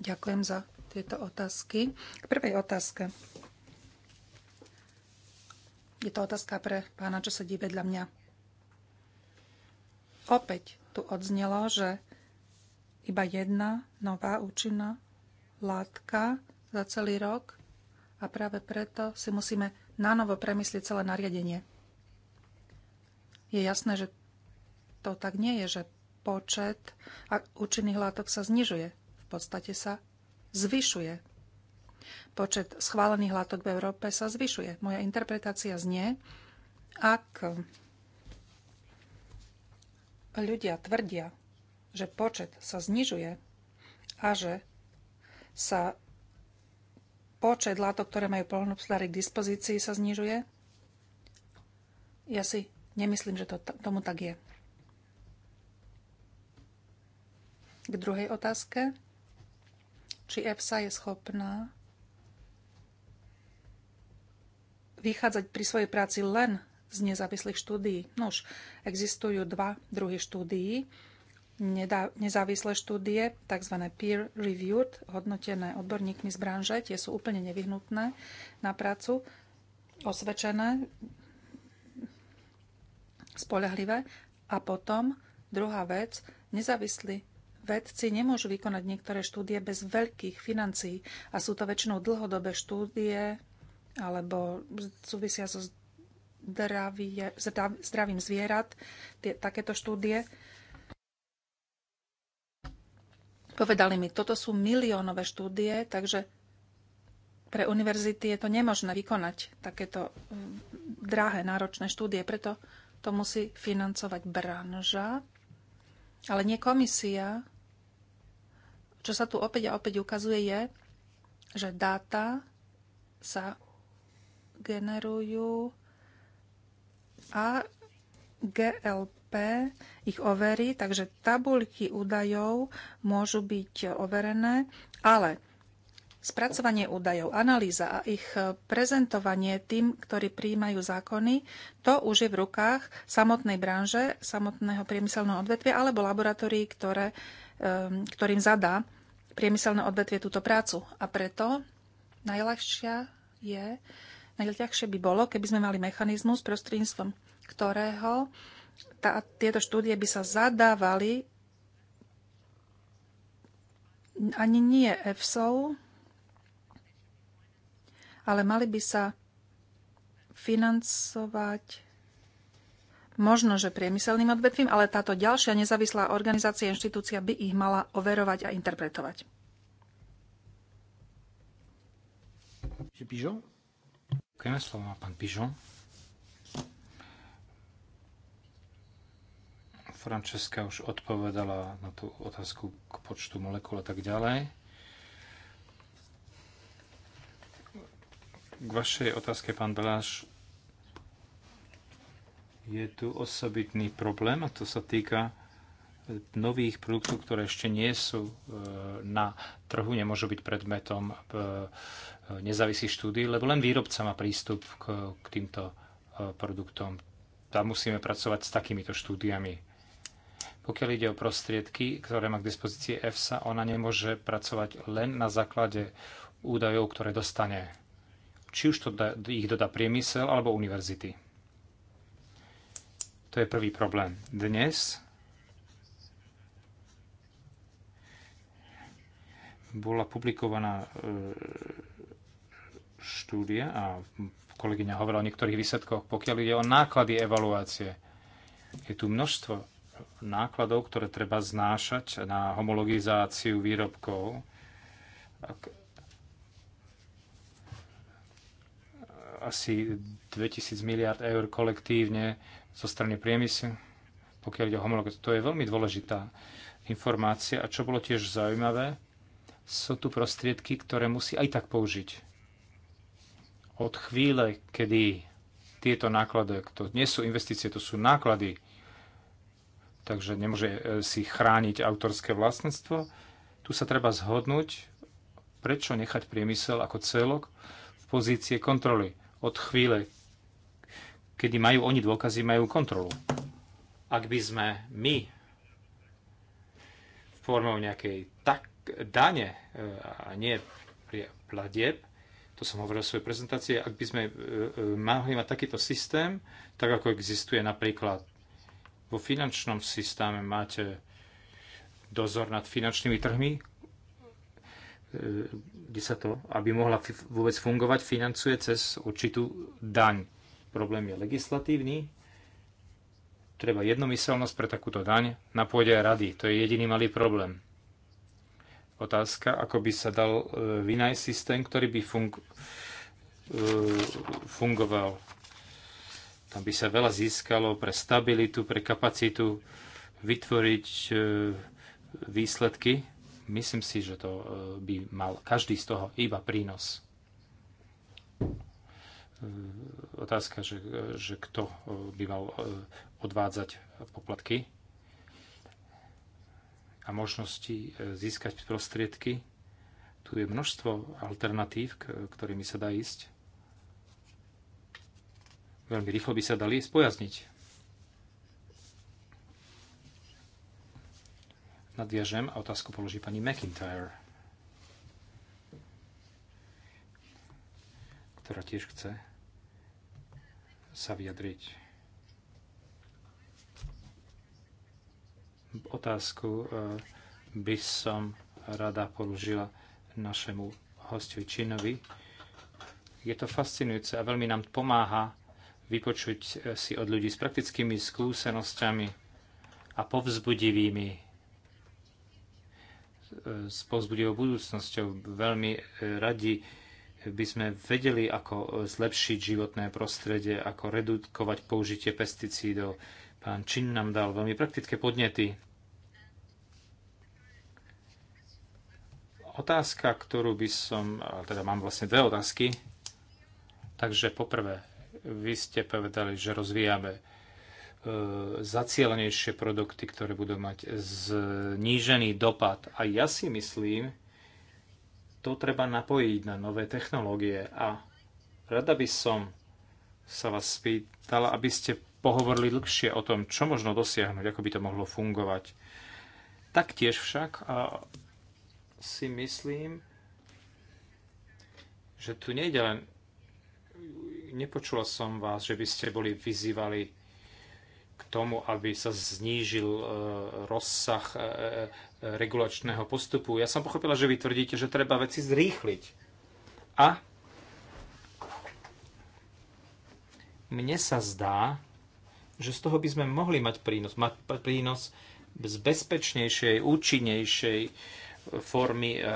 Ďakujem za tieto otázky. K prvej otázke. Je to otázka pre pána, čo sedí vedľa mňa. Opäť tu odznelo, že iba jedna nová účinná látka za celý rok a práve preto si musíme nanovo premyslieť celé nariadenie. Je jasné, že to tak nie je, že počet účinných látok sa znižuje. V podstate sa zvyšuje. Počet schválených látok v Európe sa zvyšuje. Moja interpretácia znie, ak ľudia tvrdia, že počet sa znižuje a že sa počet látok, ktoré majú polnohospodári k dispozícii, sa znižuje, ja si nemyslím, že to tomu tak je. K druhej otázke, či EFSA je schopná vychádzať pri svojej práci len z nezávislých štúdií. Nož, existujú dva druhy štúdií. Nezávislé štúdie, tzv. peer-reviewed, hodnotené odborníkmi z branže, tie sú úplne nevyhnutné na prácu, osvedčené, spolahlivé. A potom druhá vec, nezávislí vedci nemôžu vykonať niektoré štúdie bez veľkých financií a sú to väčšinou dlhodobé štúdie alebo súvisia so zdravie, zdrav, zdravím zvierat, tie, takéto štúdie. Povedali mi, toto sú miliónové štúdie, takže pre univerzity je to nemožné vykonať takéto mm, drahé, náročné štúdie, preto to musí financovať branža, ale nie komisia. Čo sa tu opäť a opäť ukazuje je, že dáta sa generujú a GLP ich overí, takže tabuľky údajov môžu byť overené, ale spracovanie údajov, analýza a ich prezentovanie tým, ktorí prijímajú zákony, to už je v rukách samotnej branže, samotného priemyselného odvetvia alebo laboratórií, ktoré, ktorým zadá priemyselné odvetvie túto prácu. A preto najľahšia je Najľahšie by bolo, keby sme mali mechanizmus, prostredníctvom ktorého tá, tieto štúdie by sa zadávali ani nie EFSOU, ale mali by sa financovať možno, že priemyselným odvetvím, ale táto ďalšia nezávislá organizácia, inštitúcia by ich mala overovať a interpretovať. Pigeon? Ďakujem, slovo má pán Pižo. Francesca už odpovedala na tú otázku k počtu molekúl a tak ďalej. K vašej otázke, pán Beláš, je tu osobitný problém a to sa týka nových produktov, ktoré ešte nie sú e, na trhu, nemôžu byť predmetom e, e, nezávislých štúdí, lebo len výrobca má prístup k, k týmto produktom. Tam musíme pracovať s takýmito štúdiami. Pokiaľ ide o prostriedky, ktoré má k dispozícii EFSA, ona nemôže pracovať len na základe údajov, ktoré dostane. Či už to da, ich dodá priemysel alebo univerzity. To je prvý problém. Dnes bola publikovaná e, štúdia a kolegyňa hovorila o niektorých výsledkoch, pokiaľ ide o náklady evaluácie. Je tu množstvo nákladov, ktoré treba znášať na homologizáciu výrobkov. Asi 2000 miliard eur kolektívne zo strany priemyslu, pokiaľ ide o homologizáciu. To je veľmi dôležitá informácia. A čo bolo tiež zaujímavé, sú tu prostriedky, ktoré musí aj tak použiť. Od chvíle, kedy tieto náklady, to nie sú investície, to sú náklady, takže nemôže e, si chrániť autorské vlastníctvo, tu sa treba zhodnúť, prečo nechať priemysel ako celok v pozície kontroly od chvíle, kedy majú oni dôkazy, majú kontrolu. Ak by sme my formou nejakej tak dane e, a nie platieb, to som hovoril v svojej prezentácii, ak by sme e, e, mali mať takýto systém, tak ako existuje napríklad vo finančnom systéme máte dozor nad finančnými trhmi, kde sa to, aby mohla vôbec fungovať, financuje cez určitú daň. Problém je legislatívny, treba jednomyselnosť pre takúto daň na pôde rady. To je jediný malý problém. Otázka, ako by sa dal e, vynájsť systém, ktorý by fung- e, fungoval. Tam by sa veľa získalo pre stabilitu, pre kapacitu vytvoriť e, výsledky. Myslím si, že to by mal každý z toho iba prínos otázka, že, že kto by mal odvádzať poplatky a možnosti e, získať prostriedky. Tu je množstvo alternatív, ktorými sa dá ísť. Veľmi rýchlo by sa dali spojazniť. Nadviažem a otázku položí pani McIntyre, ktorá tiež chce sa vyjadriť. Otázku e, by som rada položila našemu hostovi Činovi. Je to fascinujúce a veľmi nám pomáha vypočuť e, si od ľudí s praktickými skúsenosťami a povzbudivými e, s povzbudivou budúcnosťou. Veľmi radi by sme vedeli, ako zlepšiť životné prostredie, ako redukovať použitie pesticídov, Pán Čin nám dal veľmi praktické podnety. Otázka, ktorú by som, teda mám vlastne dve otázky. Takže poprvé, vy ste povedali, že rozvíjame e, zacielenejšie produkty, ktoré budú mať znížený dopad. A ja si myslím, to treba napojiť na nové technológie. A rada by som sa vás spýtala, aby ste pohovorili dlhšie o tom, čo možno dosiahnuť, ako by to mohlo fungovať. Taktiež však a si myslím, že tu nejde len... Nepočula som vás, že by ste boli vyzývali k tomu, aby sa znížil e, rozsah e, e, regulačného postupu. Ja som pochopila, že vy tvrdíte, že treba veci zrýchliť. A mne sa zdá, že z toho by sme mohli mať prínos, mať prínos z bezpečnejšej, účinnejšej formy e, e,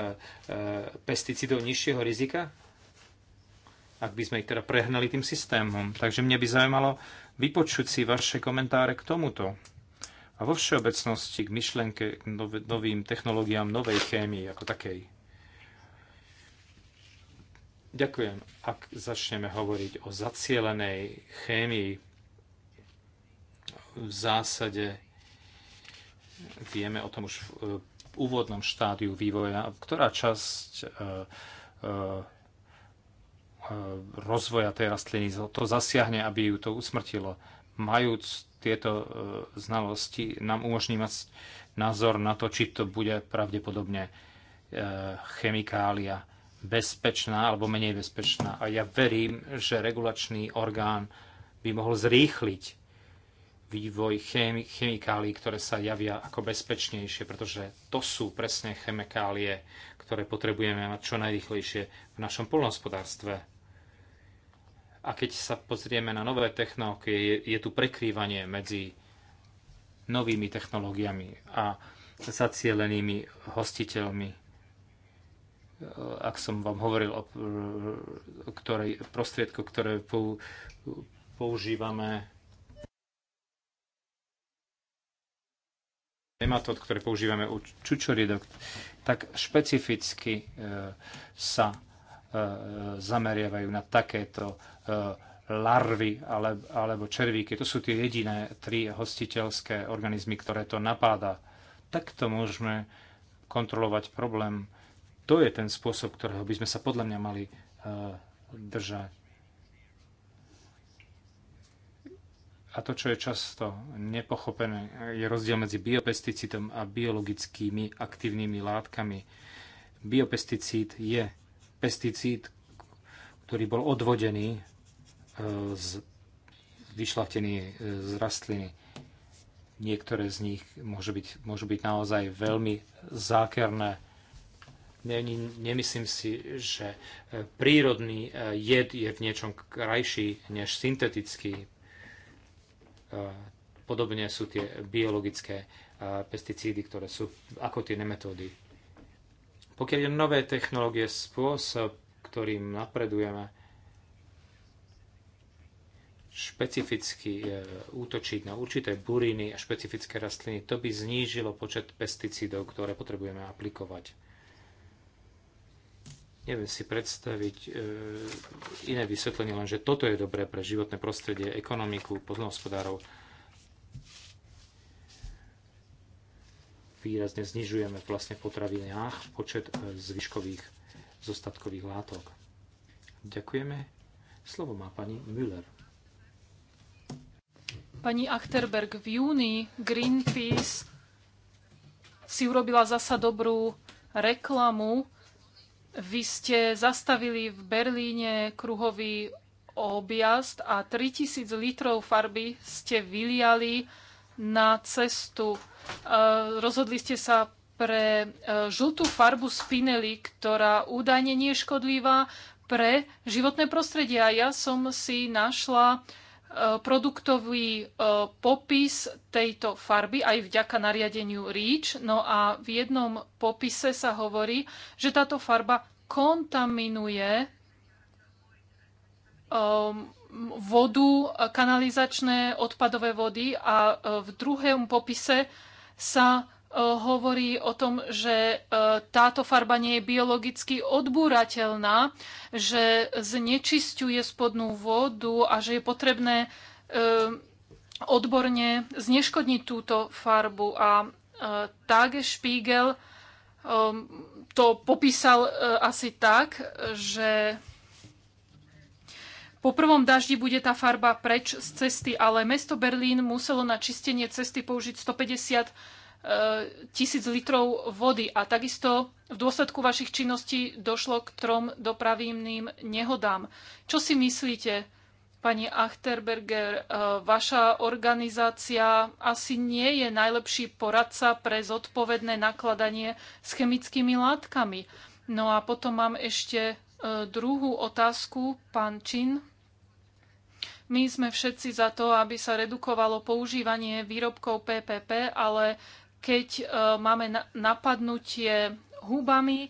pesticidov nižšieho rizika, ak by sme ich teda prehnali tým systémom. Takže mne by zaujímalo vypočuť si vaše komentáre k tomuto a vo všeobecnosti k myšlenke k novým technológiám, novej chémii ako takej. Ďakujem. Ak začneme hovoriť o zacielenej chémii, v zásade vieme o tom už v e, úvodnom štádiu vývoja, ktorá časť e, e, rozvoja tej rastliny to zasiahne, aby ju to usmrtilo. Majúc tieto znalosti, nám umožní mať názor na to, či to bude pravdepodobne chemikália bezpečná alebo menej bezpečná. A ja verím, že regulačný orgán by mohol zrýchliť vývoj chemikálií, ktoré sa javia ako bezpečnejšie, pretože to sú presne chemikálie, ktoré potrebujeme mať čo najrychlejšie v našom polnohospodárstve. A keď sa pozrieme na nové technológie, je, je tu prekrývanie medzi novými technológiami a zacielenými hostiteľmi. Ak som vám hovoril o ktorej, prostriedku, ktoré používame nematód, ktoré používame u čučoriedok, tak špecificky e, sa e, zameriavajú na takéto e, larvy ale, alebo červíky. To sú tie jediné tri hostiteľské organizmy, ktoré to napáda. Takto môžeme kontrolovať problém. To je ten spôsob, ktorého by sme sa podľa mňa mali e, držať. A to, čo je často nepochopené, je rozdiel medzi biopesticidom a biologickými aktívnymi látkami. Biopesticíd je pesticíd, ktorý bol odvodený e, z vyšlachtený e, z rastliny. Niektoré z nich môžu byť, môžu byť naozaj veľmi zákerné. Nemyslím si, že e, prírodný jed je v niečom krajší než syntetický Podobne sú tie biologické pesticídy, ktoré sú ako tie nemetódy. Pokiaľ je nové technológie, spôsob, ktorým napredujeme, špecificky e, útočiť na určité buriny a špecifické rastliny, to by znížilo počet pesticídov, ktoré potrebujeme aplikovať. Neviem si predstaviť e, iné vysvetlenie, lenže toto je dobré pre životné prostredie, ekonomiku, podľhospodárov. Výrazne znižujeme vlastne v potravinách počet e, zvyškových zostatkových látok. Ďakujeme. Slovo má pani Müller. Pani Achterberg, v júni Greenpeace si urobila zasa dobrú reklamu vy ste zastavili v Berlíne kruhový objazd a 3000 litrov farby ste vyliali na cestu. E, rozhodli ste sa pre e, žltú farbu spinely, ktorá údajne nie je škodlivá pre životné prostredie. A ja som si našla Eh, produktový eh, popis tejto farby aj vďaka nariadeniu REACH. No a v jednom popise sa hovorí, že táto farba kontaminuje eh, vodu, kanalizačné odpadové vody a v druhom popise sa E, hovorí o tom, že e, táto farba nie je biologicky odbúrateľná, že znečisťuje spodnú vodu a že je potrebné e, odborne zneškodniť túto farbu. A Spiegel to popísal asi tak, že po prvom daždi bude tá farba preč z cesty, ale mesto Berlín muselo na čistenie cesty použiť 150 tisíc litrov vody. A takisto v dôsledku vašich činností došlo k trom dopravným nehodám. Čo si myslíte, pani Achterberger, eh, vaša organizácia asi nie je najlepší poradca pre zodpovedné nakladanie s chemickými látkami. No a potom mám ešte eh, druhú otázku, pán Čin. My sme všetci za to, aby sa redukovalo používanie výrobkov PPP, ale keď e, máme napadnutie hubami, e,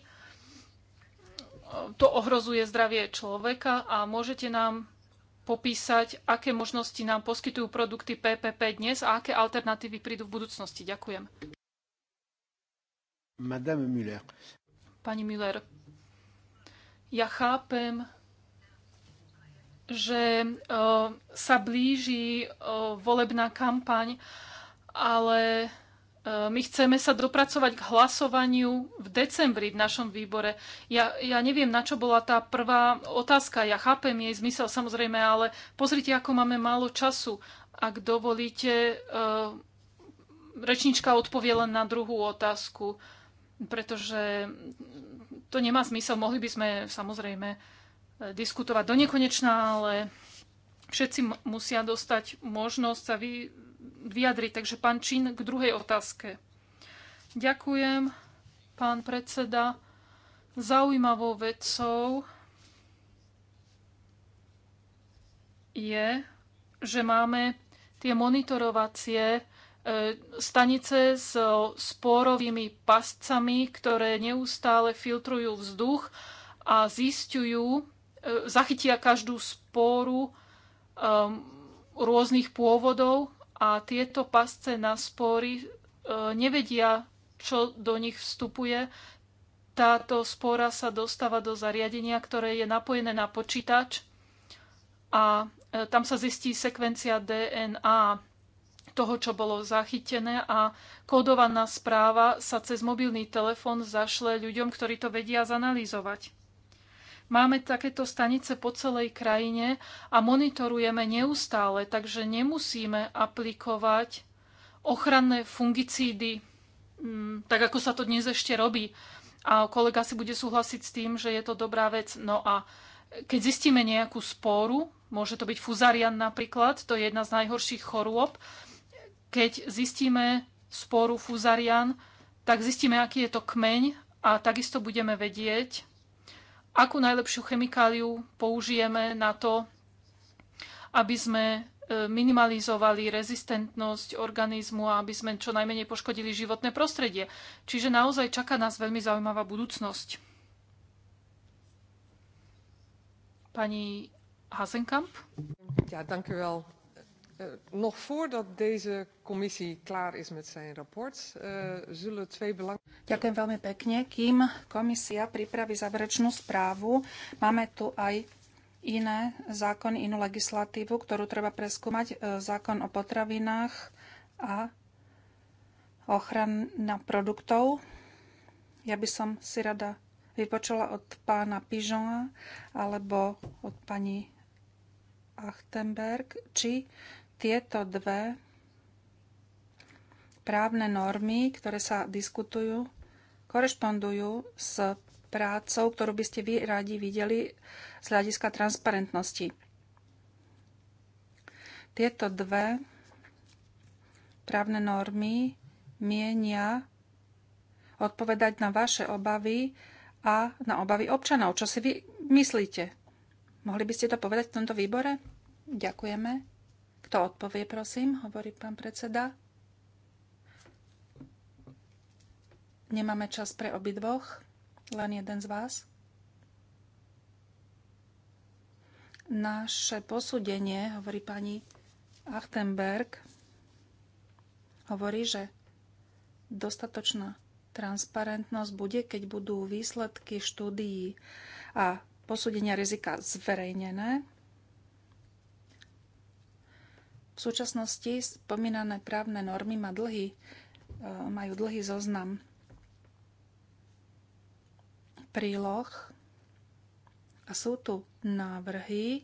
to ohrozuje zdravie človeka a môžete nám popísať, aké možnosti nám poskytujú produkty PPP dnes a aké alternatívy prídu v budúcnosti. Ďakujem. Madame Müller. Pani Müller, ja chápem, že e, sa blíži volebná kampaň, ale E, my chceme sa dopracovať k hlasovaniu v decembri v našom výbore. Ja, ja neviem, na čo bola tá prvá otázka. Ja chápem jej zmysel samozrejme, ale pozrite, ako máme málo času. Ak dovolíte, e, rečnička odpovie len na druhú otázku, pretože to nemá zmysel. Mohli by sme samozrejme e, diskutovať do nekonečná, ale všetci musia dostať možnosť sa vy- vyjadriť. Takže pán Čín k druhej otázke. Ďakujem, pán predseda. Zaujímavou vecou je, že máme tie monitorovacie e, stanice s spórovými pascami, ktoré neustále filtrujú vzduch a zistujú, e, zachytia každú spóru um, rôznych pôvodov a tieto pasce na spory e, nevedia, čo do nich vstupuje. Táto spora sa dostáva do zariadenia, ktoré je napojené na počítač a e, tam sa zistí sekvencia DNA toho, čo bolo zachytené a kódovaná správa sa cez mobilný telefón zašle ľuďom, ktorí to vedia zanalýzovať. Máme takéto stanice po celej krajine a monitorujeme neustále, takže nemusíme aplikovať ochranné fungicídy, mm, tak ako sa to dnes ešte robí. A kolega si bude súhlasiť s tým, že je to dobrá vec. No a keď zistíme nejakú spóru, môže to byť fuzarian napríklad, to je jedna z najhorších chorôb, keď zistíme sporu fuzarian, tak zistíme, aký je to kmeň a takisto budeme vedieť, akú najlepšiu chemikáliu použijeme na to, aby sme e, minimalizovali rezistentnosť organizmu a aby sme čo najmenej poškodili životné prostredie. Čiže naozaj čaká nás veľmi zaujímavá budúcnosť. Pani Hasenkamp? Ja, Eh, nog voordat deze commissie klaar is met zijn rapport, eh, zullen twee belangrijke... Ďakujem veľmi pekne. Kým komisia pripraví záverečnú správu, máme tu aj iné zákony, inú legislatívu, ktorú treba preskúmať. Eh, zákon o potravinách a ochrana produktov. Ja by som si rada vypočula od pána Pižona alebo od pani Achtenberg, či tieto dve právne normy, ktoré sa diskutujú, korešpondujú s prácou, ktorú by ste vy radi videli z hľadiska transparentnosti. Tieto dve právne normy mienia odpovedať na vaše obavy a na obavy občanov. Čo si vy myslíte? Mohli by ste to povedať v tomto výbore? Ďakujeme. Kto odpovie, prosím, hovorí pán predseda. Nemáme čas pre obidvoch, len jeden z vás. Naše posúdenie, hovorí pani Achtenberg, hovorí, že dostatočná transparentnosť bude, keď budú výsledky štúdií a posúdenia rizika zverejnené v súčasnosti spomínané právne normy má dlhý, e, majú dlhý zoznam príloh a sú tu návrhy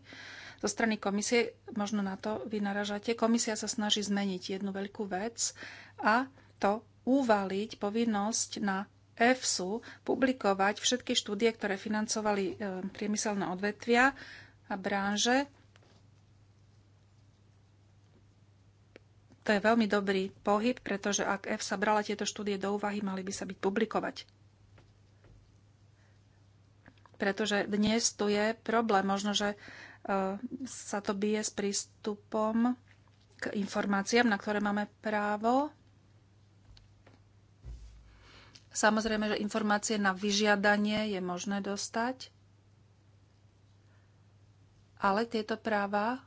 zo strany komisie, možno na to vy naražate. Komisia sa snaží zmeniť jednu veľkú vec a to uvaliť povinnosť na EFSU publikovať všetky štúdie, ktoré financovali e, priemyselné odvetvia a branže To je veľmi dobrý pohyb, pretože ak sa brala tieto štúdie do úvahy, mali by sa byť publikovať. Pretože dnes tu je problém. Možno, že e, sa to bije s prístupom k informáciám, na ktoré máme právo. Samozrejme, že informácie na vyžiadanie je možné dostať, ale tieto práva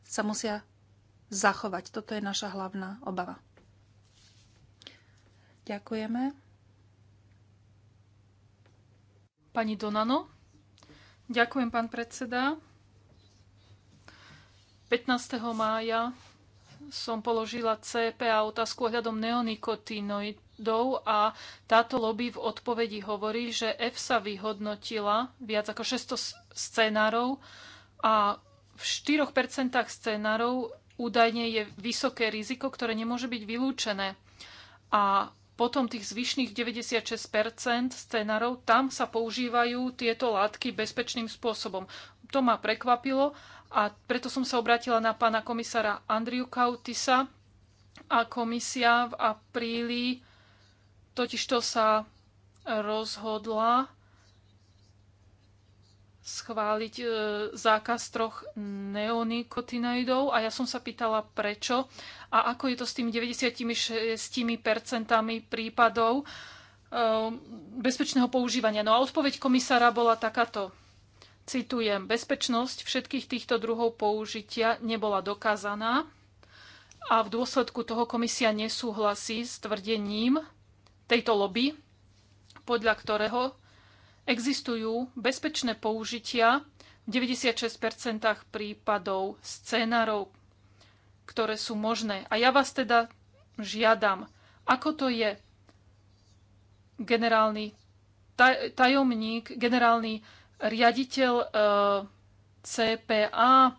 sa musia zachovať. Toto je naša hlavná obava. Ďakujeme. Pani Donano. Ďakujem, pán predseda. 15. mája som položila CPA otázku ohľadom neonikotinoidov a táto lobby v odpovedi hovorí, že EFSA vyhodnotila viac ako 600 scénárov a v 4% scénárov údajne je vysoké riziko, ktoré nemôže byť vylúčené. A potom tých zvyšných 96 scenárov, tam sa používajú tieto látky bezpečným spôsobom. To ma prekvapilo a preto som sa obratila na pána komisára Andriu Kautisa a komisia v apríli totižto sa rozhodla schváliť e, zákaz troch neonikotinoidov a ja som sa pýtala prečo a ako je to s tými 96% prípadov e, bezpečného používania. No a odpoveď komisára bola takáto. Citujem, bezpečnosť všetkých týchto druhov použitia nebola dokázaná a v dôsledku toho komisia nesúhlasí s tvrdením tejto lobby, podľa ktorého Existujú bezpečné použitia v 96% prípadov scénarov, ktoré sú možné. A ja vás teda žiadam, ako to je generálny tajomník, generálny riaditeľ e, CPA e,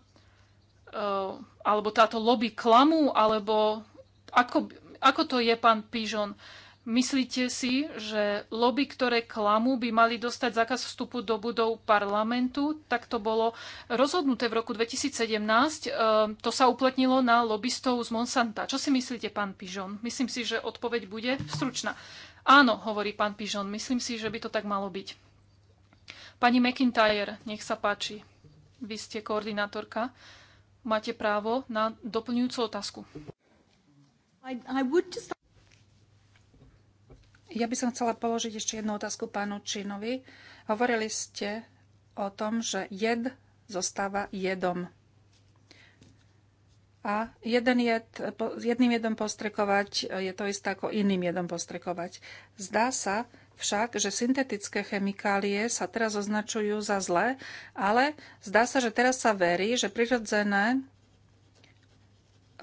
alebo táto lobby klamu, alebo ako, ako to je, pán Pížon? Myslíte si, že lobby, ktoré klamú, by mali dostať zákaz vstupu do budov parlamentu? Tak to bolo rozhodnuté v roku 2017. Ehm, to sa uplatnilo na lobbystov z Monsanta. Čo si myslíte, pán Pižon? Myslím si, že odpoveď bude stručná. Áno, hovorí pán Pižon, myslím si, že by to tak malo byť. Pani McIntyre, nech sa páči. Vy ste koordinátorka. Máte právo na doplňujúcu otázku. I, I ja by som chcela položiť ešte jednu otázku pánu Činovi. Hovorili ste o tom, že jed zostáva jedom. A jeden jed, jedným jedom postrekovať je to isté ako iným jedom postrekovať. Zdá sa však, že syntetické chemikálie sa teraz označujú za zlé, ale zdá sa, že teraz sa verí, že prirodzené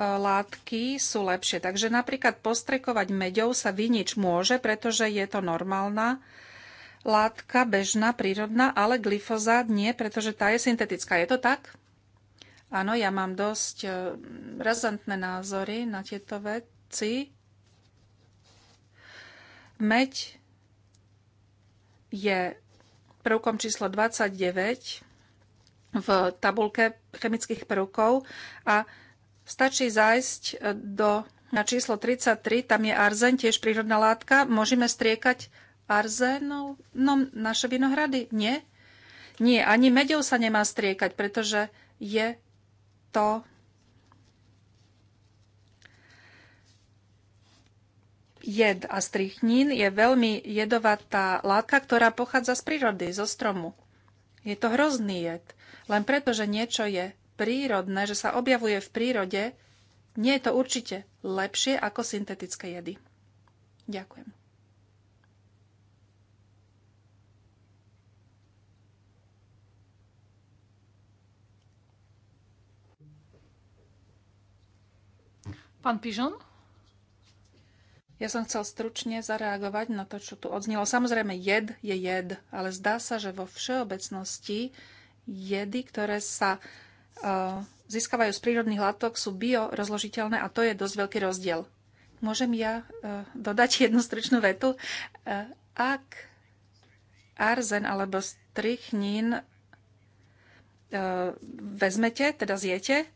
látky sú lepšie. Takže napríklad postrekovať meďou sa vinič môže, pretože je to normálna látka, bežná, prírodná, ale glyfozát nie, pretože tá je syntetická. Je to tak? Áno, ja mám dosť e, razantné názory na tieto veci. Meď je prvkom číslo 29 v tabulke chemických prvkov a Stačí zájsť e, do, na číslo 33, tam je arzen, tiež prírodná látka. Môžeme striekať arzenom no, naše vinohrady? Nie. Nie, ani medou sa nemá striekať, pretože je to jed a strychnín je veľmi jedovatá látka, ktorá pochádza z prírody, zo stromu. Je to hrozný jed. Len preto, že niečo je prírodné, že sa objavuje v prírode, nie je to určite lepšie ako syntetické jedy. Ďakujem. Pán Pižon? Ja som chcel stručne zareagovať na to, čo tu odznelo. Samozrejme, jed je jed, ale zdá sa, že vo všeobecnosti jedy, ktoré sa Eh, získavajú z prírodných látok, sú biorozložiteľné a to je dosť veľký rozdiel. Môžem ja eh, dodať jednu stručnú vetu? Eh, ak arzen alebo strychnín vezmete, teda zjete,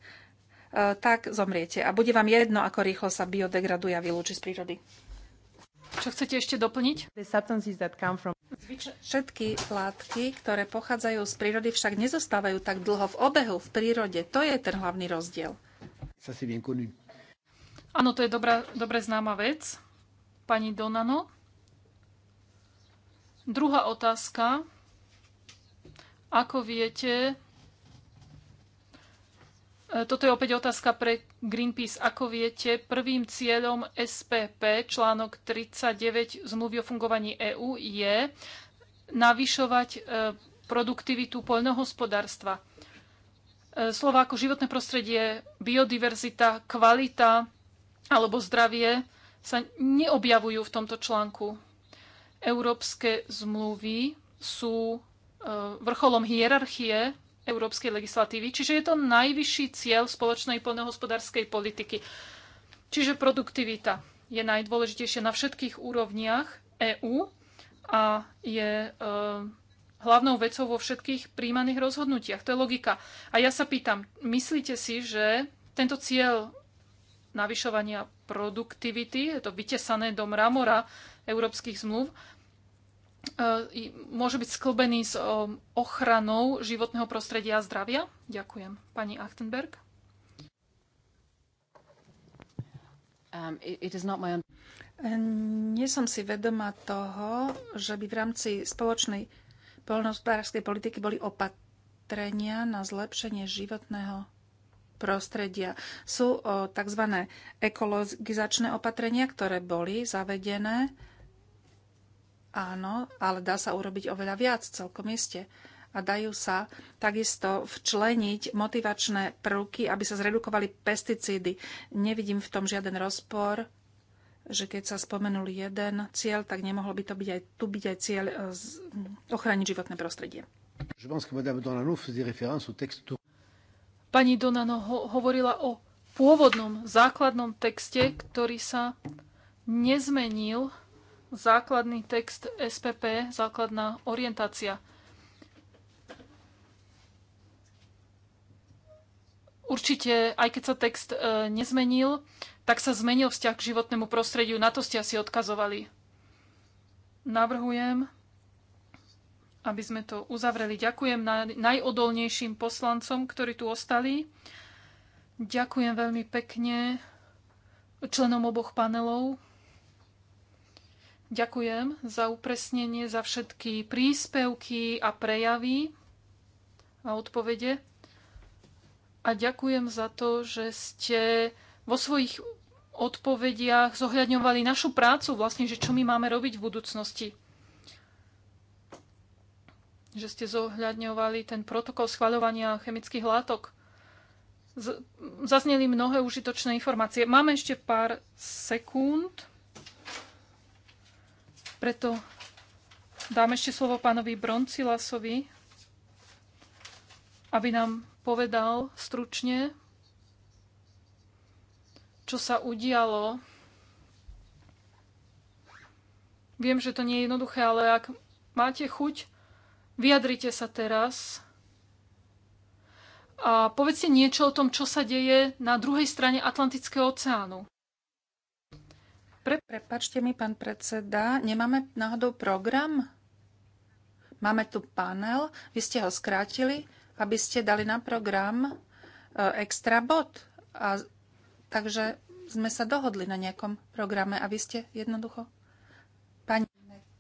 tak zomriete. A bude vám jedno, ako rýchlo sa biodegraduje a vylúči z prírody. Čo chcete ešte doplniť? Všetky látky, ktoré pochádzajú z prírody, však nezostávajú tak dlho v obehu v prírode. To je ten hlavný rozdiel. Áno, to je dobrá, dobre známa vec. Pani Donano. Druhá otázka. Ako viete, E, toto je opäť otázka pre Greenpeace. Ako viete, prvým cieľom SPP, článok 39 zmluvy o fungovaní EÚ, je navyšovať e, produktivitu poľnohospodárstva. E, slova ako životné prostredie, biodiverzita, kvalita alebo zdravie sa neobjavujú v tomto článku. Európske zmluvy sú vrcholom hierarchie európskej legislatívy. Čiže je to najvyšší cieľ spoločnej poľnohospodárskej politiky. Čiže produktivita je najdôležitejšia na všetkých úrovniach EÚ a je e, hlavnou vecou vo všetkých príjmaných rozhodnutiach. To je logika. A ja sa pýtam, myslíte si, že tento cieľ navyšovania produktivity, je to vytesané do mramora európskych zmluv, Ehm, môže byť sklbený s ehm, ochranou životného prostredia a zdravia? Ďakujem. Pani Achtenberg. Um, it, own... Ehm, nie som si vedoma toho, že by v rámci spoločnej poľnohospodárskej politiky boli opatrenia na zlepšenie životného prostredia. Sú o, tzv. ekologizačné opatrenia, ktoré boli zavedené Áno, ale dá sa urobiť oveľa viac celkom iste. A dajú sa takisto včleniť motivačné prvky, aby sa zredukovali pesticídy. Nevidím v tom žiaden rozpor, že keď sa spomenul jeden cieľ, tak nemohlo by to byť aj, tu byť aj cieľ e, ochrániť životné prostredie. Pani Donano ho- hovorila o pôvodnom základnom texte, ktorý sa nezmenil základný text SPP, základná orientácia. Určite, aj keď sa text e, nezmenil, tak sa zmenil vzťah k životnému prostrediu. Na to ste asi odkazovali. Navrhujem, aby sme to uzavreli. Ďakujem na, najodolnejším poslancom, ktorí tu ostali. Ďakujem veľmi pekne členom oboch panelov. Ďakujem za upresnenie, za všetky príspevky a prejavy a odpovede. A ďakujem za to, že ste vo svojich odpovediach zohľadňovali našu prácu, vlastne, že čo my máme robiť v budúcnosti že ste zohľadňovali ten protokol schvaľovania chemických látok. Z- zazneli mnohé užitočné informácie. Máme ešte pár sekúnd. Preto dám ešte slovo pánovi Broncilasovi, aby nám povedal stručne, čo sa udialo. Viem, že to nie je jednoduché, ale ak máte chuť, vyjadrite sa teraz a povedzte niečo o tom, čo sa deje na druhej strane Atlantického oceánu. Pre, prepačte mi, pán predseda, nemáme náhodou program? Máme tu panel, vy ste ho skrátili, aby ste dali na program e, extra bod. A, takže sme sa dohodli na nejakom programe a vy ste jednoducho... Pani,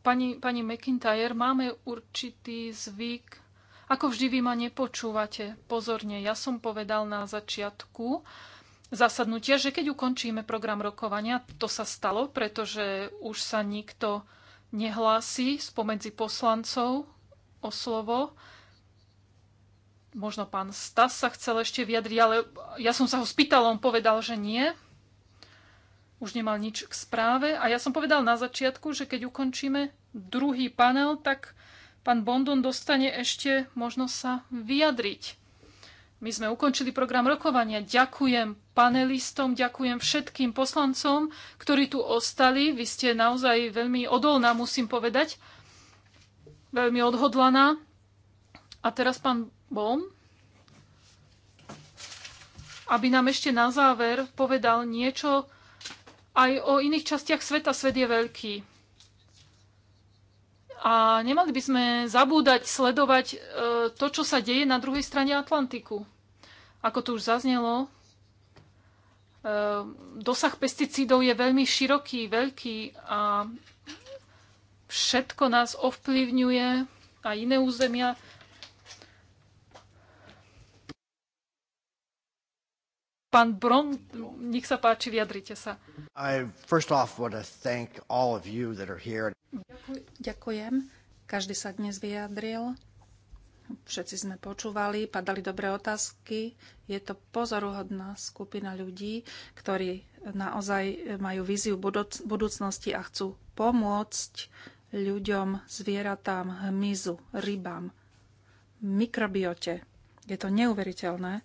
pani, pani McIntyre, máme určitý zvyk. Ako vždy, vy ma nepočúvate pozorne. Ja som povedal na začiatku, uh, zasadnutia, že keď ukončíme program rokovania, to sa stalo, pretože už sa nikto nehlási spomedzi poslancov o slovo. Možno pán Stas sa chcel ešte vyjadriť, ale ja som sa ho spýtal, on povedal, že nie. Už nemal nič k správe. A ja som povedal na začiatku, že keď ukončíme druhý panel, tak pán Bondon dostane ešte možno sa vyjadriť. My sme ukončili program rokovania. Ďakujem panelistom, ďakujem všetkým poslancom, ktorí tu ostali. Vy ste naozaj veľmi odolná, musím povedať. Veľmi odhodlaná. A teraz pán Bom, aby nám ešte na záver povedal niečo aj o iných častiach sveta. Svet je veľký. A nemali by sme zabúdať sledovať e, to, čo sa deje na druhej strane Atlantiku. Ako to už zaznelo, Ehm, dosah pesticídov je veľmi široký, veľký a všetko nás ovplyvňuje a iné územia. Pán Bron, nech sa páči, vyjadrite sa. I first off want to thank all of you that are here. Ďakujem. Každý sa dnes vyjadril. Všetci sme počúvali, padali dobré otázky. Je to pozoruhodná skupina ľudí, ktorí naozaj majú víziu budúc budúcnosti a chcú pomôcť ľuďom, zvieratám, hmyzu, rybám, mikrobiote. Je to neuveriteľné,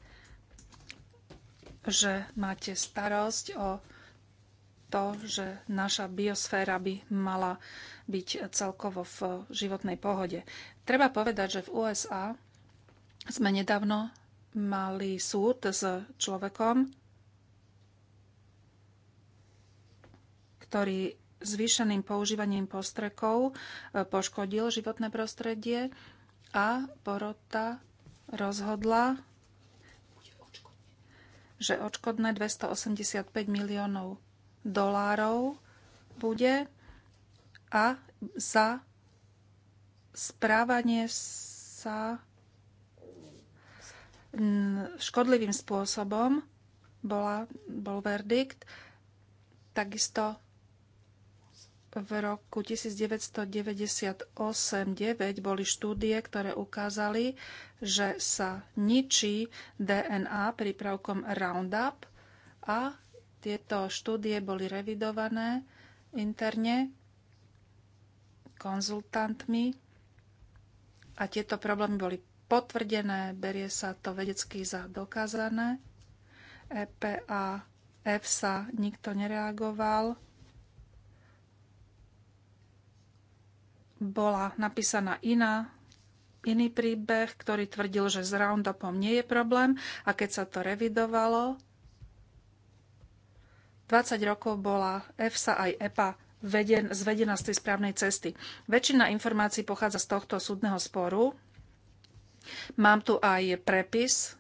že máte starosť o to, že naša biosféra by mala byť celkovo v životnej pohode. Treba povedať, že v USA sme nedávno mali súd s človekom, ktorý zvýšeným používaním postrekov e, poškodil životné prostredie a porota rozhodla, že odškodné 285 miliónov dolárov bude a za správanie sa škodlivým spôsobom bola, bol verdikt. Takisto v roku 1998-9 boli štúdie, ktoré ukázali, že sa ničí DNA prípravkom Roundup a tieto štúdie boli revidované interne konzultantmi a tieto problémy boli potvrdené, berie sa to vedecky za dokázané. EPA, EFSA, nikto nereagoval. Bola napísaná iná, iný príbeh, ktorý tvrdil, že s Roundupom nie je problém a keď sa to revidovalo, 20 rokov bola EFSA aj EPA veden, zvedená z tej správnej cesty. Väčšina informácií pochádza z tohto súdneho sporu. Mám tu aj prepis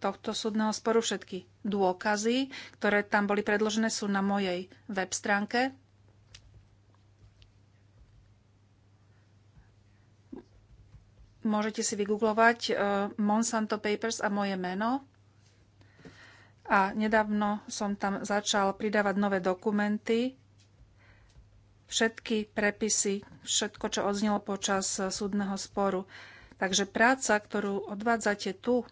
tohto súdneho sporu. Všetky dôkazy, ktoré tam boli predložené, sú na mojej web stránke. Môžete si vygooglovať e, Monsanto Papers a moje meno. A nedávno som tam začal pridávať nové dokumenty, všetky prepisy, všetko, čo odznelo počas súdneho sporu. Takže práca, ktorú odvádzate tu,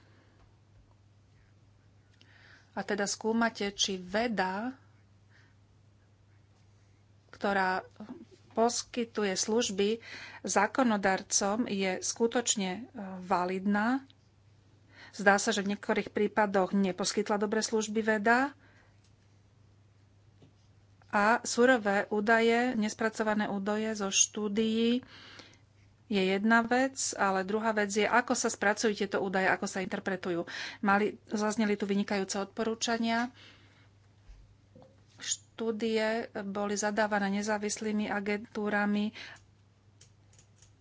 a teda skúmate, či veda, ktorá poskytuje služby zákonodarcom, je skutočne e, validná. Zdá sa, že v niektorých prípadoch neposkytla dobré služby veda, a surové údaje, nespracované údaje zo štúdií je jedna vec, ale druhá vec je, ako sa spracujú tieto údaje, ako sa interpretujú. Mali, zazneli tu vynikajúce odporúčania. Štúdie boli zadávané nezávislými agentúrami,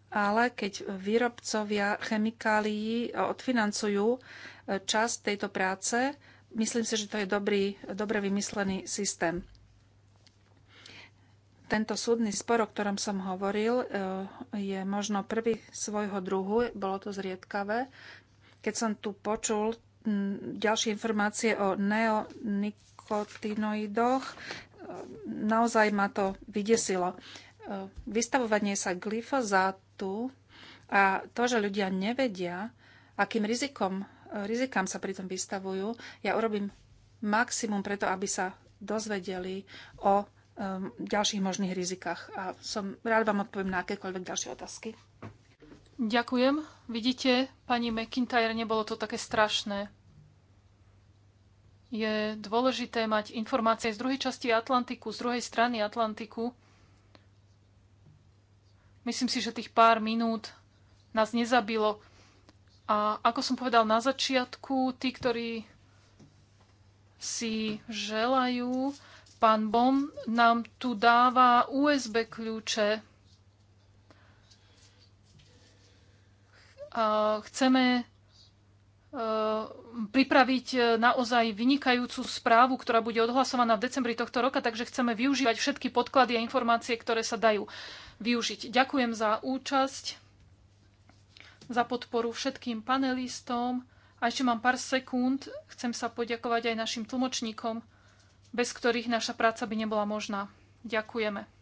ale keď výrobcovia chemikálií odfinancujú eh, časť tejto práce, myslím si, že to je dobrý, dobre vymyslený systém. Tento súdny spor, o ktorom som hovoril, e, je možno prvý svojho druhu, bolo to zriedkavé. Keď som tu počul ďalšie informácie o neonikotinoidoch, e, naozaj ma to vydesilo. E, vystavovanie sa glyfozátu a to, že ľudia nevedia, akým rizikom, rizikám sa pritom vystavujú, ja urobím maximum preto, aby sa dozvedeli o Um, ďalších možných rizikách. A som rád vám odpoviem na akékoľvek ďalšie otázky. Ďakujem. Vidíte, pani McIntyre, nebolo to také strašné. Je dôležité mať informácie z druhej časti Atlantiku, z druhej strany Atlantiku. Myslím si, že tých pár minút nás nezabilo. A ako som povedal na začiatku, tí, ktorí si želajú Pán Bom nám tu dáva USB kľúče. A chceme e, pripraviť e, naozaj vynikajúcu správu, ktorá bude odhlasovaná v decembri tohto roka, takže chceme využívať všetky podklady a informácie, ktoré sa dajú využiť. Ďakujem za účasť, za podporu všetkým panelistom a ešte mám pár sekúnd. Chcem sa poďakovať aj našim tlmočníkom bez ktorých naša práca by nebola možná. Ďakujeme.